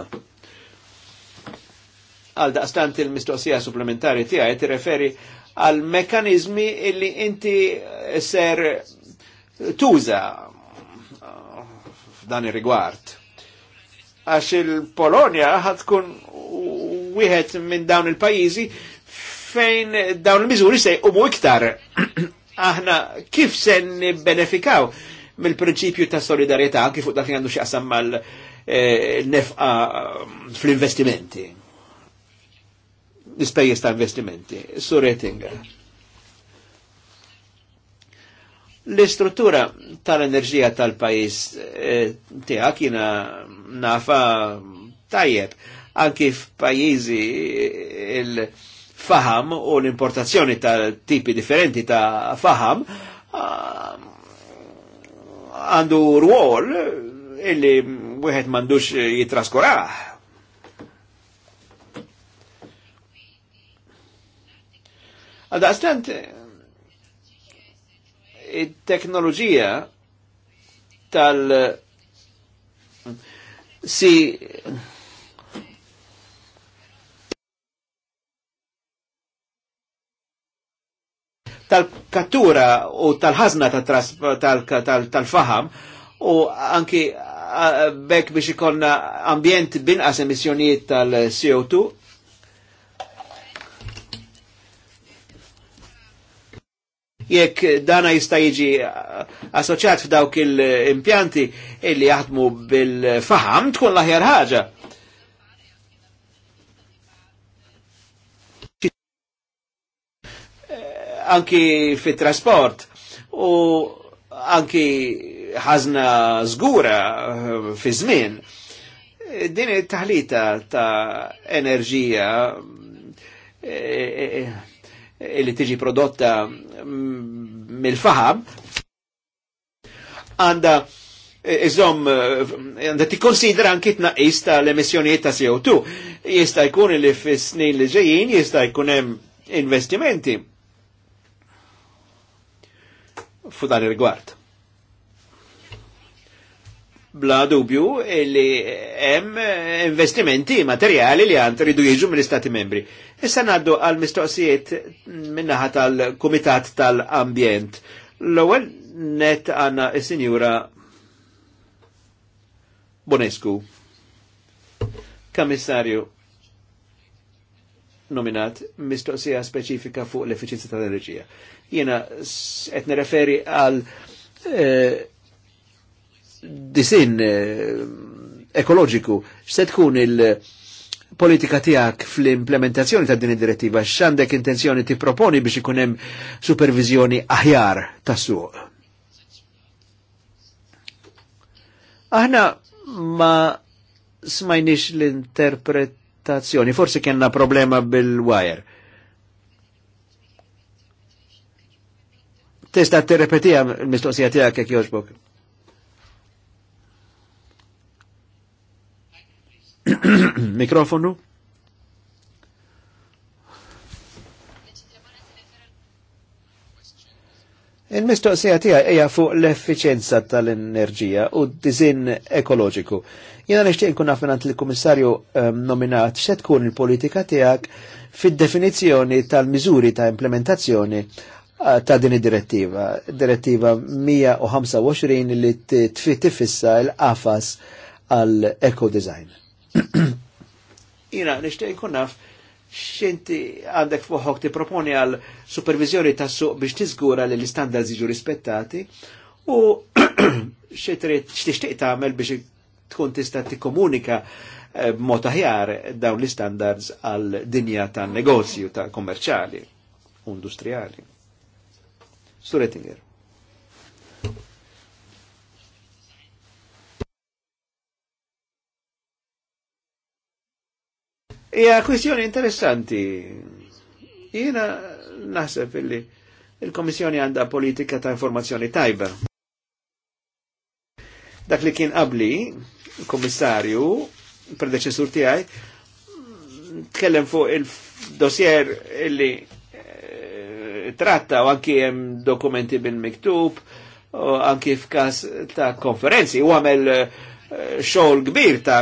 Għal daqstant il-mistoqsija supplementari tiegħi referi għal mekanizmi illi inti ser tuża f'dan ir-rigward. Għax il-Polonja ħad tkun wieħed minn dawn il-pajjiżi fejn dawn il-miżuri se jqumu iktar aħna kif se benefikaw mill-prinċipju ta' solidarietà anki fuq dak li għandu xaqsam mal-nefqa eh, mm, fl-investimenti. L-ispejjeż ta' investimenti. Su rating. L-istruttura tal-enerġija tal-pajis eh, tiegħek kiena nafa tajjeb anki f'pajjiżi il- faham u l-importazzjoni ta' tipi differenti ta' faham ah, għandu rwol illi wieħed mandux jitraskuraħ. Għadda għastant il-teknologija tal- si tal-kattura u tal-ħazna tal-faham u anki bekk biex ikonna ambjent binqas emissjonijiet tal-CO2 jekk dana jista' jiġi assoċjat f'dawk il-impjanti illi jaħdmu bil-faham tkun l-aħjar ħaġa. anki fit-trasport u anki ħazna zgura eh, fi żmien. Din it-taħlita ta' enerġija eh, eh, li tiġi prodotta mm, mill-faham għanda Iżom, għanda ti konsidra anki tnaqis tal-emissjonijiet ta' CO2. Jista' jkun li fis-snin li ġejjin jista' jkun hemm investimenti fu dan il-rigward. Bla dubju li hemm investimenti materjali li għant ridu jiġu mill-Istati membri. Issa naddu għal mistoqsijiet minnaħa tal-Kumitat tal-Ambjent. L-ewwel net għanna is-Sinjura Bonescu. Kamissarju nominat mistoqsija speċifika fuq l-efficienza tal-enerġija. Jena qed referi għal eh, disin eh, ekoloġiku, x'se tkun il-politika tiegħek fl-implementazzjoni ta' din id-direttiva, x'għandek intenzjoni tipproponi biex ikun hemm supervizjoni aħjar tas-suq. Aħna ma smajnix l-interpretazzjoni, forsi kienna problema bil-wire. Tista t-repetija l-mistoqsija tijak kek joġbok. Mikrofonu? Il-mistoqsija tija eja fuq l-effiċenza tal-enerġija u d-dizin ekoloġiku. Jena nishtiq nkun affinant l-komissarju ehm, nominat xe tkun il-politika tijak fid-definizjoni tal-mizuri ta' implementazzjoni Ah, ta' din id-direttiva. Direttiva 125 li tfittifissa l-qafas għal eco design. Ina, nishtiq kunnaf naf xinti għandek fuħok ti proponi għal supervizjoni ta' suq biex tiżgura li l-standards jiġu rispettati u ta' tagħmel biex tkun tista' tikkomunika eh, b'mod aħjar dawn l-standards għal dinja tan negozju ta' kommerċali u industrijali. Suretinger. Ija kwistjoni interessanti. Jina naħseb illi il-Komissjoni għanda politika ta' informazzjoni tajba. Dak li kien qabli, komissarju, predeċessur tijaj, tkellem fuq il-dossier illi tratta u anki hemm dokumenti bil-miktub, u anki f'kas ta' konferenzi, u għamel eh, xogħol kbir ta'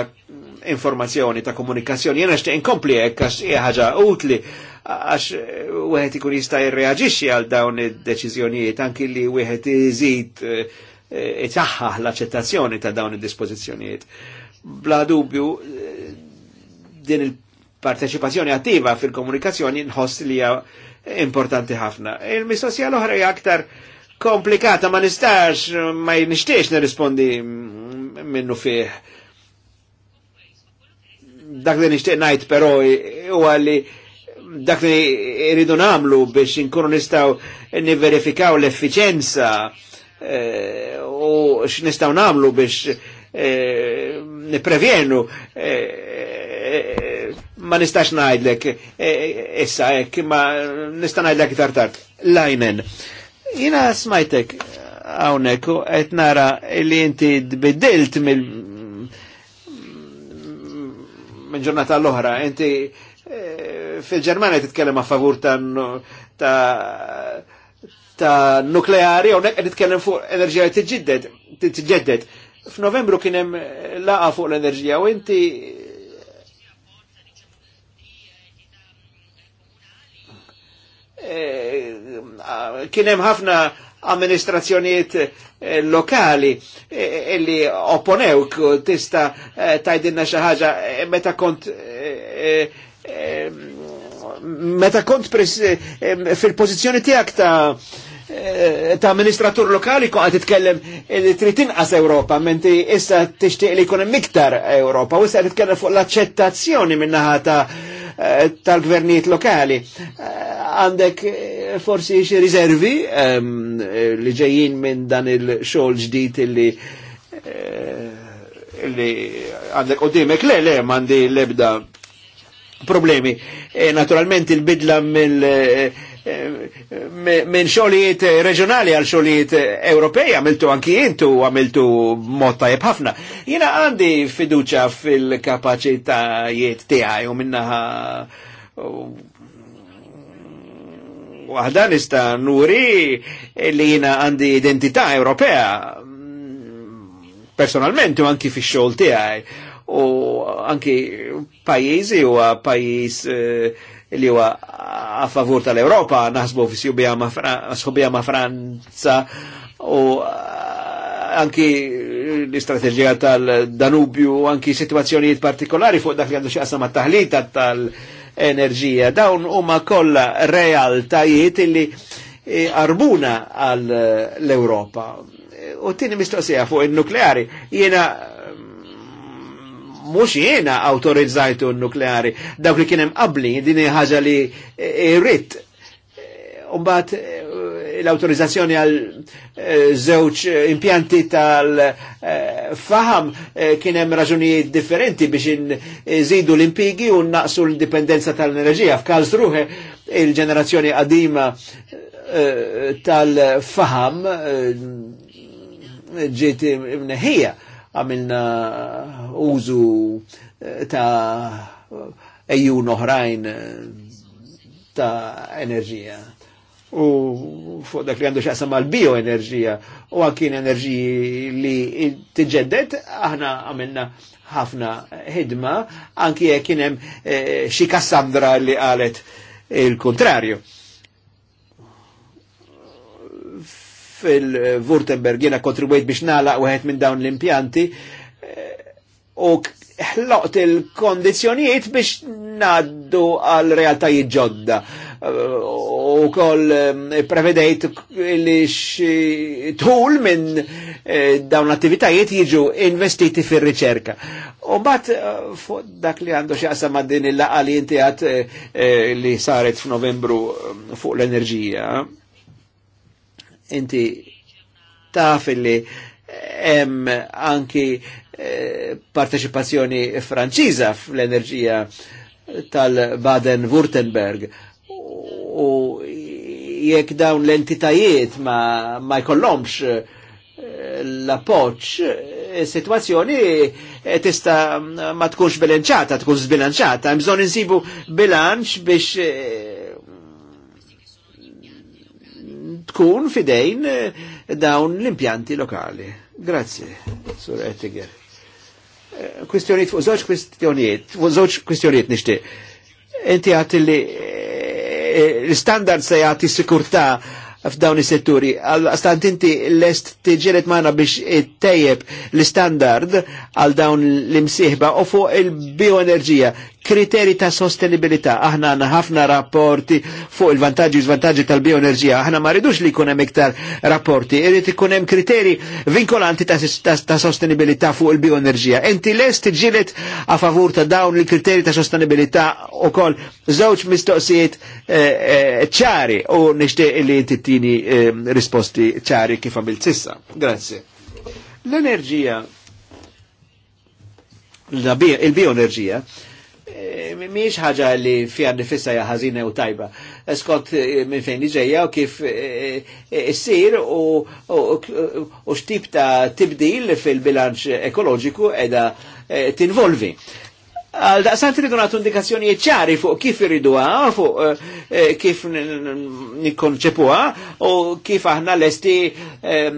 informazzjoni, ta' komunikazzjoni, jena xtejn kompli hekk għax ħaġa utli għax eh, wieħed ikun jista' jirreaġixxi għal dawn id-deċiżjonijiet anki li wieħed iżid eh, itaħħaħ l-accettazzjoni ta' dawn id-dispożizzjonijiet. Bla dubju din il-parteċipazzjoni attiva fil-komunikazzjoni nħoss li hija importanti ħafna. Il-mistoqsija l-oħra hija aktar komplikata ma nistax ma nixtiex nirrispondi minnu fih. Dak li nixtieq ngħid però huwa li dak li rridu nagħmlu biex inkunu nistgħu niverifikaw l efficienza eh, u x'nistgħu nagħmlu biex eh, niprevjenu eh, ma nistax najdlek e, e, issa hekk ma nista' najdlek tartart, Lajnen. Jina smajtek hawnhekk qed nara li inti tbiddilt mill minn ġurnata l ohra inti e, fil ġermani titkellem a favur ta' ta' nukleari, u nekk titkellem fuq enerġija tiġġedded. F'Novembru kien hemm laqa fuq l-enerġija u inti Eh, eh, kienem ħafna amministrazzjoniet eh, lokali illi opponewk tista tajdinna xaħġa meta kont meta kont fil-pozizjoni tijak ta' ta' amministratur lokali kon għat titkellem tritin għas Ewropa, menti issa tixtieq li kunem miktar iktar Ewropa, u issa titkellem fuq l accettazzjoni minnaħa ta' tal-gvernijiet lokali. Għandek eh, forsi xi riservi ehm, li ġejjin minn dan il-xogħol ġdid li eh, li għandek qudiemek le le m'għandi l-ebda problemi. E naturalment il-bidla mill- Eh, eh, minn xogħlijiet reġjonali għal xogħlijiet Ewropej għamiltu anki intu għamiltu mod tajjeb ħafna. Jiena għandi fiduċa fil-kapaċitajiet tiegħi u minnaħa waħda nista nuri li jina għandi identità Ewropea personalment u anki fi xogħol tiegħi u anki pajjiżi u pajjiż uh, li huwa a favur tal-Europa, naħsbu sħubija ma, ma' Franza u eh, anki l-istrateġija tal-Danubju, u anki situazzjonijiet partikolari fuq dak li għandu xaqsa ma' taħlita tal-enerġija. Dawn huma kollha realtajiet illi eh, arbuna għall-Europa. U tini mistoqsija fuq il-nukleari. Jena mux jena autorizzajtu n-nukleari, dawk li kienem qabli din ħaġa li irrit. Umbat eh, l-autorizzazzjoni għal zewċ eh, eh, impjanti tal-faham kienem hemm raġunijiet differenti biex nżidu l-impigi u naqsu l-dipendenza tal-enerġija. ruħe il-ġenerazzjoni qadima tal-faham ġiet mneħija għamilna użu eh, ta' eju oħrajn eh, ta' enerġija u fuq dak li għandu xaqsam mal bioenerġija u għakin enerġiji li t-ġeddet, aħna għamilna ħafna ħidma, anki jek kienem eh, xi Kassandra li qalet il-kontrarju. Fil-Wurtemberg jena kontribujt biex nalaq u minn dawn l-impjanti u ħloqt il-kondizjonijiet biex naddu għal realtajiet ġodda u koll um, prevedejt li tħul minn eh, dawn l-attivitajiet jiġu investiti fir riċerka U bat eh, fuq dak li għandu xaqsa ma din il-laqa li inti għat eh, li saret f'Novembru fuq l-enerġija, inti taf li hemm anki parteċipazzjoni franċiża fl-enerġija tal-Baden-Württemberg u jekk dawn l-entitajiet ma, ma jkollomx eh, l-appoċ, eh, situazzjoni eh, tista mm, ma tkunx bilanċata, tkun zbilanċata, bżon insibu bilanċ biex tkun fidejn dawn l-impjanti lokali. Grazie, Sur Ettinger. Eh, kwistjoniet fuq zoċ kwistjoniet, fuq zoċ kwistjoniet nishti. Inti għat li eh, eh, l-standard se jagħti sikurtà f'dawn is-setturi. Għal-stant inti lest tiġelet maħna biex tejjeb l-standard għal dawn l-imsieħba u fuq il-bioenerġija kriteri ta' sostenibilità. Aħna għandna ħafna rapporti fuq il-vantaġġi u żvantaġġi tal-bioenerġija. Aħna ma rridux li jkun hemm iktar rapporti, irid ikun hemm kriteri vinkolanti ta', ta, ta sostenibilità fuq il-bioenerġija. Inti lest tiġilet a favur ta' dawn il-kriteri ta' sostenibilità ukoll żewġ mistoqsijiet eh, eh, ċari u nixtieq li inti tini eh, risposti ċari kif għamil sissa. Grazie. L-enerġija il-bioenerġija Eh, miex ħaġa li fija nifissa jaħazina u tajba. Eskont eh, minn fejn iġeja u kif eh, s-sir u x-tip ta' tibdil fil-bilanċ ekoloġiku edha t tinvolvi. Għal sant rridu nagħtu indikazzjoni ċari fuq kif irriduha, fuq kif nikkonċepuha u kif aħna l lesti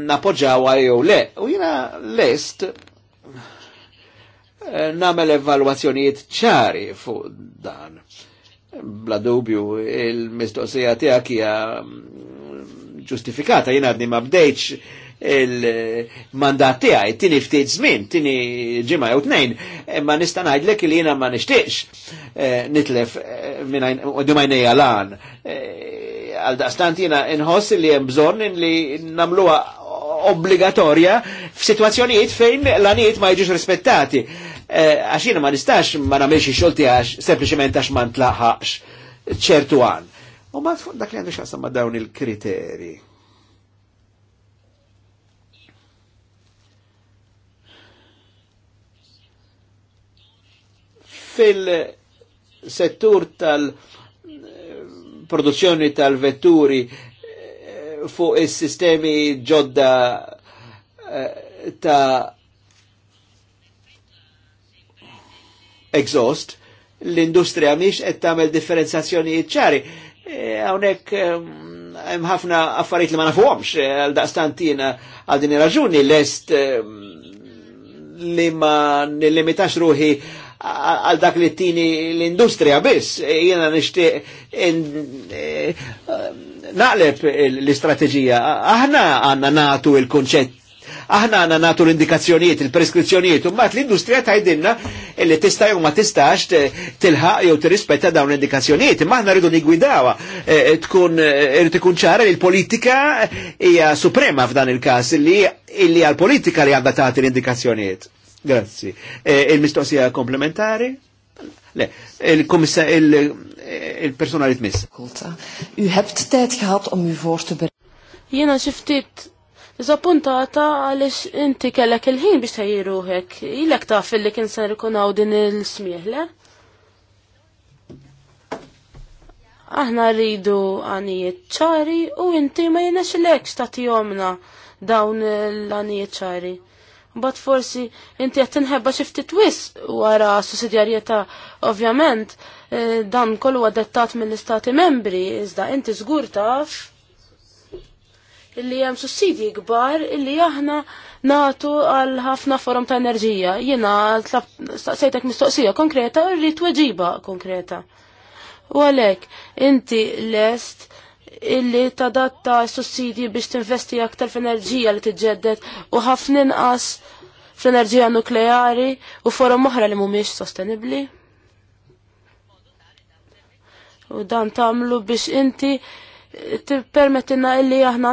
napoġġawha jew le. U l-est Eh, namel evalwazzjonijiet ċari fuq dan. Bla dubju, il-mistoqsija tiegħek hija mm, ġustifikata, jina għadni ma bdejċ il-mandat tiegħi tini ftit żmien, tini ġimgħa jew tnejn, eh, ma nista' ngħidlek li jiena ma nixtieqx eh, nitlef minn għajnejja lan. Għal jina jiena inħoss li hemm bżonn li nagħmluha obbligatorja f'sitwazzjonijiet fejn l għaniet ma jiġux rispettati. Eh, għaxina ma nistax ma namilx xolti għax, sempliciment għax ma ntlaħax ċertu għan. U ma tfuq dak li għandu xaqsam ma dawn il-kriteri. Fil-settur tal-produzzjoni tal-vetturi eh, fuq is-sistemi ġodda eh, ta' exhaust, l-industrija miex qed tagħmel differenzjazzjonijiet ċari. E, hawnhekk hemm ħafna affarijiet li ma nafuhomx e, għal daqstantina għal din ir-raġuni lest li ma nillimitax ruħi għal dak li tini l-industrija biss, e, jena nishtiq naqleb l-istrateġija. Aħna għanna natu il-konċett aħna għana natu l indikazzjoniet il preskrizzjoniet un bat l-industrija tajdinna illi tista' jew ma tistax tilħaq jew tirrispetta dawn l-indikazzjonijiet, imma aħna rridu nigwidawa e, e, tkun e, rridu tkun ċara li l-politika hija suprema f'dan il-każ illi għal-politika li għandha tagħti l-indikazzjonijiet. Grazzi. Il-mistoqsija komplementari? Le, il-komissar, il-personalit miss. U hebt tijd gehad om u voor te bereiden? Jena xiftit Disappuntata għaliex inti kellek il-ħin biex tajjiruħek. Ilek taf li kien ser ikun hawn din il-smieħ, le? Aħna rridu għanijiet ċari u inti ma xtati tagħtihomna dawn l-għanijiet ċari. Bat forsi inti qed tinħebba xi ftit wis wara sussidjarjetà ovvjament eh, dan kollu għadettat mill-istati membri iżda inti żgur taf illi hemm sussidji kbar illi aħna natu għal ħafna forum ta' enerġija. Jiena staqsejtek mistoqsija konkreta u rrid weġiba konkreta. U għalhekk inti lest illi tadatta sussidji biex tinvesti aktar f'enerġija li tiġġedded u ħafna inqas fl-enerġija nukleari u forum oħra li mhumiex sostenibbli. U dan tagħmlu biex inti permettina illi aħna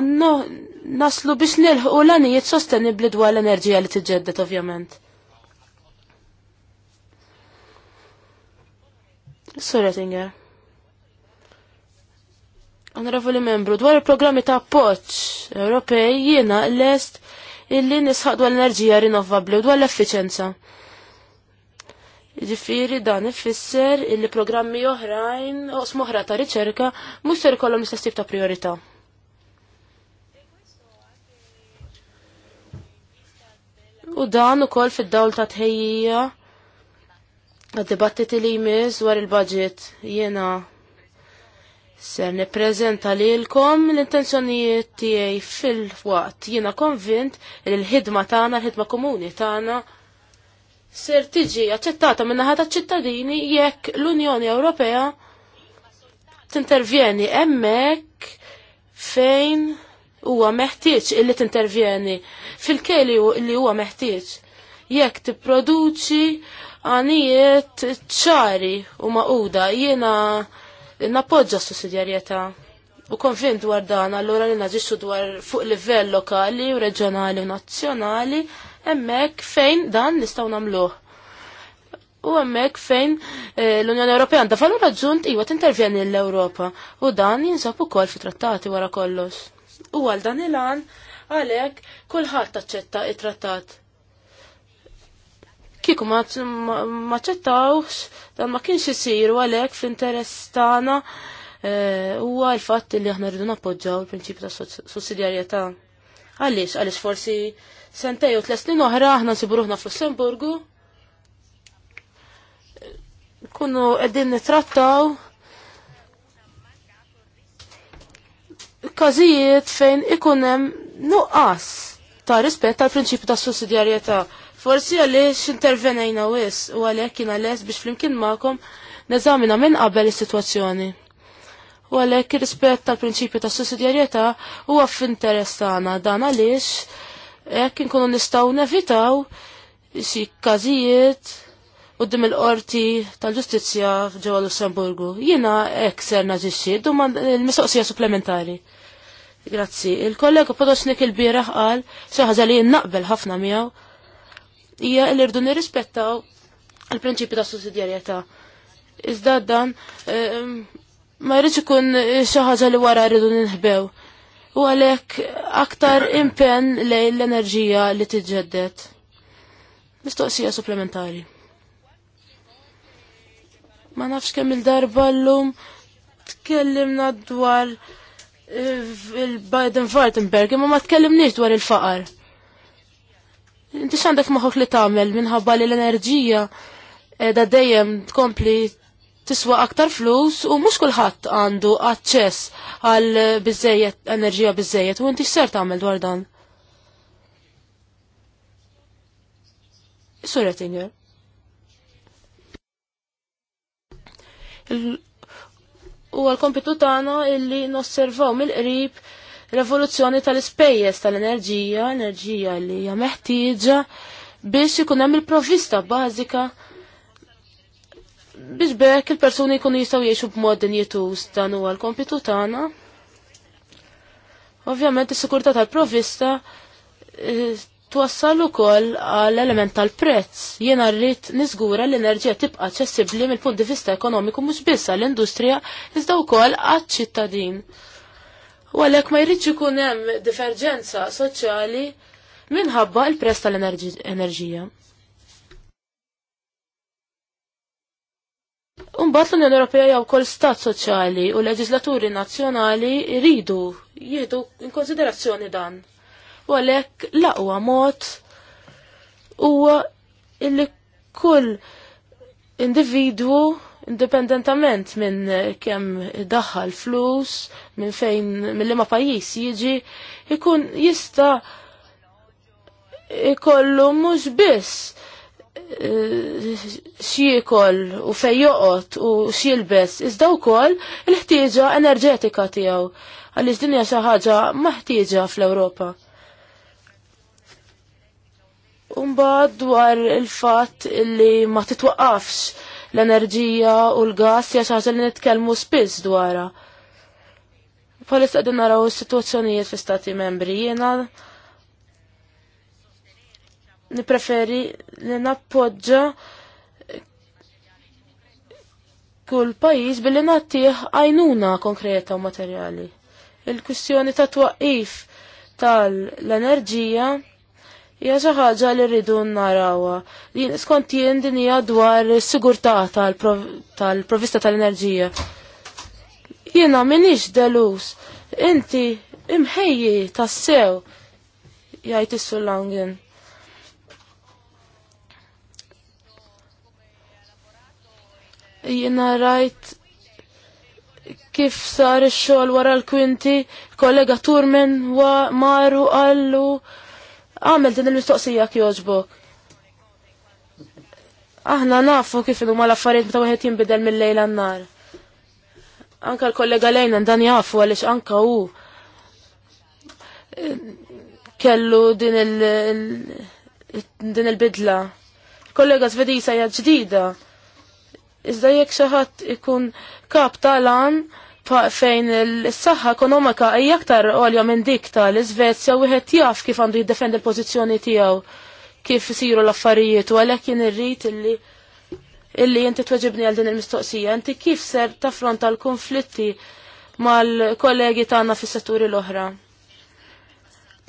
naslu biex nilħu l-għanijiet sostenibli dwar l-enerġija li tiġġeddet ovvjament. Sorretinger. Onorevoli membru, dwar il-programmi ta' poċ Ewropej jiena l-est illi nisħaq dwar l-enerġija rinnovabli u dwar l-effiċenza. Ġifiri dan ifisser illi programmi oħrajn oqs smoħra ta' riċerka mhux ser ikollhom istess tip ta' priorità. U dan ukoll fid-dawl ta' tħejjija għad-dibattiti li jmiss dwar il-budget jiena Ser nippreżenta lilkom l intenzjonijiet tiegħi fil-waqt jiena konvint li l-ħidma tagħna l-ħidma komuni tagħna ser tiġi aċċettata minn naħa ċittadini jekk l-Unjoni Ewropea tintervjeni hemmhekk fejn huwa meħtieġ illi tintervjeni fil-keli li huwa meħtieġ jekk tipproduċi għanijiet ċari u maquda jiena nappoġġa s-sussidjarjetà. U konvint dwar dan, allura li naġixxu dwar fuq livell lokali u reġjonali u nazzjonali Emmek fejn dan nistaw namluħ. U emmek fejn eh, l-Unjoni Ewropea għandha valur aġġunt iwa tintervjeni l-Ewropa u dan jinsab ukoll fi trattati wara kollox. U għal dan il-għan għalhekk kulħadd taċċetta it-trattat. Kieku maċċettawx, dan ma kienx għalek għalhekk f'interess tagħna eh, huwa l-fatt li aħna rridu nappoġġaw il-prinċipju ta' sussidjarjetà. Għaliex, għaliex forsi sentej u tles snin oħra aħna nsibu ruħna lussemburgu Kunu qegħdin nitrattaw każijiet fejn ikun hemm nuqqas ta' rispett tal-prinċipju ta' sussidjarjetà. Forsi għaliex intervenejna wis u għalhekk jiena les biex flimkien ma'kom neżamina minn qabel is-sitwazzjoni u għalek rispett tal-prinċipju ta' sussidjarjetà huwa f'interess tagħna dan għaliex Hekk inkunu nistgħu nevitaw xi każijiet quddiem il-qorti tal-ġustizzja ġewwa Lussemburgu. Jiena hekk ser naġixxi duma l-mistoqsija supplementari. Grazzi. Il-kollega Podosnik il-bieraħ qal xi ħaġa li naqbel ħafna miegħu hija li rridu nirrispettaw il-prinċipju ta' sussidjarjetà. Iżda dan eh, ma jridx ikun xi ħaġa li wara rridu ninħbew u għalhekk aktar impenn lej l-enerġija li t-ġeddet. Mistoqsija supplementari. Ma nafx kemm il-darba lum tkellimna dwar eh, il-Baden-Württemberg, imma ma tkellimniex dwar il-faqar. Inti xandek moħħok li tagħmel minħabba li l-enerġija edha dejjem tkompli tiswa aktar flus u mhux kulħadd għandu aċċess għal biżejjed enerġija biżejjed u inti x'ser tagħmel dwar dan. Sur Ettinger. U għal-kompitu tagħna illi nosservaw mill-qrib revoluzzjoni tal-ispejjeż tal-enerġija, enerġija li hija meħtieġa biex ikun hemm il-provvista bażika biex bekk il-persuni jkunu jistgħu jgħixu b'mod dinjetus dan u għal kompitu tagħna. Ovvjament is-sikurtà tal-provista eh, twassal ukoll għal element tal-prezz. Jiena rrid niżgura l-enerġija tibqa' aċċessibbli mill-punt di vista ekonomiku mhux biss għall-industrija iżda wkoll għal ċittadin U għalhekk ma jridx ikun hemm diverġenza soċjali minħabba l-prezz tal-enerġija. Umbat l-Unjoni Ewropea jew kol stat soċjali u leġislaturi nazzjonali jridu jieħdu in konsiderazzjoni dan. U għalhekk l-aqwa mod huwa illi kull individwu indipendentament minn kemm daħħal flus, minn fejn mill ma pajjiż jiġi, ikun jista' ikollu mhux biss xiekol u fejjoqot u xilbes iżda wkoll il-ħtieġa enerġetika tiegħu għaliex dinja xi ħaġa maħtieġa fl-Ewropa. Umbagħad dwar il-fatt li ma titwaqafx l-enerġija u l-gas hija xi li nitkellmu spiss dwarha. Palissa qegħdin naraw is-sitwazzjonijiet fi stati membri jiena nipreferi li nappoġġa kull pajjiż billi nattih għajnuna konkreta u materjali. Il-kwistjoni ta' twaqif tal-enerġija hija xi ħaġa li rridu narawha. Jien skont jien din hija dwar is sigurtà tal-provista tal-enerġija. Jiena m'iniex delus. Inti imħejji tassew jgħid is-sullangin. Jiena rajt kif sar ix-xogħol wara l-kwinti, kollega Turmen wa maru għallu, għamel din il-mistoqsija kjoġbok. Aħna nafu kif huma l-affarijiet meta wieħed jinbidel mill-lejl għan-nar. Anka l-kollega lejna dan jafu għaliex anka hu kellu din il- din il-bidla. Kollega Svedisa jgħad ġdida Iżda jekk xi ħadd ikun kap tal an fejn is-saħħa ekonomika hija aktar għolja minn dik tal-Iżvezja wieħed jaf kif għandu jiddefend il-pożizzjoni tiegħu kif isiru l-affarijiet u għalhekk jien irrid illi illi inti tweġibni għal din il-mistoqsija, inti kif ser taffronta l-konflitti mal-kollegi tagħna fis-setturi l-oħra?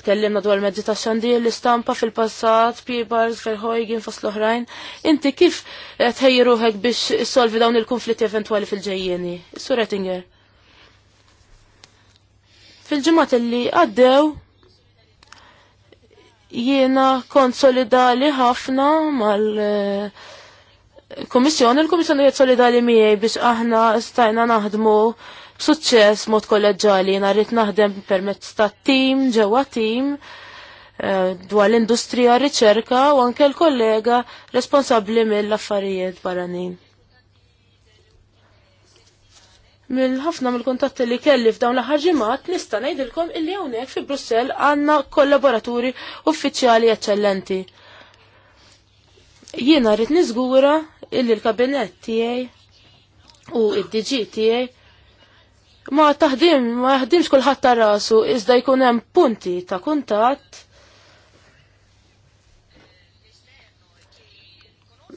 Tkellimna dwar mezzi ta' xandir l-istampa fil-passat, Peebles, Verhoegen, fost l-oħrajn. Inti kif tħejji biex solvi dawn il-konflitti eventwali fil-ġejjeni? Sur Fil-ġimat li għaddew jiena konsolidali ħafna mal eh, Komissjoni, il-Komissjoni jgħet solidali miegħi biex aħna stajna naħdmu Suċċess mod kolleġali rrit naħdem permezz ta' tim ġewwa tim eh, dwar l-industrija riċerka u anke l-kollega responsabbli mill-affarijiet barranin. Mill-ħafna mill-kontatti li kelli f'dawn l-aħħar nista' ngħidilkom illi hawnhekk fi Brussell għandna kollaboraturi uffiċjali eċċellenti. Jiena rrid niżgura illi l-kabinett tiegħi u id-DG tiegħi ma taħdim, ma jaħdimx kulħadd ta' rasu, iżda jkun hemm punti ta' kuntatt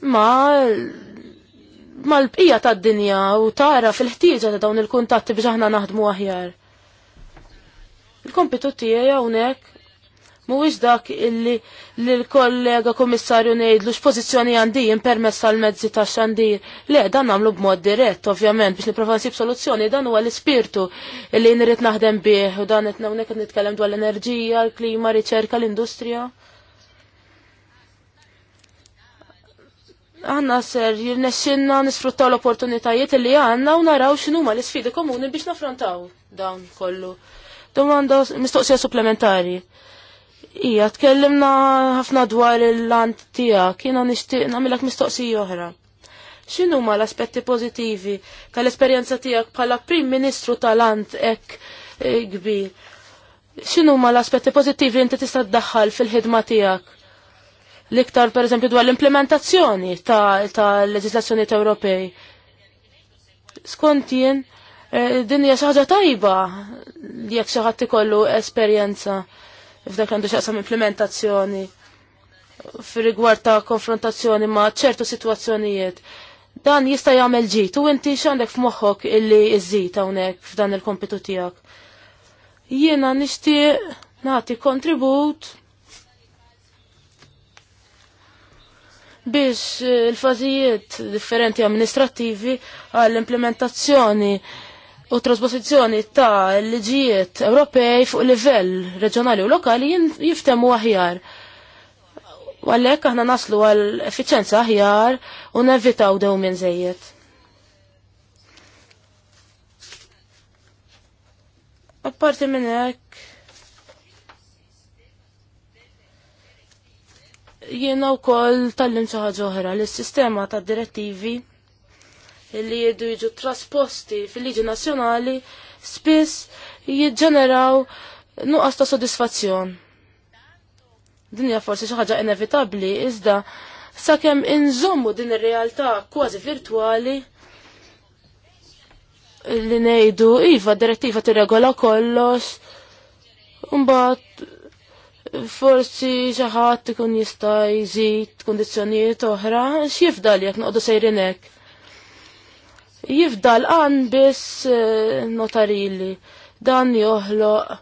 ma ma l-bqija ta' dinja u tara fil-ħtieġa ta' dawn il-kuntatti biex aħna naħdmu aħjar. Il-kompitu tiegħi hawnhekk Mhuwiex dak illi l-kollega kummissarju ngħidlu x'pożizzjoni għandi permess għal mezzi ta' xandir. Le, dan nagħmlu b'mod dirett, ovvjament, biex nipprova nsib soluzzjoni, dan huwa l-ispirtu illi nrid naħdem bih u dan qed hawnhekk qed nitkellem dwar l-enerġija, l-klima, riċerka, l-industrija. Għanna ser jirnexxinna nisfruttaw l-opportunitajiet li għanna u naraw x'inhuma l-isfidi komuni biex nafrontaw dawn kollu. Domanda mistoqsija supplementari Ija, tkellimna ħafna dwar il-land tija, kiena nishtiq namilak mistoqsija oħra. Xinu ma l-aspetti pożittivi tal-esperjenza tiegħek bħala Prim Ministru tal-land ek e, gbi? Xinu ma l-aspetti pożittivi inti tista' tdaħħal fil-ħidma tiegħek? L-iktar pereżempju dwar l-implementazzjoni tal-leġislazzjoni ta Ewropej. Skont jien, e, din hija xi ħaġa tajba jekk xi ħadd ikollu esperjenza f'dak għandu xaqsam implementazzjoni fir-rigward ta' konfrontazzjoni ma' ċertu situazzjonijiet. Dan jista' jagħmel ġit u inti x'għandek f'moħħok illi iżid hawnhekk f'dan il-kompitu tiegħek. Jiena nixtieq nagħti kontribut biex il-fażijiet differenti amministrattivi għall-implementazzjoni u trasposizjoni ta' liġijiet Ewropej fuq livell reġjonali u lokali jiftemu aħjar. Għallek aħna naslu għal effiċenza aħjar u nevitaw dew minn zejiet. Apparti minn hekk jiena wkoll tal-lim ħaġa oħra l-sistema tad-direttivi li jiddu jiġu trasposti fil-liġi nazzjonali spiss jiġġeneraw nuqqas ta' sodisfazzjon. Din hija forsi xi ħaġa inevitabbli iżda sakemm inżommu din ir-realtà kważi virtwali li ngħidu iva direttiva tirregola kollox mbagħad forsi xi ħadd ikun jista' jżid kundizzjonijiet oħra x'jifdal jekk noqogħdu sejrin hekk jifdal għan biss eh, notarili dan joħloq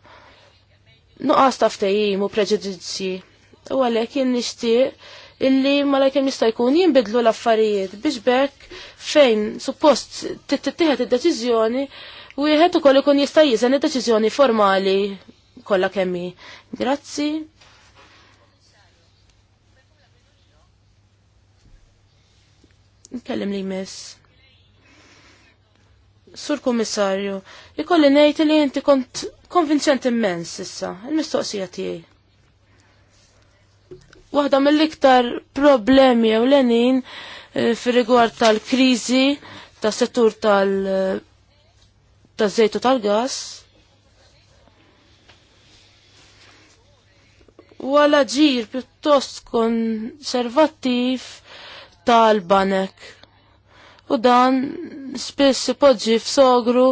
nuqqas ta' u preġudizzji. U għalhekk jien nixtieq illi malajkemm jista' jkun jinbidlu l-affarijiet biex bekk fejn suppost tittieħed id-deċiżjoni wieħed ukoll ikun jista' jiżen id-deċiżjoni formali kollha kemm Grazzi. Nkellem li miss. Sur Kummissarju, ikolli ngħid li inti kont konvinċent immens issa, il-mistoqsija tiegħi. Waħda mill-iktar problemi ewlenin eh, fir-rigward tal-kriżi tas-settur tal- eh, taż-żejt taż tal gas Wala ġir pjuttost konservattiv tal-banek u dan spiss ipoġġi f'sogru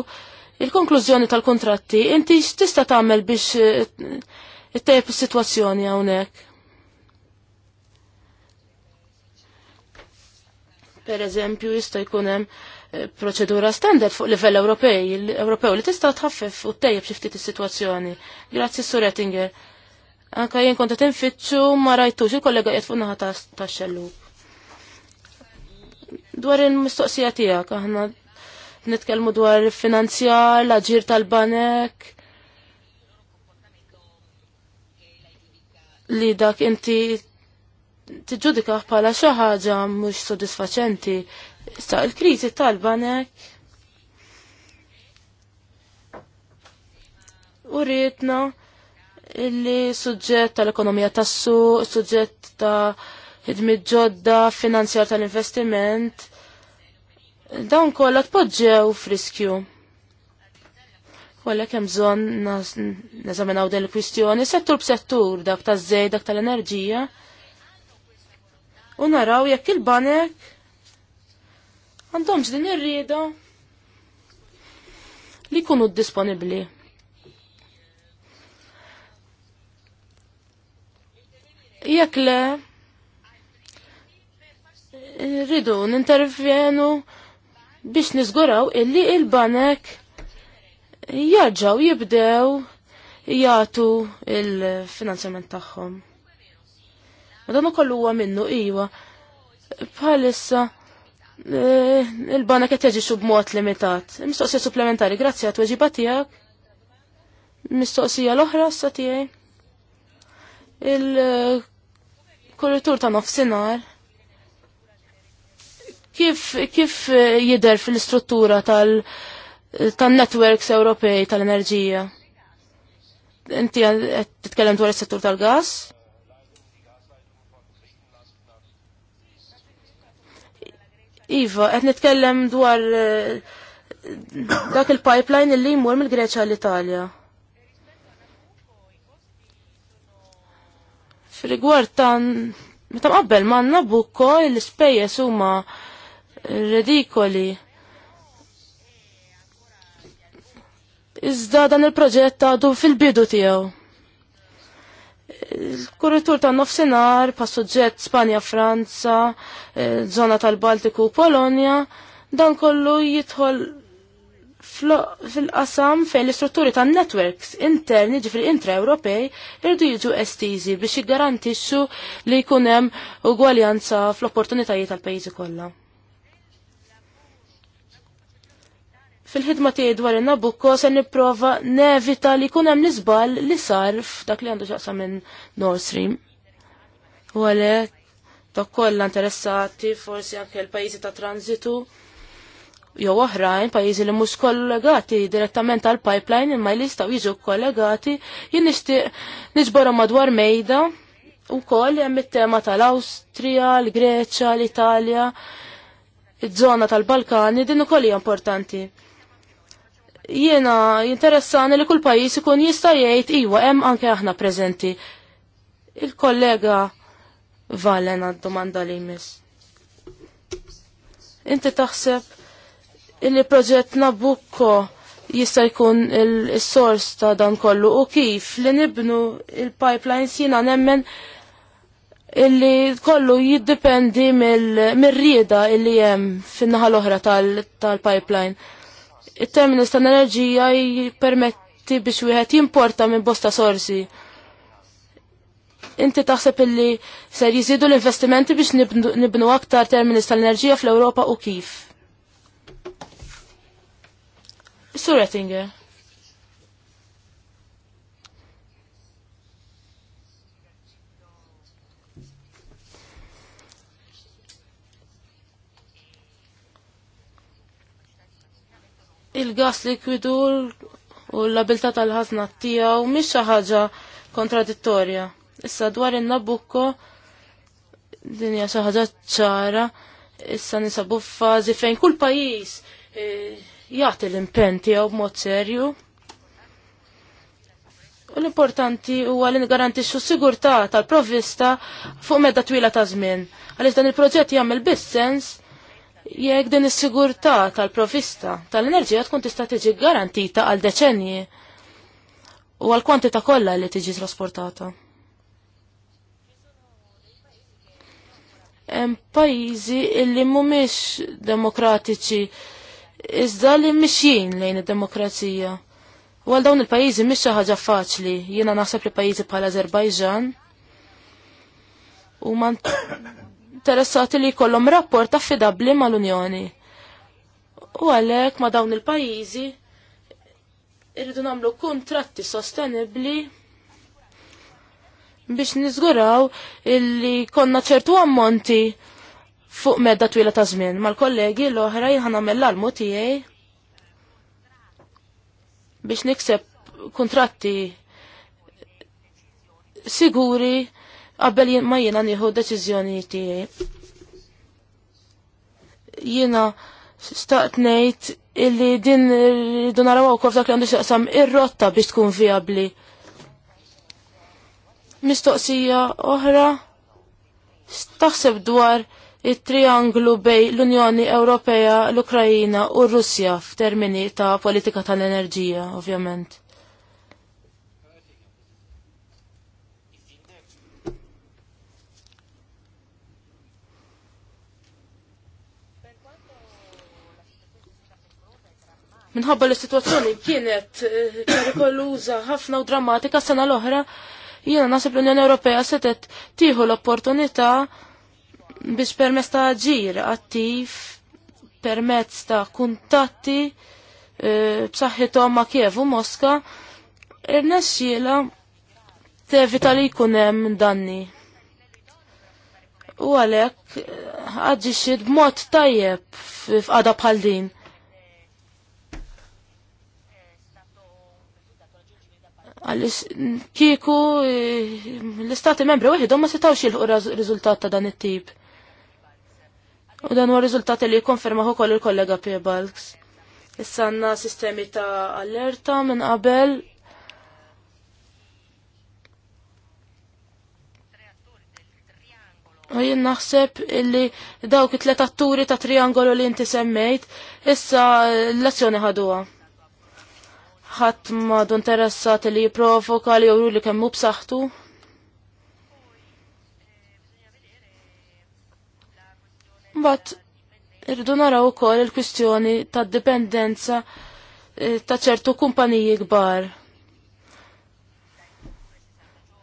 il-konklużjoni tal-kontratti. Inti tista' tagħmel biex eh, it-tejb is-sitwazzjoni hawnhekk? Per eżempju, jista' jkun hemm eh, proċedura standard fuq livell Ewropej, Ewropew li tista' tħaffef u tejjeb xi ftit is-sitwazzjoni. Grazzi Sur Ettinger. Anka jien kont qed infittxu ma rajtux il-kollega qed fuq naħa tax-xellub. Dwar il-mistoqsija tiegħek aħna nitkellmu dwar il finanzjar, l-aġir tal-banek. Li dak inti tiġudika bħala xi ħaġa mhux sodisfaċenti. Sta il-kriżi tal-banek u rritna illi suġġett tal-ekonomija tas-suq, suġġett ta' ħidmit ġodda, finanzjar tal-investiment, dawn kollha tpoġġew friskju. Kollek hemm bżonn neżaminaw din il-kwistjoni settur b'settur dak taż-żej dak tal-enerġija. U naraw jekk il-banek għandhomx din ir-rieda li jkunu disponibbli. Jekk le, rridu nintervjenu biex nizguraw illi il-banek jarġaw jibdew jgħatu il-finanzjament tagħhom. dan ukoll huwa minnu iwa bħalissa eh, il banek qed jaġixxu b'mod limitat. Mistoqsija supplementari, grazzi għat weġiba tiegħek. Mistoqsija l-oħra sa tiegħi. Il-kuritur ta' nofsinhar Kif, kif eh, jider fil-struttura tal-networks tal eh, Ewropej tal-enerġija? Inti qed titkellem dwar is-settur tal-gas? Iva, qed nitkellem dwar eh, dak il-pipeline li jmur mill-Greċja l-Italja. Fil-rigward ta' meta mqabbel ma' Nabucco l-ispejjeż huma Ridikoli. Iżda dan il-proġett għadu fil-bidu tiegħu. Il-kuritur ta' nofsenar, pa' suġġett Spanja, Franza, eh, zona tal-Baltiku, Polonia, dan kollu jidħol fil-qasam fejn l-istrutturi tan networks interni ġifri intra-Ewropej irdu jiġu estizi biex jiggarantixxu li jkun hemm ugwaljanza fl-opportunitajiet tal-pajjiżi kollha. Fil-ħidma tiegħi dwar in-Nabucco se nipprova nevita li jkun hemm l li sar f'dak li għandu xaqsa minn Nord Stream. U għalhekk ta' kolla interessati forsi anke l-pajjiżi ta' transitu jew oħrajn pajjiżi li mhux kollegati direttament għal pipeline imma li jistgħu jiġu kollegati jien nixtieq niġborhom madwar mejda wkoll hemm it-tema tal-Awstrija, l-Greċja, l-Italja, iż-żona tal-Balkani din ukoll hija importanti jiena jinteressani li kull pajjiż ikun jista' jgħid iwa hemm anke aħna preżenti. Il-kollega Valen għad-domanda li jmiss. Inti taħseb illi proġett Nabucco jista' jkun il-sors ta' dan kollu u kif li nibnu il-pipelines jiena nemmen illi kollu jiddependi mill-rieda illi hemm fin-naħa l-oħra tal-pipeline. Tal il-terminus tal-enerġija jipermetti biex wieħed jimporta minn bosta sorsi. Inti taħseb illi ser jiżidu l-investimenti biex nibnu, nibnu aktar terminus tal-enerġija fl-Ewropa u kif? Sur Ettinger. il-gas likwidu u l-abilta tal-ħazna tiegħu mhix xi ħaġa kontradittorja. Issa dwar in-Nabucco din hija xi ħaġa ċara, issa nisabu f'fażi fejn kull pajjiż jgħati eh, jagħti l-impenn tiegħu b'mod serju. U l-importanti huwa li ngarantixxu sigurtà tal provista fuq medda twila ta' żmien. Għaliex dan il-proġett jagħmel biss sens jekk din is-sigurtà tal-provista tal-enerġija tkun tista' tiġi garantita għal deċenji u għal kwantità kollha li tiġi trasportata. Hemm pajjiżi li mhumiex demokratiċi iżda li mixjin lejn id-demokrazija. U għal dawn il-pajjiżi mhix xi ħaġa faċli, jiena naħseb li pajjiżi bħal Azerbajġan u man interessati li jkollhom rapport affidabbli mal-Unjoni. U għalhekk ma' dawn il-pajjiżi irridu nagħmlu kuntratti sostenibbli biex niżguraw illi konna ċertu ammonti fuq medda twila ta' żmien. Mal-kollegi l-oħra jħana għamella l tiegħi biex nikseb kontratti siguri qabel ma jiena nieħu deċiżjoni tiegħi. Jiena staqt ngħid illi din rridu naraw wkoll dak li għandu xaqsam ir-rotta biex tkun viabli. Mistoqsija oħra taħseb dwar it-trianglu bej l-Unjoni Ewropea, l-Ukrajina u r-Russja f'termini ta' politika tal-enerġija, ovvjament. minħabba li situazzjoni kienet eh, perikoluża ħafna u drammatika sena l-oħra, jiena nasib l-Unjoni Ewropea setet tieħu l-opportunità biex permezz ta' ġir attiv, permezz ta' kuntatti eh, b'saħħithom ma' Kiev u Moska, irnexxiela tevita li jkun hemm danni. U għalhekk eh, aġġixxiet b'mod tajjeb f'qada bħal din kieku e, l-istati membri wieħedhom ma setawx jilħu riżultat ta' dan it-tip. U dan huwa riżultati li jikkonfermaħ ukoll il-kollega P. Issa għandna sistemi ta' allerta minn qabel U jien naħseb illi dawk it-tlet atturi ta' triangolo li inti semmejt, issa l-azzjoni ħaduha ħadd madu interessat li jipprovoka li juru li kemm hu b'saħħtu. Mbagħad irridu naraw ukoll il-kwistjoni tad-dipendenza eh, ta' ċertu kumpaniji kbar.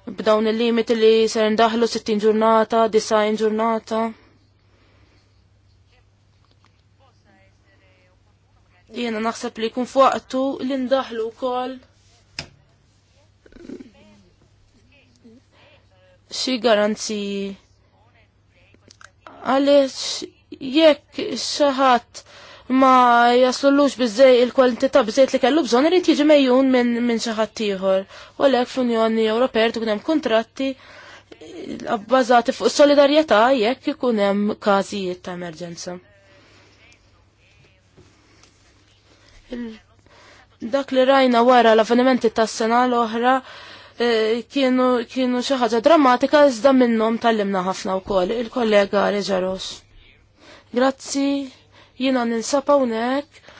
B'dawn il-limiti li ser indaħlu 60 ġurnata, 90 ġurnata. Jiena naħseb li jkun fuqtu li ndaħlu wkoll xi garanziji għaliex jekk xi ħadd ma jaslulux bizzej il-kwalità bizzejt li kellu bżonn irid jiġi mejjun minn min xi ħadd ieħor. U għalhekk fl-Unjoni Ewropea tkun hemm kuntratti bbażati fuq solidarjetà jekk ikun hemm każijiet ta' emerġenza. Dak li rajna wara l-avvenimenti tas-sena l-oħra e, kienu kienu xi ħaġa drammatika iżda minnhom tallimna ħafna koll il-kollega Reġaros. Grazzi, jiena ninsab hawnhekk.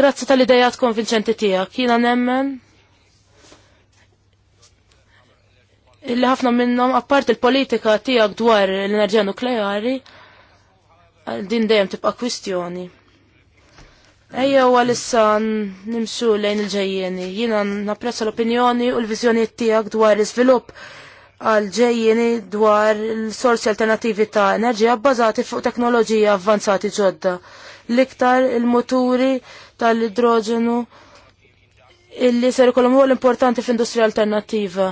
Grazzi tal-idejat konvinċenti tiegħek, jina nemmen illi ħafna minnhom apart il-politika tiegħek dwar l-enerġija nukleari din dejjem tibqa' kwistjoni. Ejja u għalissa nimxu lejn il-ġejjeni. Jina napprezza l-opinjoni u l-vizjoniet tijak dwar l svilup għal-ġejjeni dwar l-sorsi alternativi ta' enerġija bbażati fuq teknoloġija avvanzati ġodda. L-iktar il-moturi tal-idroġenu illi ser ikollhom huwa l-importanti f'industrija alternattiva.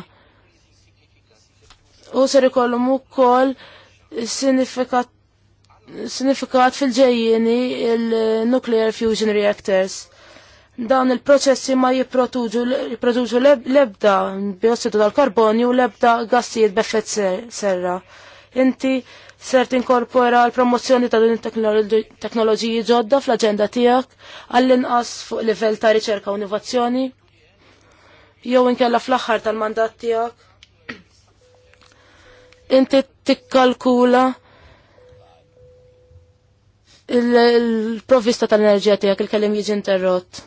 U ser ikollhom ukoll sinifikat sinifikat fil-ġejjini il-nuclear fusion reactors. Dawn il-proċessi ma jiproduġu lebda biossidu tal-karbonju u lebda gassijiet beffet serra. Inti ser tinkorpora l-promozzjoni ta' din teknoloġiji ġodda fl-agenda tijak għall-inqas fuq livell ta' riċerka u innovazzjoni. Jew inkella fl-aħħar tal-mandat tijak. Inti tikkalkula il-provvista tal-enerġija tiegħek il-kellim jiġi interrott.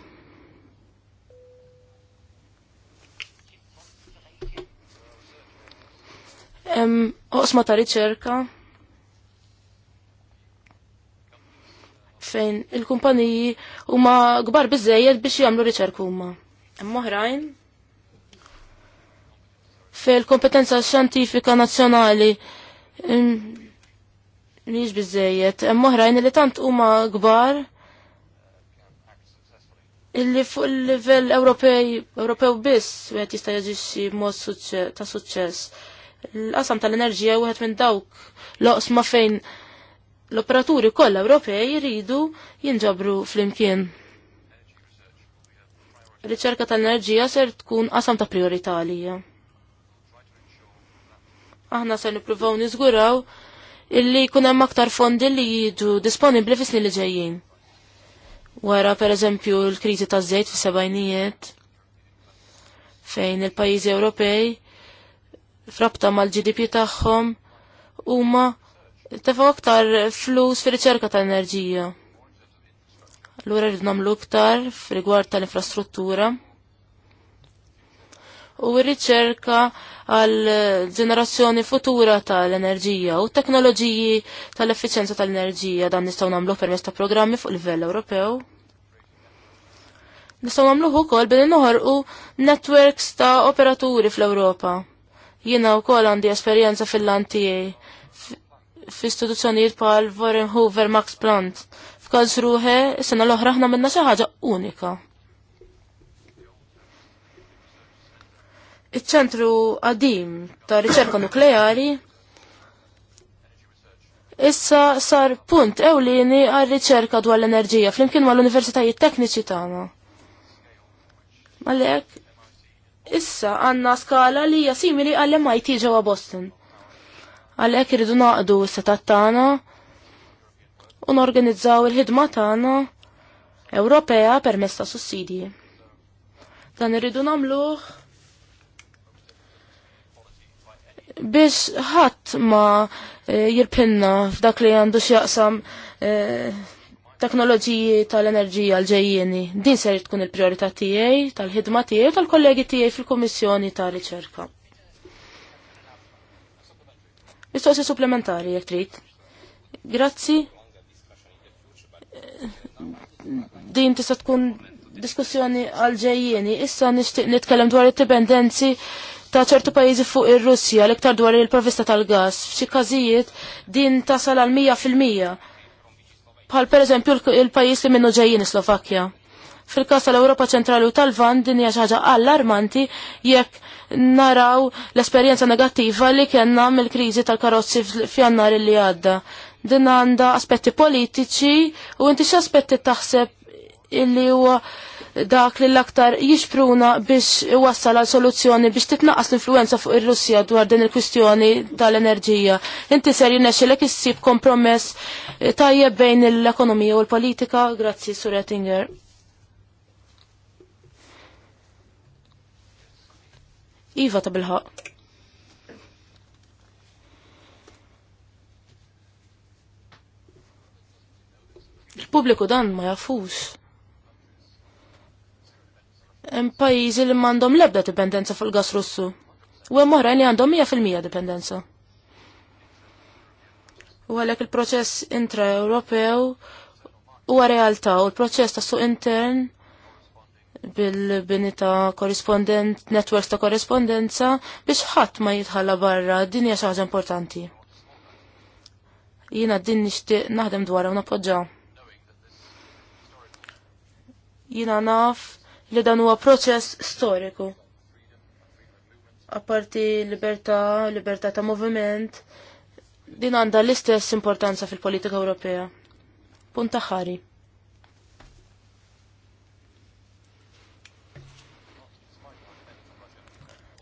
Oqsma ta' riċerka fejn il-kumpaniji huma kbar biżejjed biex jagħmlu riċerku huma. Hemm oħrajn fejn il-kompetenza xjentifika nazzjonali Mhijiex biżejjed, hemm oħrajn li tant huma kbar illi fuq il-livell Ewropej Ewropew biss wieħed jista' jaġixxi b'mod ta' suċċess. L-qasam tal-enerġija wieħed minn dawk loqsma fejn l-operaturi kollha Ewropej jridu jinġabru flimkien. Riċerka tal-enerġija ser tkun qasam ta' prijorità għalija. Aħna ser nippruvaw niżguraw illi jkun hemm aktar fondi li jiġu disponibbli fis li ġejjin. Wara pereżempju l-kriżi taż-żejt fis-sebgħinijiet fejn il-pajjiżi Ewropej frabta mal-GDP tagħhom huma tefgħu aktar flus fir-riċerka ta' enerġija. Allura rridu nagħmlu iktar f'rigward tal-infrastruttura u r-riċerka għal ġenerazzjoni futura tal-enerġija u t teknoloġiji tal efficienza tal-enerġija dan nistgħu nagħmlu permezz ta' programmi fuq livell Ewropew. Nistgħu nagħmluh ukoll billi noħorqu networks ta' operaturi fl-Ewropa. Jiena wkoll għandi esperjenza fil-lantijaj f'istituzzjonijiet bħal Warren Hoover Max Plant. F'Karlsruhe, is-sena l-oħra minna xaħġa unika. iċ-ċentru qadim ta' riċerka nukleari issa sar punt ewlieni għal riċerka dwar l-enerġija flimkien mal universitajiet tekniċi tagħna. Għalhekk issa għandna skala li hija simili għal MIT ġewwa Boston. Għalhekk irridu naqdu s-setat tagħna u norganizzaw il-ħidma tagħna Ewropea permezz ta' sussidji. Dan irridu nagħmluh biex ħadd ma eh, jirpinna f'dak li għandu x'jaqsam eh, teknoloġiji tal-enerġija l-ġejjieni. Din ser tkun il-priorità tiegħi, tal-ħidma tiegħi, tal-kollegi tiegħi fil-Kummissjoni ta' Riċerka. Mistoqsi supplementari jekk trid. Grazzi. Din tista' tkun diskussjoni għal ġejjieni. Issa nixtieq nitkellem dwar id-dipendenzi ta' ċertu pajjiżi fuq ir-Russja l-iktar dwar il-provista tal-gas. F'xi każijiet din tasal għal 100%. Bħal pereżempju il-pajjiż li minnu ġejjin Slovakkja. Fil-każ tal-Ewropa ċentrali u tal-Van din hija xi ħaġa allarmanti jekk naraw l-esperjenza negattiva li kellna mill-kriżi tal-karozzi f'jannar li għadda. Din għandha aspetti politiċi u inti x'aspetti taħseb illi huwa dak li l-aktar jixpruna biex wassal għal soluzzjoni biex titnaqqas l-influenza fuq ir russija dwar din il-kwistjoni tal-enerġija. Inti ser jinexxilek issib kompromess eh, tajjeb bejn l-ekonomija u l-politika. Grazzi, Sur Ettinger. Iva ta' bilħaq. Il-pubbliku dan ma jafux. Hemm pajjiżi li m'għandhom l-ebda dipendenza fuq gas Russu. U hemm oħrajn li għandhom 100% dipendenza. U għalhekk il-proċess intra-Ewropew huwa realtà u l-proċess ta' suq intern bil-bini ta' korrespondent, networks ta' korrespondenza biex ħadd ma jitħalla barra, din hija xi ħaġa importanti. Jiena din nixtieq naħdem dwar u nappoġġaw. Jiena naf li dan huwa proċess storiku. Apparti libertà, libertà ta' moviment, din għandha l-istess importanza fil-politika Ewropea. Punta ħari.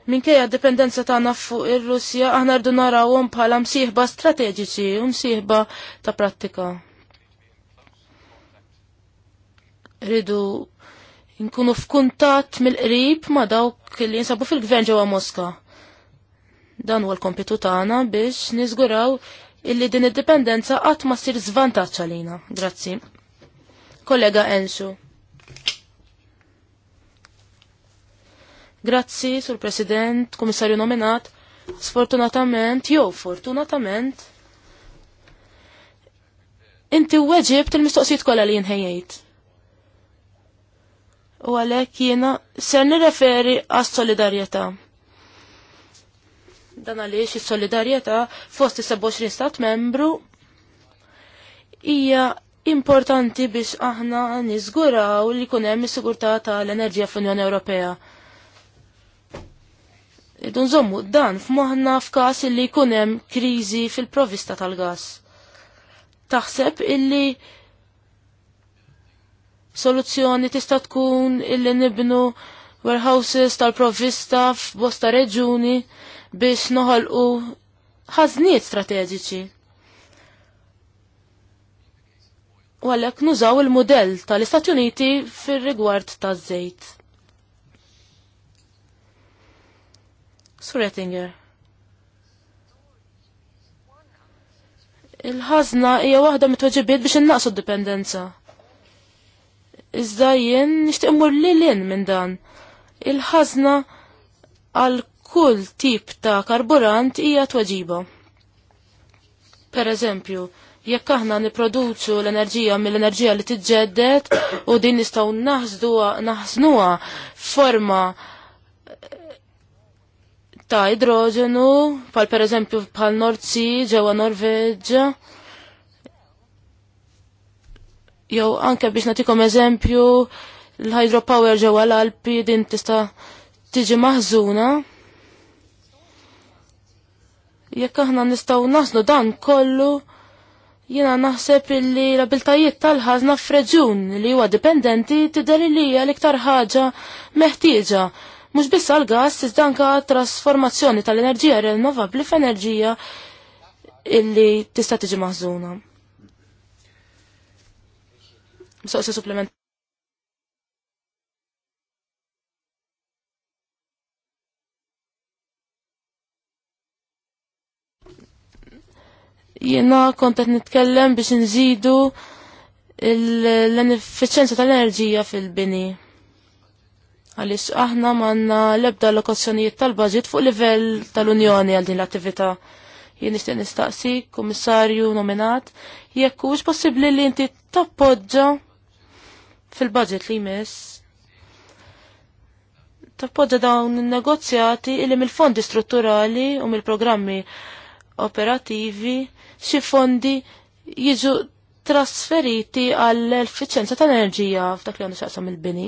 Minkejja dipendenza tagħna fuq ir-Russja aħna rdu narawhom bħala msieħba strateġiċi u msieħba ta' prattika. Ridu nkunu f'kuntat mill-qrib ma' dawk li jinsabu fil-gvern ġewwa Moska. Dan huwa l-kompitu tagħna biex niżguraw illi din id-dipendenza qatt ma ssir żvantaġġ għalina. Grazzi. Kollega Enxu. Grazzi, sur President, Komissarju nominat. Sfortunatament, jew fortunatament, inti weġib il mistoqsijiet kollha li jinħejjejt u għalhekk jiena ser nireferi għas-solidarjetà. Dan għaliex is-solidarjetà fost is-27 stat membru hija importanti biex aħna niżguraw li jkun hemm is-sigurtà tal-enerġija fl-Unjoni Ewropea. Idun zommu dan f'moħna f'kas li kunem krizi fil-provista tal-gas. Taħseb illi Soluzzjoni tista' tkun illi nibnu warehouses tal-provvista f'bosta reġuni biex noħolqu ħażniet strateġiċi. U għalhekk nużaw il-mudell tal-Istati Uniti fir-rigward taż-żejt. Suretinger. Il-ħazna hija waħda mit-tweġibiet biex innaqsu d-dipendenza. Iżda jien nixtieq immur lilin minn dan. Il-ħażna għal kull tip ta' karburant hija tweġiba. Per eżempju, jekk aħna niproduċu l-enerġija mill-enerġija li tiġġedded u din nistgħu naħsnuha forma ta' idroġenu, pal per eżempju bħal Norzi ġewwa Norveġġa, jew anke biex natikom eżempju l-hydropower ġewwa l-Alpi din tista' tiġi maħżuna. Jekk aħna nistgħu naslu dan kollu, jiena naħseb illi l-abiltajiet tal-ħażna f'reġun li huwa dipendenti tidher li hija l-iktar ħaġa meħtieġa mhux biss għall-gass iżda anke trasformazzjoni tal-enerġija rinnovabbli f'enerġija illi tista' tiġi maħżuna mistoqsi supplement. Jena kontet nitkellem biex nżidu l-efficienza tal-enerġija fil-bini. Għalix aħna manna lebda lokazzjonijiet tal-budget fuq livell tal-Unjoni għal din l-attività. Jien nixtieq nistaqsi, kummissarju nominat, jekk hux possibbli li inti tappoġġa fil-budget li jmiss tappoġġa dawn il-negozjati li mill-fondi strutturali u mill-programmi operativi xi fondi jiġu trasferiti għall-effiċenza ta' enerġija f'dak li għandu xaqsam il-bini.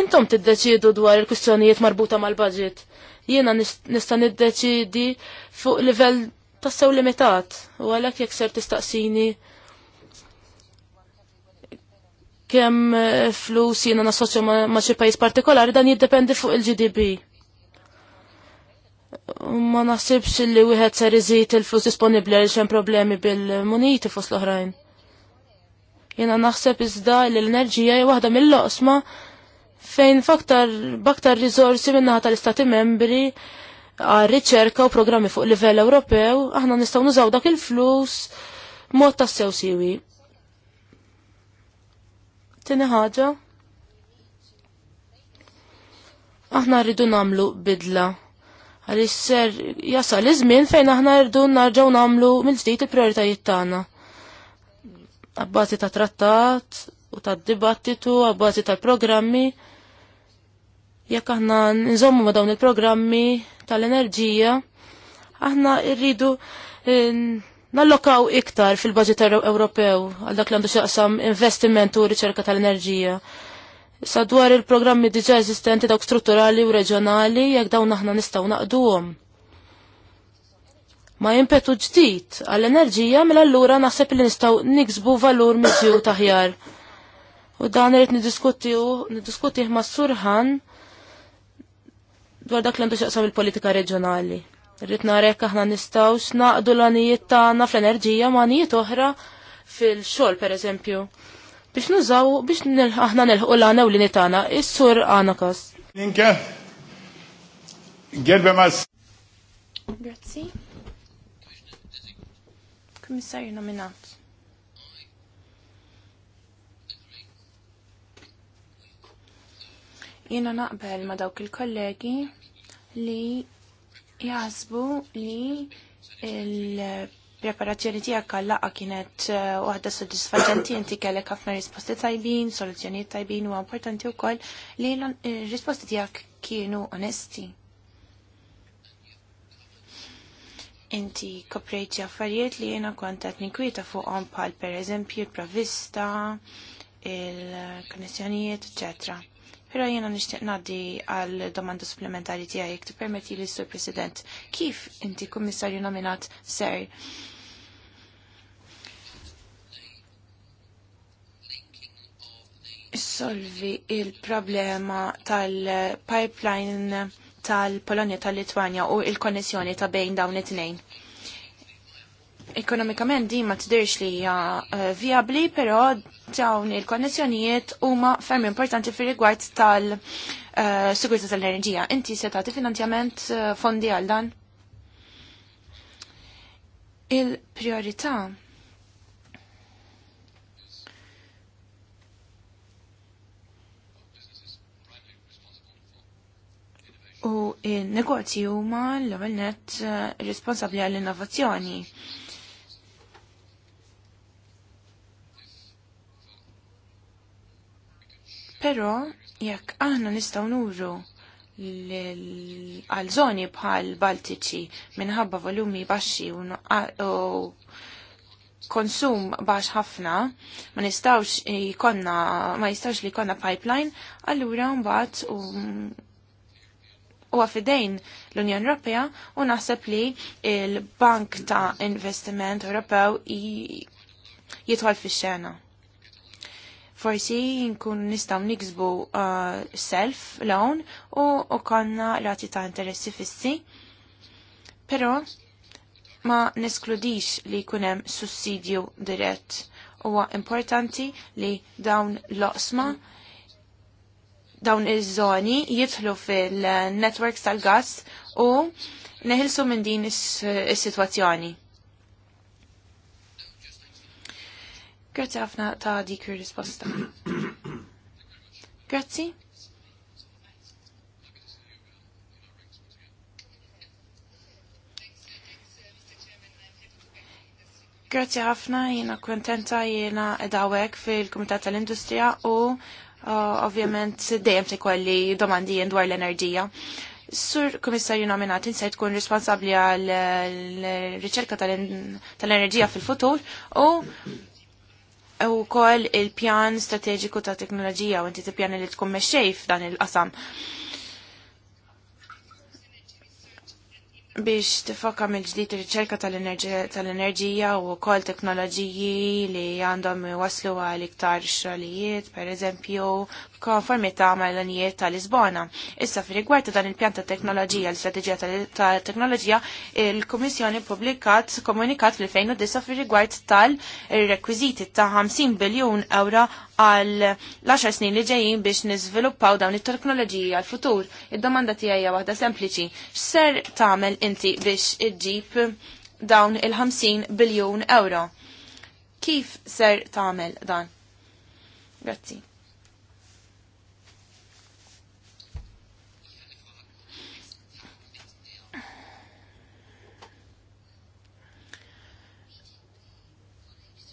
Intom tiddeċidu dwar il-kwistjonijiet marbuta mal-budget jiena nista' niddeċidi fuq livell tassew limitat u għalhekk jekk ser tistaqsini kemm eh, flus jiena nassoċja ma' xi pajjiż partikolari dan jiddependi fuq il-GDP. Ma naħsibx li wieħed ser iżid il-flus disponibbli għal xejn problemi bil-muniti fost l-oħrajn. Jiena naħseb iżda li l-enerġija hija waħda mill-loqsma fejn faktar baktar rizorsi minnaħa tal-istati membri għal riċerka u programmi fuq livell Ewropew, aħna nistgħu nużaw dak il-flus mod tassew siwi. Tieni ħaġa. Aħna rridu namlu bidla. Għaliex ser jasal iż-żmien fejn aħna rridu narġgħu namlu mill ġdijt il prioritajiet tagħna. Abbażi ta' trattat u ta' dibattitu, abbażi tal-programmi. Jekk aħna nżommu ma' dawn il-programmi tal-enerġija, aħna rridu eh, nallokaw iktar fil-budget Ewropew għal dak li għandu xaqsam investiment u riċerka tal-enerġija. Sa dwar il-programmi diġa eżistenti dawk strutturali u reġjonali jekk dawn aħna nistgħu naqduhom. Ma jimpetu ġdid għall-enerġija mill mela allura naħseb li nistgħu niksbu valur miżju taħjar. U dan irid niddiskuti niddiskuti ma' Surħan dwar dak l għandu xaqsam il-politika reġjonali. Rritna narek aħna nistawx naqdu l-għanijiet tagħna fl-enerġija ma' għanijiet oħra fil-xogħol pereżempju. Biex nużaw biex aħna nilħu l-għana u l għanijiet tagħna, is-sur għana kas. Ninka, gerbe mas. Grazzi. Komissarju nominat. Jena naqbel ma dawk il-kollegi li jasbu li il-preparazzjoni tijak għallaqa kienet eh, waħda soddisfaċenti inti kellek ħafna risposti tajbin, soluzzjoni tajbin u importanti u koll li l-risposti tijak kienu onesti. Inti koprejtja affarijiet li jena kontat nikwita fuqom pal per eżempju il-provista, il-konnessjonijiet, eccetera Pero jena nishtiq naddi għal domanda supplementari tijaj, jek permetti li sur President, kif inti kummissarju nominat ser? Solvi il-problema tal-pipeline tal polonia tal-Litwanja u il-konnessjoni ta' bejn dawn it-tnejn ekonomikament din ma tidirx li hija eh, viabli, però dawn il-konnessjonijiet huma ferm importanti fir rigward tal-sigurtà eh, tal-enerġija. Inti se tagħti finanzjament eh, fondi għal dan? Il-priorità U il negozju huma l-ewwel net responsabbli għall-innovazzjoni. Però jekk aħna nistgħu nuru għal żoni bħal Baltiċi minħabba volumi baxxi u konsum baħx ħafna, ma nistawx jikonna, ma nistawx li konna pipeline, allura mbagħad u u għafidejn l-Unjon Europea u naħseb li il-Bank ta' Investiment Ewropew jitħol fi xena forsi jinkun nistaw niksbu uh, self lawn u ukonna rati ta' interessi fissi. Pero ma neskludix li kunem sussidju dirett. Huwa importanti li dawn l-osma dawn iż-żoni jidħlu fil-networks tal-gas u neħilsu minn din is-sitwazzjoni. is situazzjoni is sitwazzjoni Grazzi ħafna ta' dik ir-risposta. Grazzi. Grazie ħafna, jena kontenta jena edawek fil-Komitat tal-Industrija u uh, ovvjament dejjem se kolli domandi dwar l-enerġija. Sur komissarju nominat se tkun responsabli għal riċerka tal-enerġija fil-futur u u koll il-pjan strategiku ta' teknoloġija u inti t-pjan li tkun meċċej f'dan il-qasam. biex tifokka mill ġdid ir-riċerka tal-enerġija u kol teknoloġiji li għandhom waslu għal iktar xogħlijiet, per eżempju, konformità ma' l-anijiet tal-Lisbona. Issa fi rigward dan il-pjan ta' teknoloġija, l-istrateġija tal-teknoloġija, il-Kummissjoni publikat komunikat fl-2009 fi rigward tal-rekwiziti ta' 50 biljun euro għal l-10 snin li ġejjin biex niżviluppaw dawn it-teknoloġiji għal futur. Id-domanda tiegħi hija waħda sempliċi. X'ser tagħmel inti biex iġġib dawn il-50 biljun euro? Kif ser tagħmel dan? Grazzi.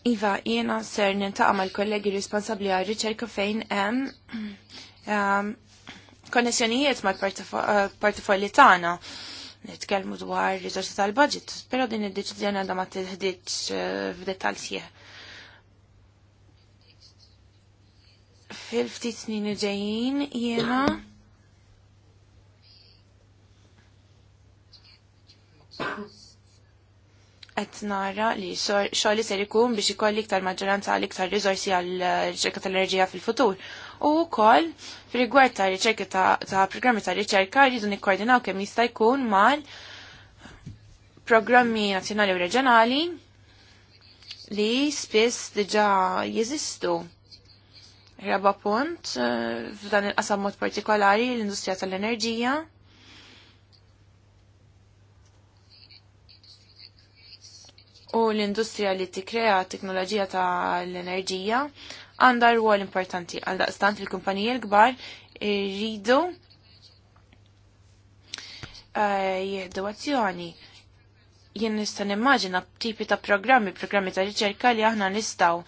Iva, jiena ser nintaqa mal kollegi responsabli għal riċerka fejn hemm ehm, konnessjonijiet mal eh, portafolli tagħna. Nitkellmu dwar riżorsi tal-budget, però din id deċizjoni għandha ma tiħdiġ eh, f'dettal sieħ. Fil-ftit snin ġejjin jiena qed nara li xoħli ser ikun biex ikolli iktar maġġoranza għal iktar rizorsi għal riċerka tal-enerġija fil-futur. U wkoll rigward ta' riċerka ta' programmi ta' riċerka rridu nikkoordinaw kemm jista' jkun mal programmi nazzjonali u reġjonali li spiss diġà jeżistu. Raba punt eh, f'dan il-qasam mod partikolari l-industrija tal-enerġija u l-industrija li tikkrea teknoloġija tal-enerġija għandha rwol importanti għal daqstant il-kumpaniji l-kbar rridu eh, jieħdu azzjoni. Jien nista' nimmaġina tipi ta' programmi, programmi ta' riċerka li aħna nistgħu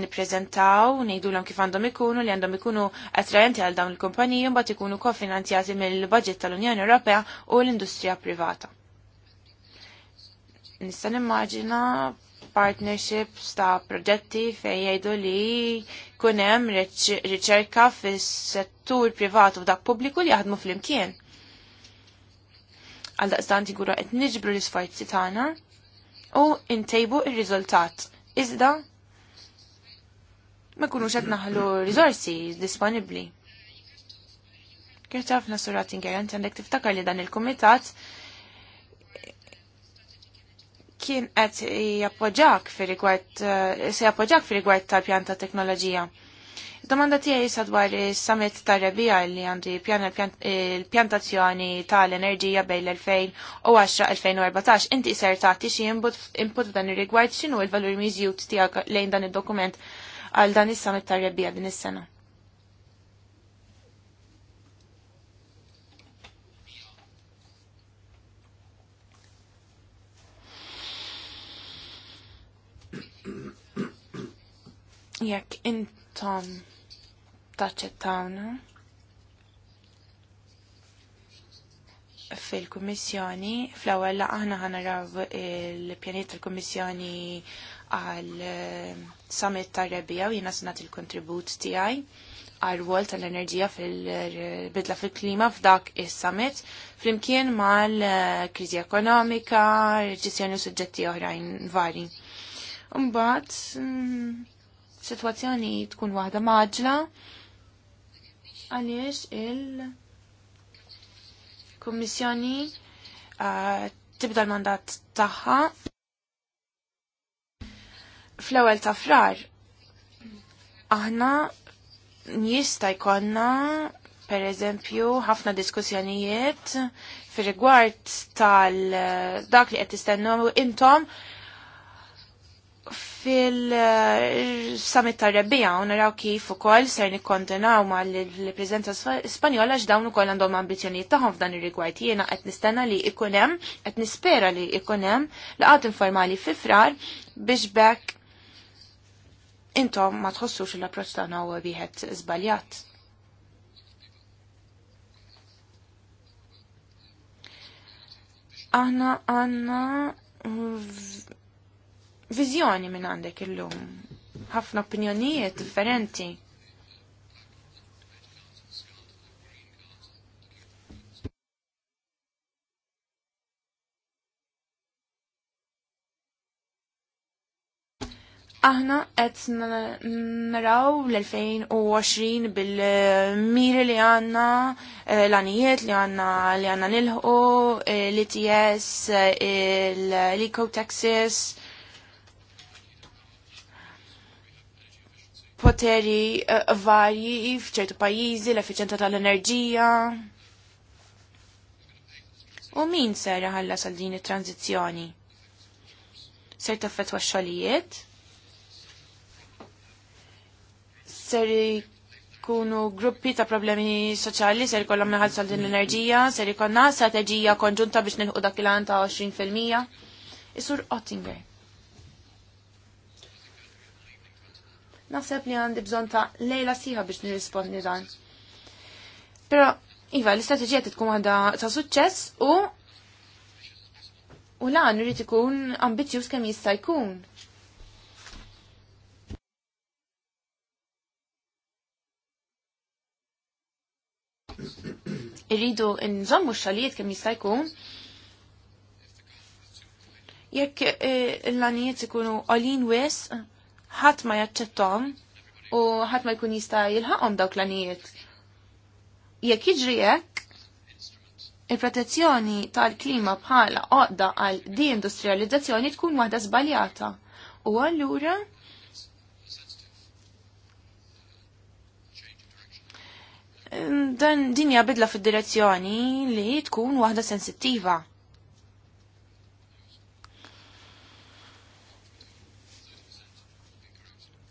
nippreżentaw, ngħidulhom kif għandhom ikunu li għandhom ikunu attrajenti għal dawn il-kumpaniji mbagħad ikunu kofinanzjati mill budget tal-Unjoni Ewropea u l-industrija privata. Nista' nimmaġina partnerships ta' proġetti fejn jgħidu li kunem hemm riċerka fis-settur privat u dak pubbliku li jaħdmu flimkien. Għal daqstant jgura qed niġbru l isfajzi tagħna u ntejbu il riżultat Iżda ma kunu qed naħlu risorsi disponibbli. Kif taf nasurati għandek tiftakar li dan il-kumitat kien qed jappoġġak fi rigward eh, se jappoġġak fir rigward tal-pjan ta' teknoloġija. Domanda tiegħi sa dwar is-summit ta' Rebija li għandi il-pjantazzjoni eh, tal-enerġija bejn l-2010-2014. Inti ser tagħti xi input f'dan ir-rigward x'inhu l-valur miżjud tiegħek lejn dan id-dokument għal dan is-summit ta' Rebija din is-sena. Jekk intom taċċettawna fil-Kummissjoni, fl-ewwel aħna ħanaraw il pjanijiet tal-Kummissjoni għal ehm, summit tar rebija u jiena sinat il-kontribut tiegħi għal wol tal-enerġija fil-bidla fil-klima f'dak is summit flimkien mal eh, kriżi ekonomika, reċessjoni u suġġetti oħrajn vari. Umbat, situazzjoni tkun waħda maġla għaliex il-Kummissjoni uh, tibda l-mandat tagħha fl-ewwel ta' frar. Aħna jista' jkollna per eżempju ħafna diskussjonijiet fir rigward tal dak li qed tistennew intom fil-summit tar rebbija u naraw kif ukoll ser nikkondenaw ma l-preżenza Spanjola x'dawn ukoll għandhom ambizzjonijiet tagħhom f'dan ir-rigward. Jiena qed nistenna li jkun hemm, qed nispera li jkun hemm laqgħat informali fi frar biex bekk intom ma tħossux l-approċċ tagħna huwa wieħed żbaljat. Aħna għandna viżjoni minn għandek illum, ħafna opinjonijiet differenti. Aħna qed naraw l-2020 bil-miri li għanna, eh, l-għanijiet li għanna li għanna nilħu, l-ITS, l-Eco Texas, poteri eh, varji f'ċertu pajjiżi, l-effiċenza tal-enerġija. U min ser ħalla għal din it-tranzizzjoni? Ser taffetwa x-xogħlijiet? Ser ikunu gruppi ta' problemi soċjali, ser ikollhom naħal sal din l-enerġija, ser ikollna strateġija konġunta biex nilħu dak il-għan ta' 20%. Isur Ottinger. naħseb li għandi bżon ta' lejla siħa biex nirrispondi dan. Pero, iva, l-istrateġija tkun għadha ta' suċċess u u lan irid ikun ambizzjuż kemm jista' jkun. Irridu nżommu x-xalijiet kemm jista' jkun jekk eh, l-lanijiet ikunu għalin wis, ħadd ma jaċċettom u ħadd ma jkun jista' jilħaqom dawk l-anijiet. Jekk jiġri hekk, il-protezzjoni tal-klima bħala oqda għal deindustrializzazzjoni tkun waħda żbaljata. U allura mm, dan dinja bidla fid-direzzjoni li tkun waħda sensittiva.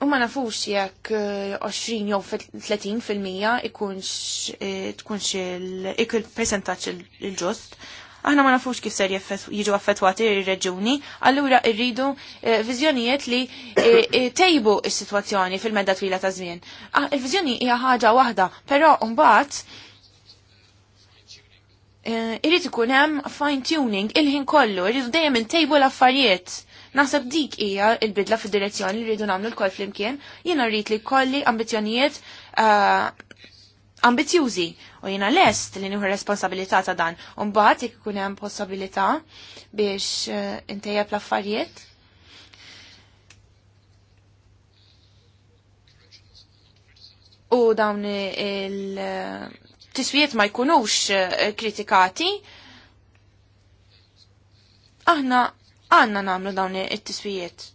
U ma nafux jekk 20 eh, jew 30 fil-mija ikunx eh, tkunx il percentaċ il-ġust. Aħna ma nafux kif ser jiġu affettwati ir-reġuni, allura rridu eh, viżjonijiet li tejbu is-sitwazzjoni fil-medda twila ta' żmien. Ah, il-viżjoni hija ħaġa waħda, però mbagħad irrid ikun hemm fine tuning il-ħin kollu, irridu dejjem intejbu l-affarijiet Naħseb dik hija il-bidla fid-direzzjoni li rridu nagħmlu l-kol flimkien, jiena rrid li kolli ambizzjonijiet uh, ambizjużi u jiena lest li nieħu responsabilità ta' dan. U mbagħad jekk ikun hemm possibilità biex uh, intejjeb l-affarijiet. U dawn il-tiswiet ma jkunux uh, kritikati, aħna għanna namlu dawn it-tiswijiet.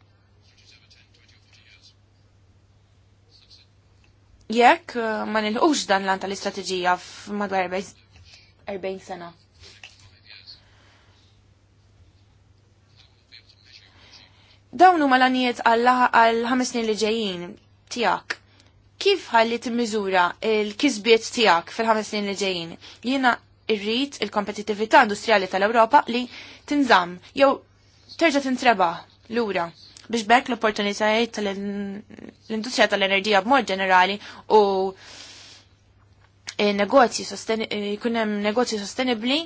Jekk uh, ma nilħux dan l tal istrateġija f'madwar 40 sena. Dawn huma l-għanijiet għal ħames snin li ġejjin tiegħek. Kif ħalli timmiżura l-kisbiet tiegħek fil-ħames snin li ġejjin? Jiena irrid il-kompetittività industrijali tal-Ewropa li tinżamm jew terġa' tintreba, lura biex bekk l-opportunitajiet tal-industrija tal-enerġija b'mod ġenerali u eh, negozji eh, jkun hemm negozji sostenibbli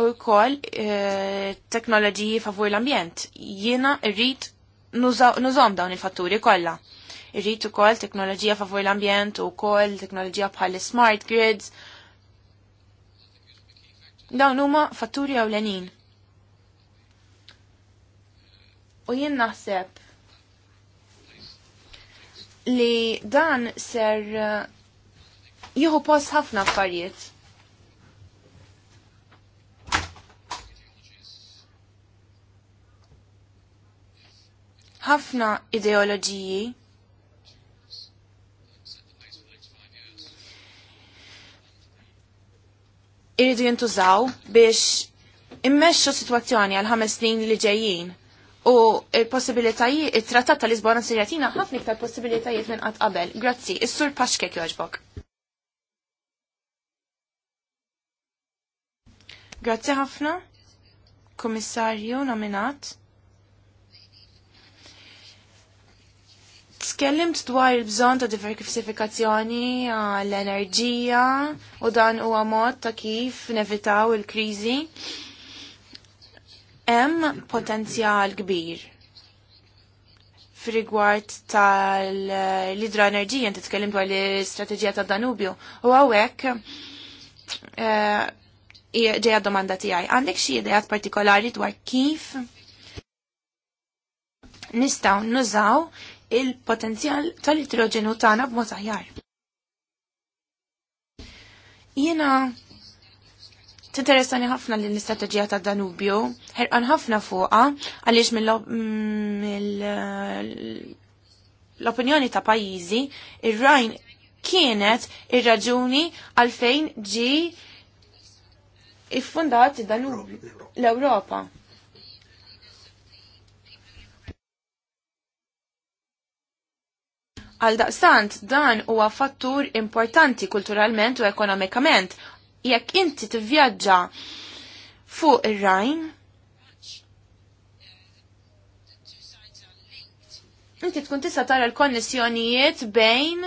u wkoll eh, teknoloġiji favur l-ambjent. Jiena rrid nużom dawn il-fatturi kollha. Irrid ukoll teknoloġija favur l-ambjent u wkoll teknoloġija bħal smart grids. Dawn huma fatturi ewlenin U jien naħseb li dan ser uh, jieħu post ħafna affarijiet. ħafna ideoloġiji irridu jintużaw biex immexxu situazzjoni għal ħames snin li ġejjin u il-possibilitajiet, il-trattat tal-Lisbona Sirjatina ħafna iktar possibilitajiet minn qatt qabel. Grazzi, is-sur Paxkek joġbok. Grazzi ħafna, komissarju nominat. Tkellimt dwar il-bżon ta' diversifikazzjoni ah, l-enerġija u dan huwa mod ta' kif nevitaw il-kriżi hemm potenzjal kbir f'rigward tal idroenerġija inti tkellim dwar l-istrateġija ta' Danubju u hawnhekk eh, ġeja domanda tiegħi. Għandek xi idejat partikolari dwar kif nistgħu nużaw il-potenzjal tal-idroġenu tagħna b'mod aħjar. Jiena Tinteressani ħafna li l istrategija ta' Danubio, ħerqan ħafna fuqa għaliex mill-opinjoni ta' pajjiżi, ir-Rajn kienet ir-raġuni għalfejn ġi iffundat Danubio l-Ewropa. Għal dan huwa fattur importanti kulturalment u ekonomikament jekk inti tivvjaġġa fuq ir-Rajn, inti tkun tista' tara l-konnessjonijiet bejn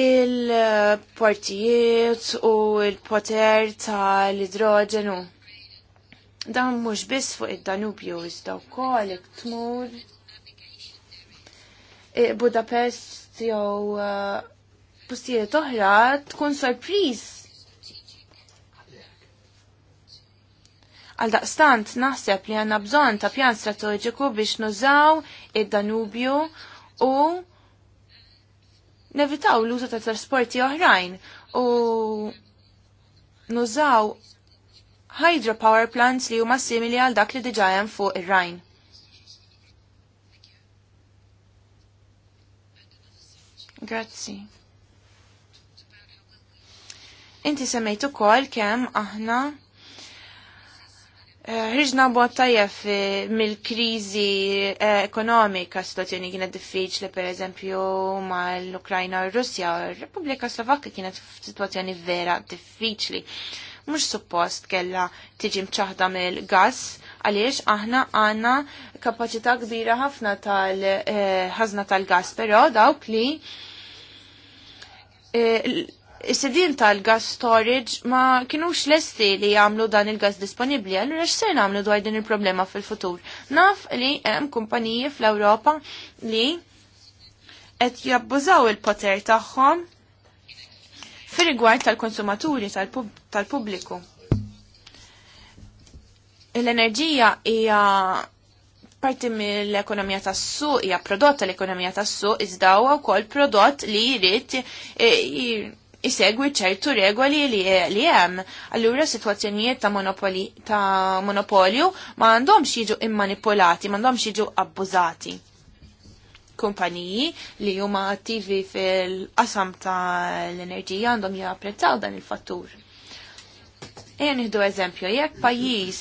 il-portijiet u l-poter tal-idroġenu. Dan mhux biss fuq id-Danubju iżda wkoll tmur Budapest jew uh, postijiet toħra tkun sorpriz. Għal daqstant naħseb li għanna bżon ta' pjan strateġiku biex nużaw id-Danubju u nevitaw l-użu ta' trasporti oħrajn u nużaw hydropower plants li huma simili għal dak li diġa hemm fuq ir-Rajn. Grazzi. Inti semmejtu kol kem aħna eh, Ħriġna bot tajjeb mill-krizi eh, ekonomika situazzjoni kienet diffiċli per eżempju mal-Ukrajna u Russja, Repubblika Slovakka kienet situazzjoni vera diffiċli. Mux suppost kella tiġi mċaħda mill-gas, għaliex aħna għanna kapacità kbira ħafna tal-ħazna eh, tal-gas, pero dawk li is sedin tal-gas storage ma kienux lesti li jagħmlu dan il-gas disponibbli, allura x'ser nagħmlu dwar din il-problema fil-futur. Naf li hemm kumpaniji fl-Ewropa li qed jabbużaw il-poter tagħhom fir-rigward tal-konsumaturi tal-pubbliku. -tal konsumaturi tal pubbliku l enerġija hija parti mill-ekonomija tas-suq hija prodott tal-ekonomija tas-suq iżda huwa wkoll prodott li jrid eh, isegwi ċertu regoli li hemm. Allura situazzjonijiet ta' monopoli ta' monopolju ma għandhomx jiġu immanipolati, ma għandhomx jiġu abbużati. Kumpaniji li huma attivi fil-qasam tal-enerġija għandhom japprezzaw dan il-fattur. Ejja nieħdu eżempju, jekk pajjiż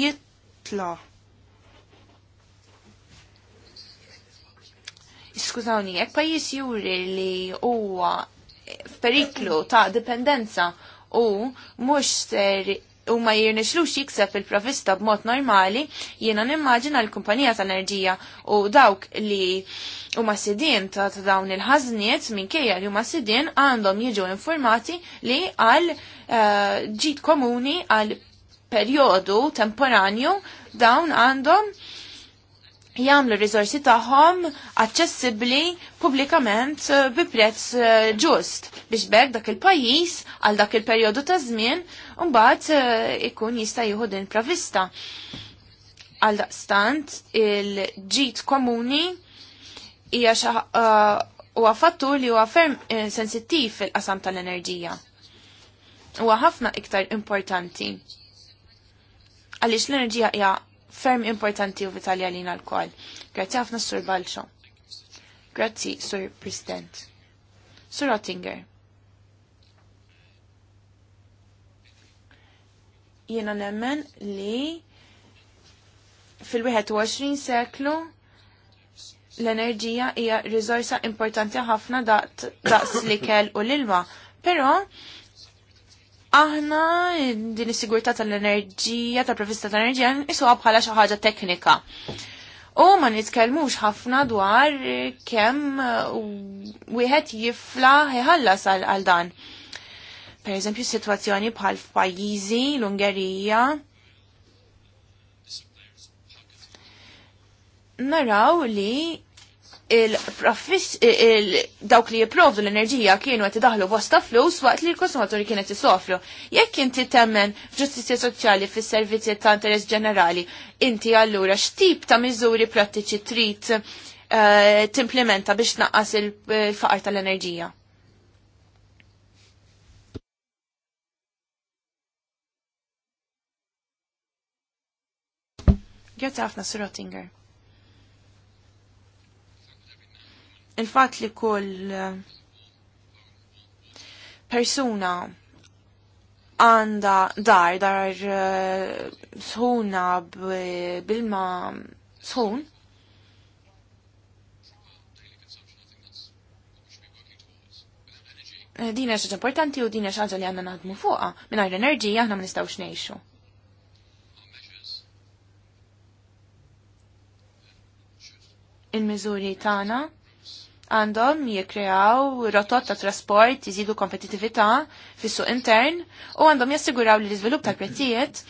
jitla Skużawni, jekk pajjiż juri li huwa f'periklu ta' dipendenza u mhux ser u ma jirnexlux jikseb il-provista b'mod normali, jiena nimmaġina l-kumpanija ta' enerġija u dawk li u ma sidin ta' dawn il-ħazniet minkejja li u ma sidin għandhom jiġu informati li għal eh, ġit komuni għal periodu temporanju dawn għandhom jagħmlu rizorsi taħħom tagħhom aċċessibbli pubblikament eh, bi prezz eh, ġust biex berg dak il-pajjiż għal dak il-perjodu ta' żmien mbagħad eh, ikun jista' jieħu din provista. Għal stant il-ġid komuni hija huwa fattur li huwa ferm sensittiv fil-qasam tal-enerġija. Huwa ħafna iktar importanti. Għaliex l-enerġija hija ferm importanti u vitali għalina għal kol Grazzi ħafna Sur Balxo. Grazzi Sur President. Sur Ottinger. Jena nemmen li fil-21 seklu l-enerġija hija riżorsa importanti ħafna daqs li l-ikel u l-ilma. Pero, Aħna din is-sigurtà tal-enerġija, tal-provista tal-enerġija, nisuha bħala xi ħaġa teknika. U ma nitkellmux ħafna dwar kemm uh, wieħed jifla ħallas għal dan. Per eżempju, situazzjoni bħal f'pajjiżi l-Ungerija. Naraw li il-dawk li jiprovdu l-enerġija kienu għet daħlu bosta flus waqt li l konsumatori kienet jisofru. Jekk inti temmen ġustizja soċjali fis servizzi ta' interess ġenerali, inti allura x'tip ta' miżuri prattiċi trid eh, timplementa biex naqqas il-faqar tal-enerġija? Grazie ħafna, Sir Rottinger. il-fat li kull eh, persuna għanda dar, dar eh, sħuna bil-ma sħun, eh, dina xaġa importanti u dina xaġa li għanna naħdmu fuqa. l enerġija aħna ma nistawx nejxu. Il-mizuri tagħna għandhom jikreaw rotot ta' trasport jizidu kompetitività fis-suq intern u għandhom jassiguraw li l-iżvilupp tal-prezzijiet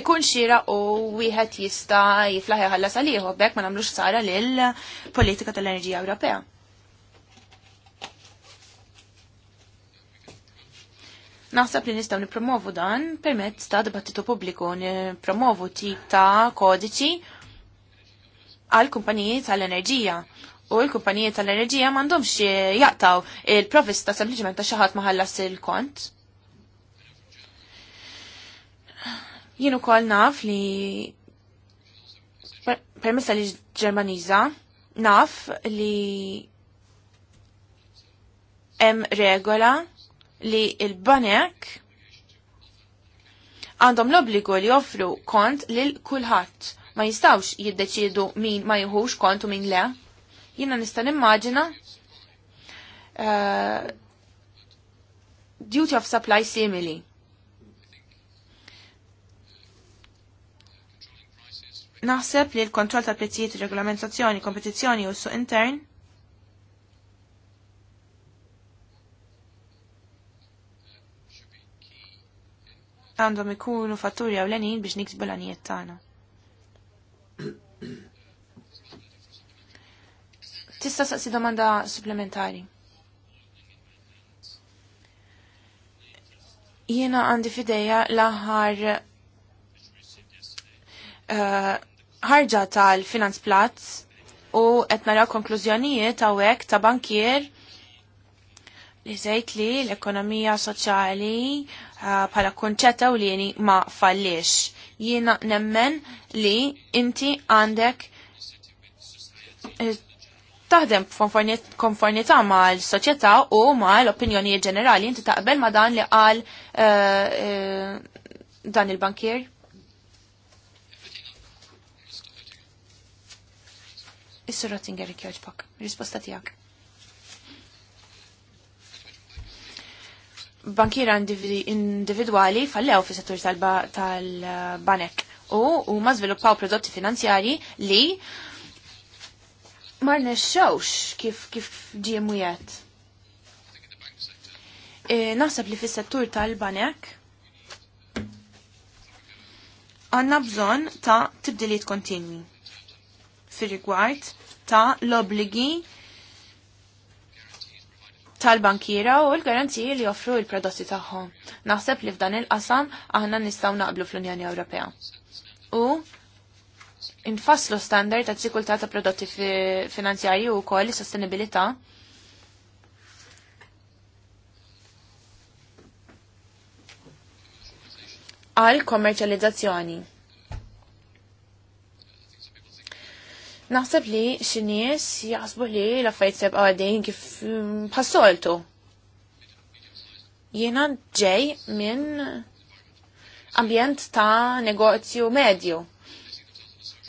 ikun xira u wieħed jista' jiflaħi ħallas saliħu bekk ma nagħmlux sara lil politika tal-Enerġija Ewropea. Naħseb li nistgħu nippromovu dan permezz ta' dibattitu pubbliku, nipromovu tip ta' kodiċi għal kumpaniji tal-enerġija. U l-kumpaniji tal-enerġija m'għandhomx eh, jaqtaw il-profis ta' sempliċement ta' xi ħadd ma ħallas il-kont. Jien ukoll naf li permessa li ġermaniza, naf li hemm regola li il-banek għandhom l-obbligu li joffru kont lil kulħadd. Ma jistawx jiddeċidu min ma jħux kont u min le. Jina nista' nimmaġina uh, duty of supply simili. Naħseb li l-kontroll tal prezzijiet regolamentazzjoni, kompetizzjoni u s intern għandhom ikunu fatturi għawlenin biex niksbu l-għanijiet tagħna. Tista' saqsi domanda supplementari. Jiena għandi fideja l-aħħar eh, ħarġa uh, tal finanz Platz u qed naraw konklużjonijiet hawnhekk ta' bankier Li zejt li l-ekonomija soċjali uh, bħala konċetta u li ma fallix. Jiena nemmen li inti għandek eh, taħdem konfornità ma l-soċjetà u ma l-opinjoni ġenerali inti taqbel ma dan li qal eh, eh, dan il-bankier? Is-sur Rottinger ikjoġbak, risposta tijak. bankiera individwali fallew fis settur tal-banek u huma żviluppaw prodotti finanzjari li ma rnexxewx kif kif ġiemujet. Naħseb li fis-settur tal-banek għandna bżonn ta' tibdiliet kontinwi fir-rigward ta' l-obligi tal-bankiera u l-garanziji li joffru il-prodotti tagħhom. Naħseb li f'dan il-qasam aħna nistgħu naqblu fl-Unjoni Ewropea. U infasslu standard ta' sikultà ta' prodotti finanzjarji u is sostenibilità għal kommerċializzazzjoni. Naħseb li xinies jaħsbu li l-affarijiet seb għadin kif mm, bħassoltu. Jiena ġej minn ambjent ta' negozju medju.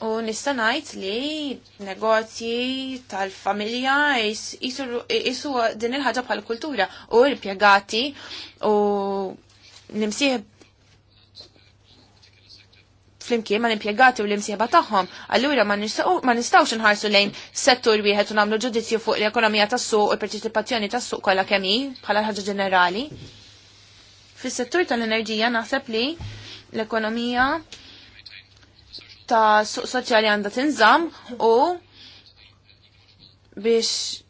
U nista' ngħid li negozji tal-familja jisu din il-ħaġa bħal kultura u l-pjegati u l-imsieħ flimkien ma l-impjegati u l-imsieba tagħhom. Allura ma nistgħux nħarsu lejn settur wieħed u nagħmlu ġudizzju fuq l-ekonomija tas-suq u l-parċitipazzjoni tas-suq kollha kemm hi bħala ħaġa ġenerali. Fis-settur tal-enerġija naħseb li l-ekonomija ta' suq soċjali għandha tinżamm u biex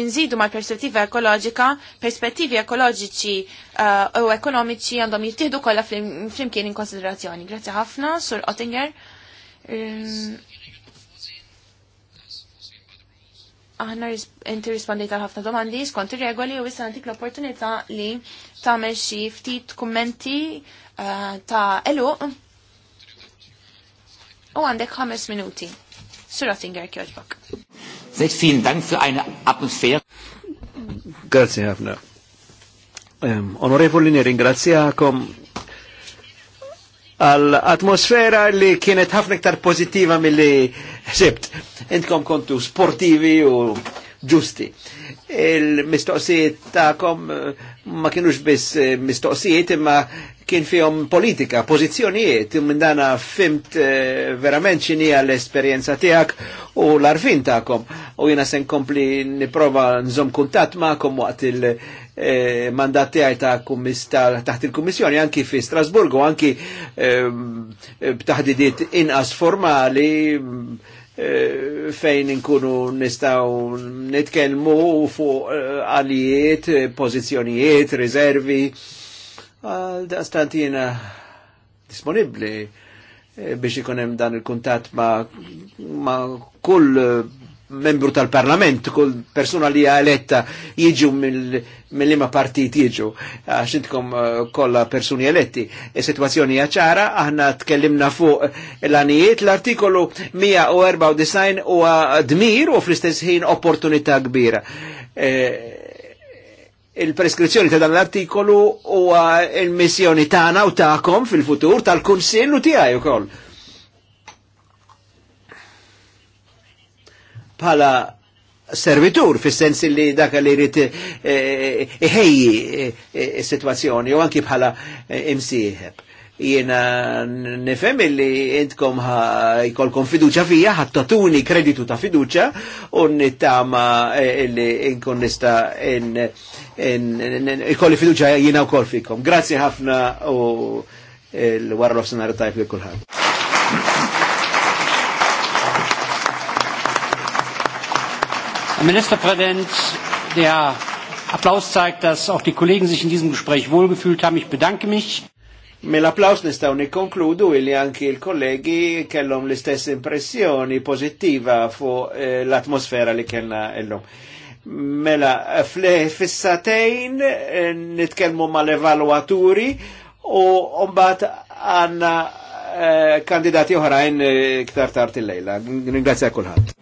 inżidu mal-perspettiva ekoloġika, perspettivi ekoloġiċi uh, u uh, ekonomiċi għandhom jittieħdu kollha flimkien in konsiderazzjoni. Grazzi ħafna, Sur Ottinger. Um, aħna inti rispondejt għal ħafna domandi skont ir-regoli u issa għandik l-opportunità li tagħmel xi ftit kummenti uh, ta' eluq u għandek ħames minuti. Sur Ottinger kjoġbok. Sehr vielen Dank für eine Atmosphäre. Grazie ħafna. Um, ehm, onorevoli, ringrazzjakom għal-atmosfera li kienet ħafna iktar pozittiva mill-li ħsibt. Intkom kontu sportivi u ġusti il-mistoqsijiet ta'kom eh, ma kienux biss eh, mistoqsijiet imma kien fihom politika, pożizzjonijiet, minn dana fimt eh, verament xinija l-esperjenza tiegħek u l-arfin ta'kom. U jiena se nkompli nipprova nżomm kuntatt ma'kom waqt il- E, mandat tiegħi taħt il-Kummissjoni anki fi Strasburgu, anki e, b'taħdidiet inqas formali Eh, fejn inkunu nistaw nitkelmu fuq eh, għalijiet, eh, pozizjonijiet, riservi, għal daqstantina disponibli biex ikunem dan il-kuntat ma, ma kull membru tal-parlament, kull persuna li eletta jiġu mill-lima partit jiġu, għax eh, kolla persuni eletti. E situazzjoni sitwazzjoni ċara, aħna tkellimna fuq l għanijiet l-artikolu 194 u dmir u fl-istess ħin opportunità kbira. E, il-preskrizzjoni ta' dan l-artikolu u il-missjoni tagħna u tagħkom fil-futur tal kunsin u u ukoll bħala servitur, fis sens li dak li rrit eh, eh, iħejji eh, situazzjoni, u anki bħala imsiħeb. Jena nifem illi intkom jkolkom fiduċa fija, ħattatuni kreditu ta' fiduċa, un nittama li inkun nista ikolli fiduċa jiena u kol fikom. Grazie ħafna u l-warlof senar tajf li kullħat. Herr Ministerpräsident, der Applaus zeigt, dass auch die Kollegen sich in diesem Gespräch wohlgefühlt haben. Ich bedanke mich. Mill-applaus nistaw ni konkludu illi anki il-kollegi kellom l-istess impressjoni pozittiva fu eh, l-atmosfera li kellna illum. Mela, fissatejn eh, nitkellmu mal-evaluaturi u mbagħad għanna eh, kandidati oħrajn eh, ktar tart il-lejla. Ringrazzja kullħat.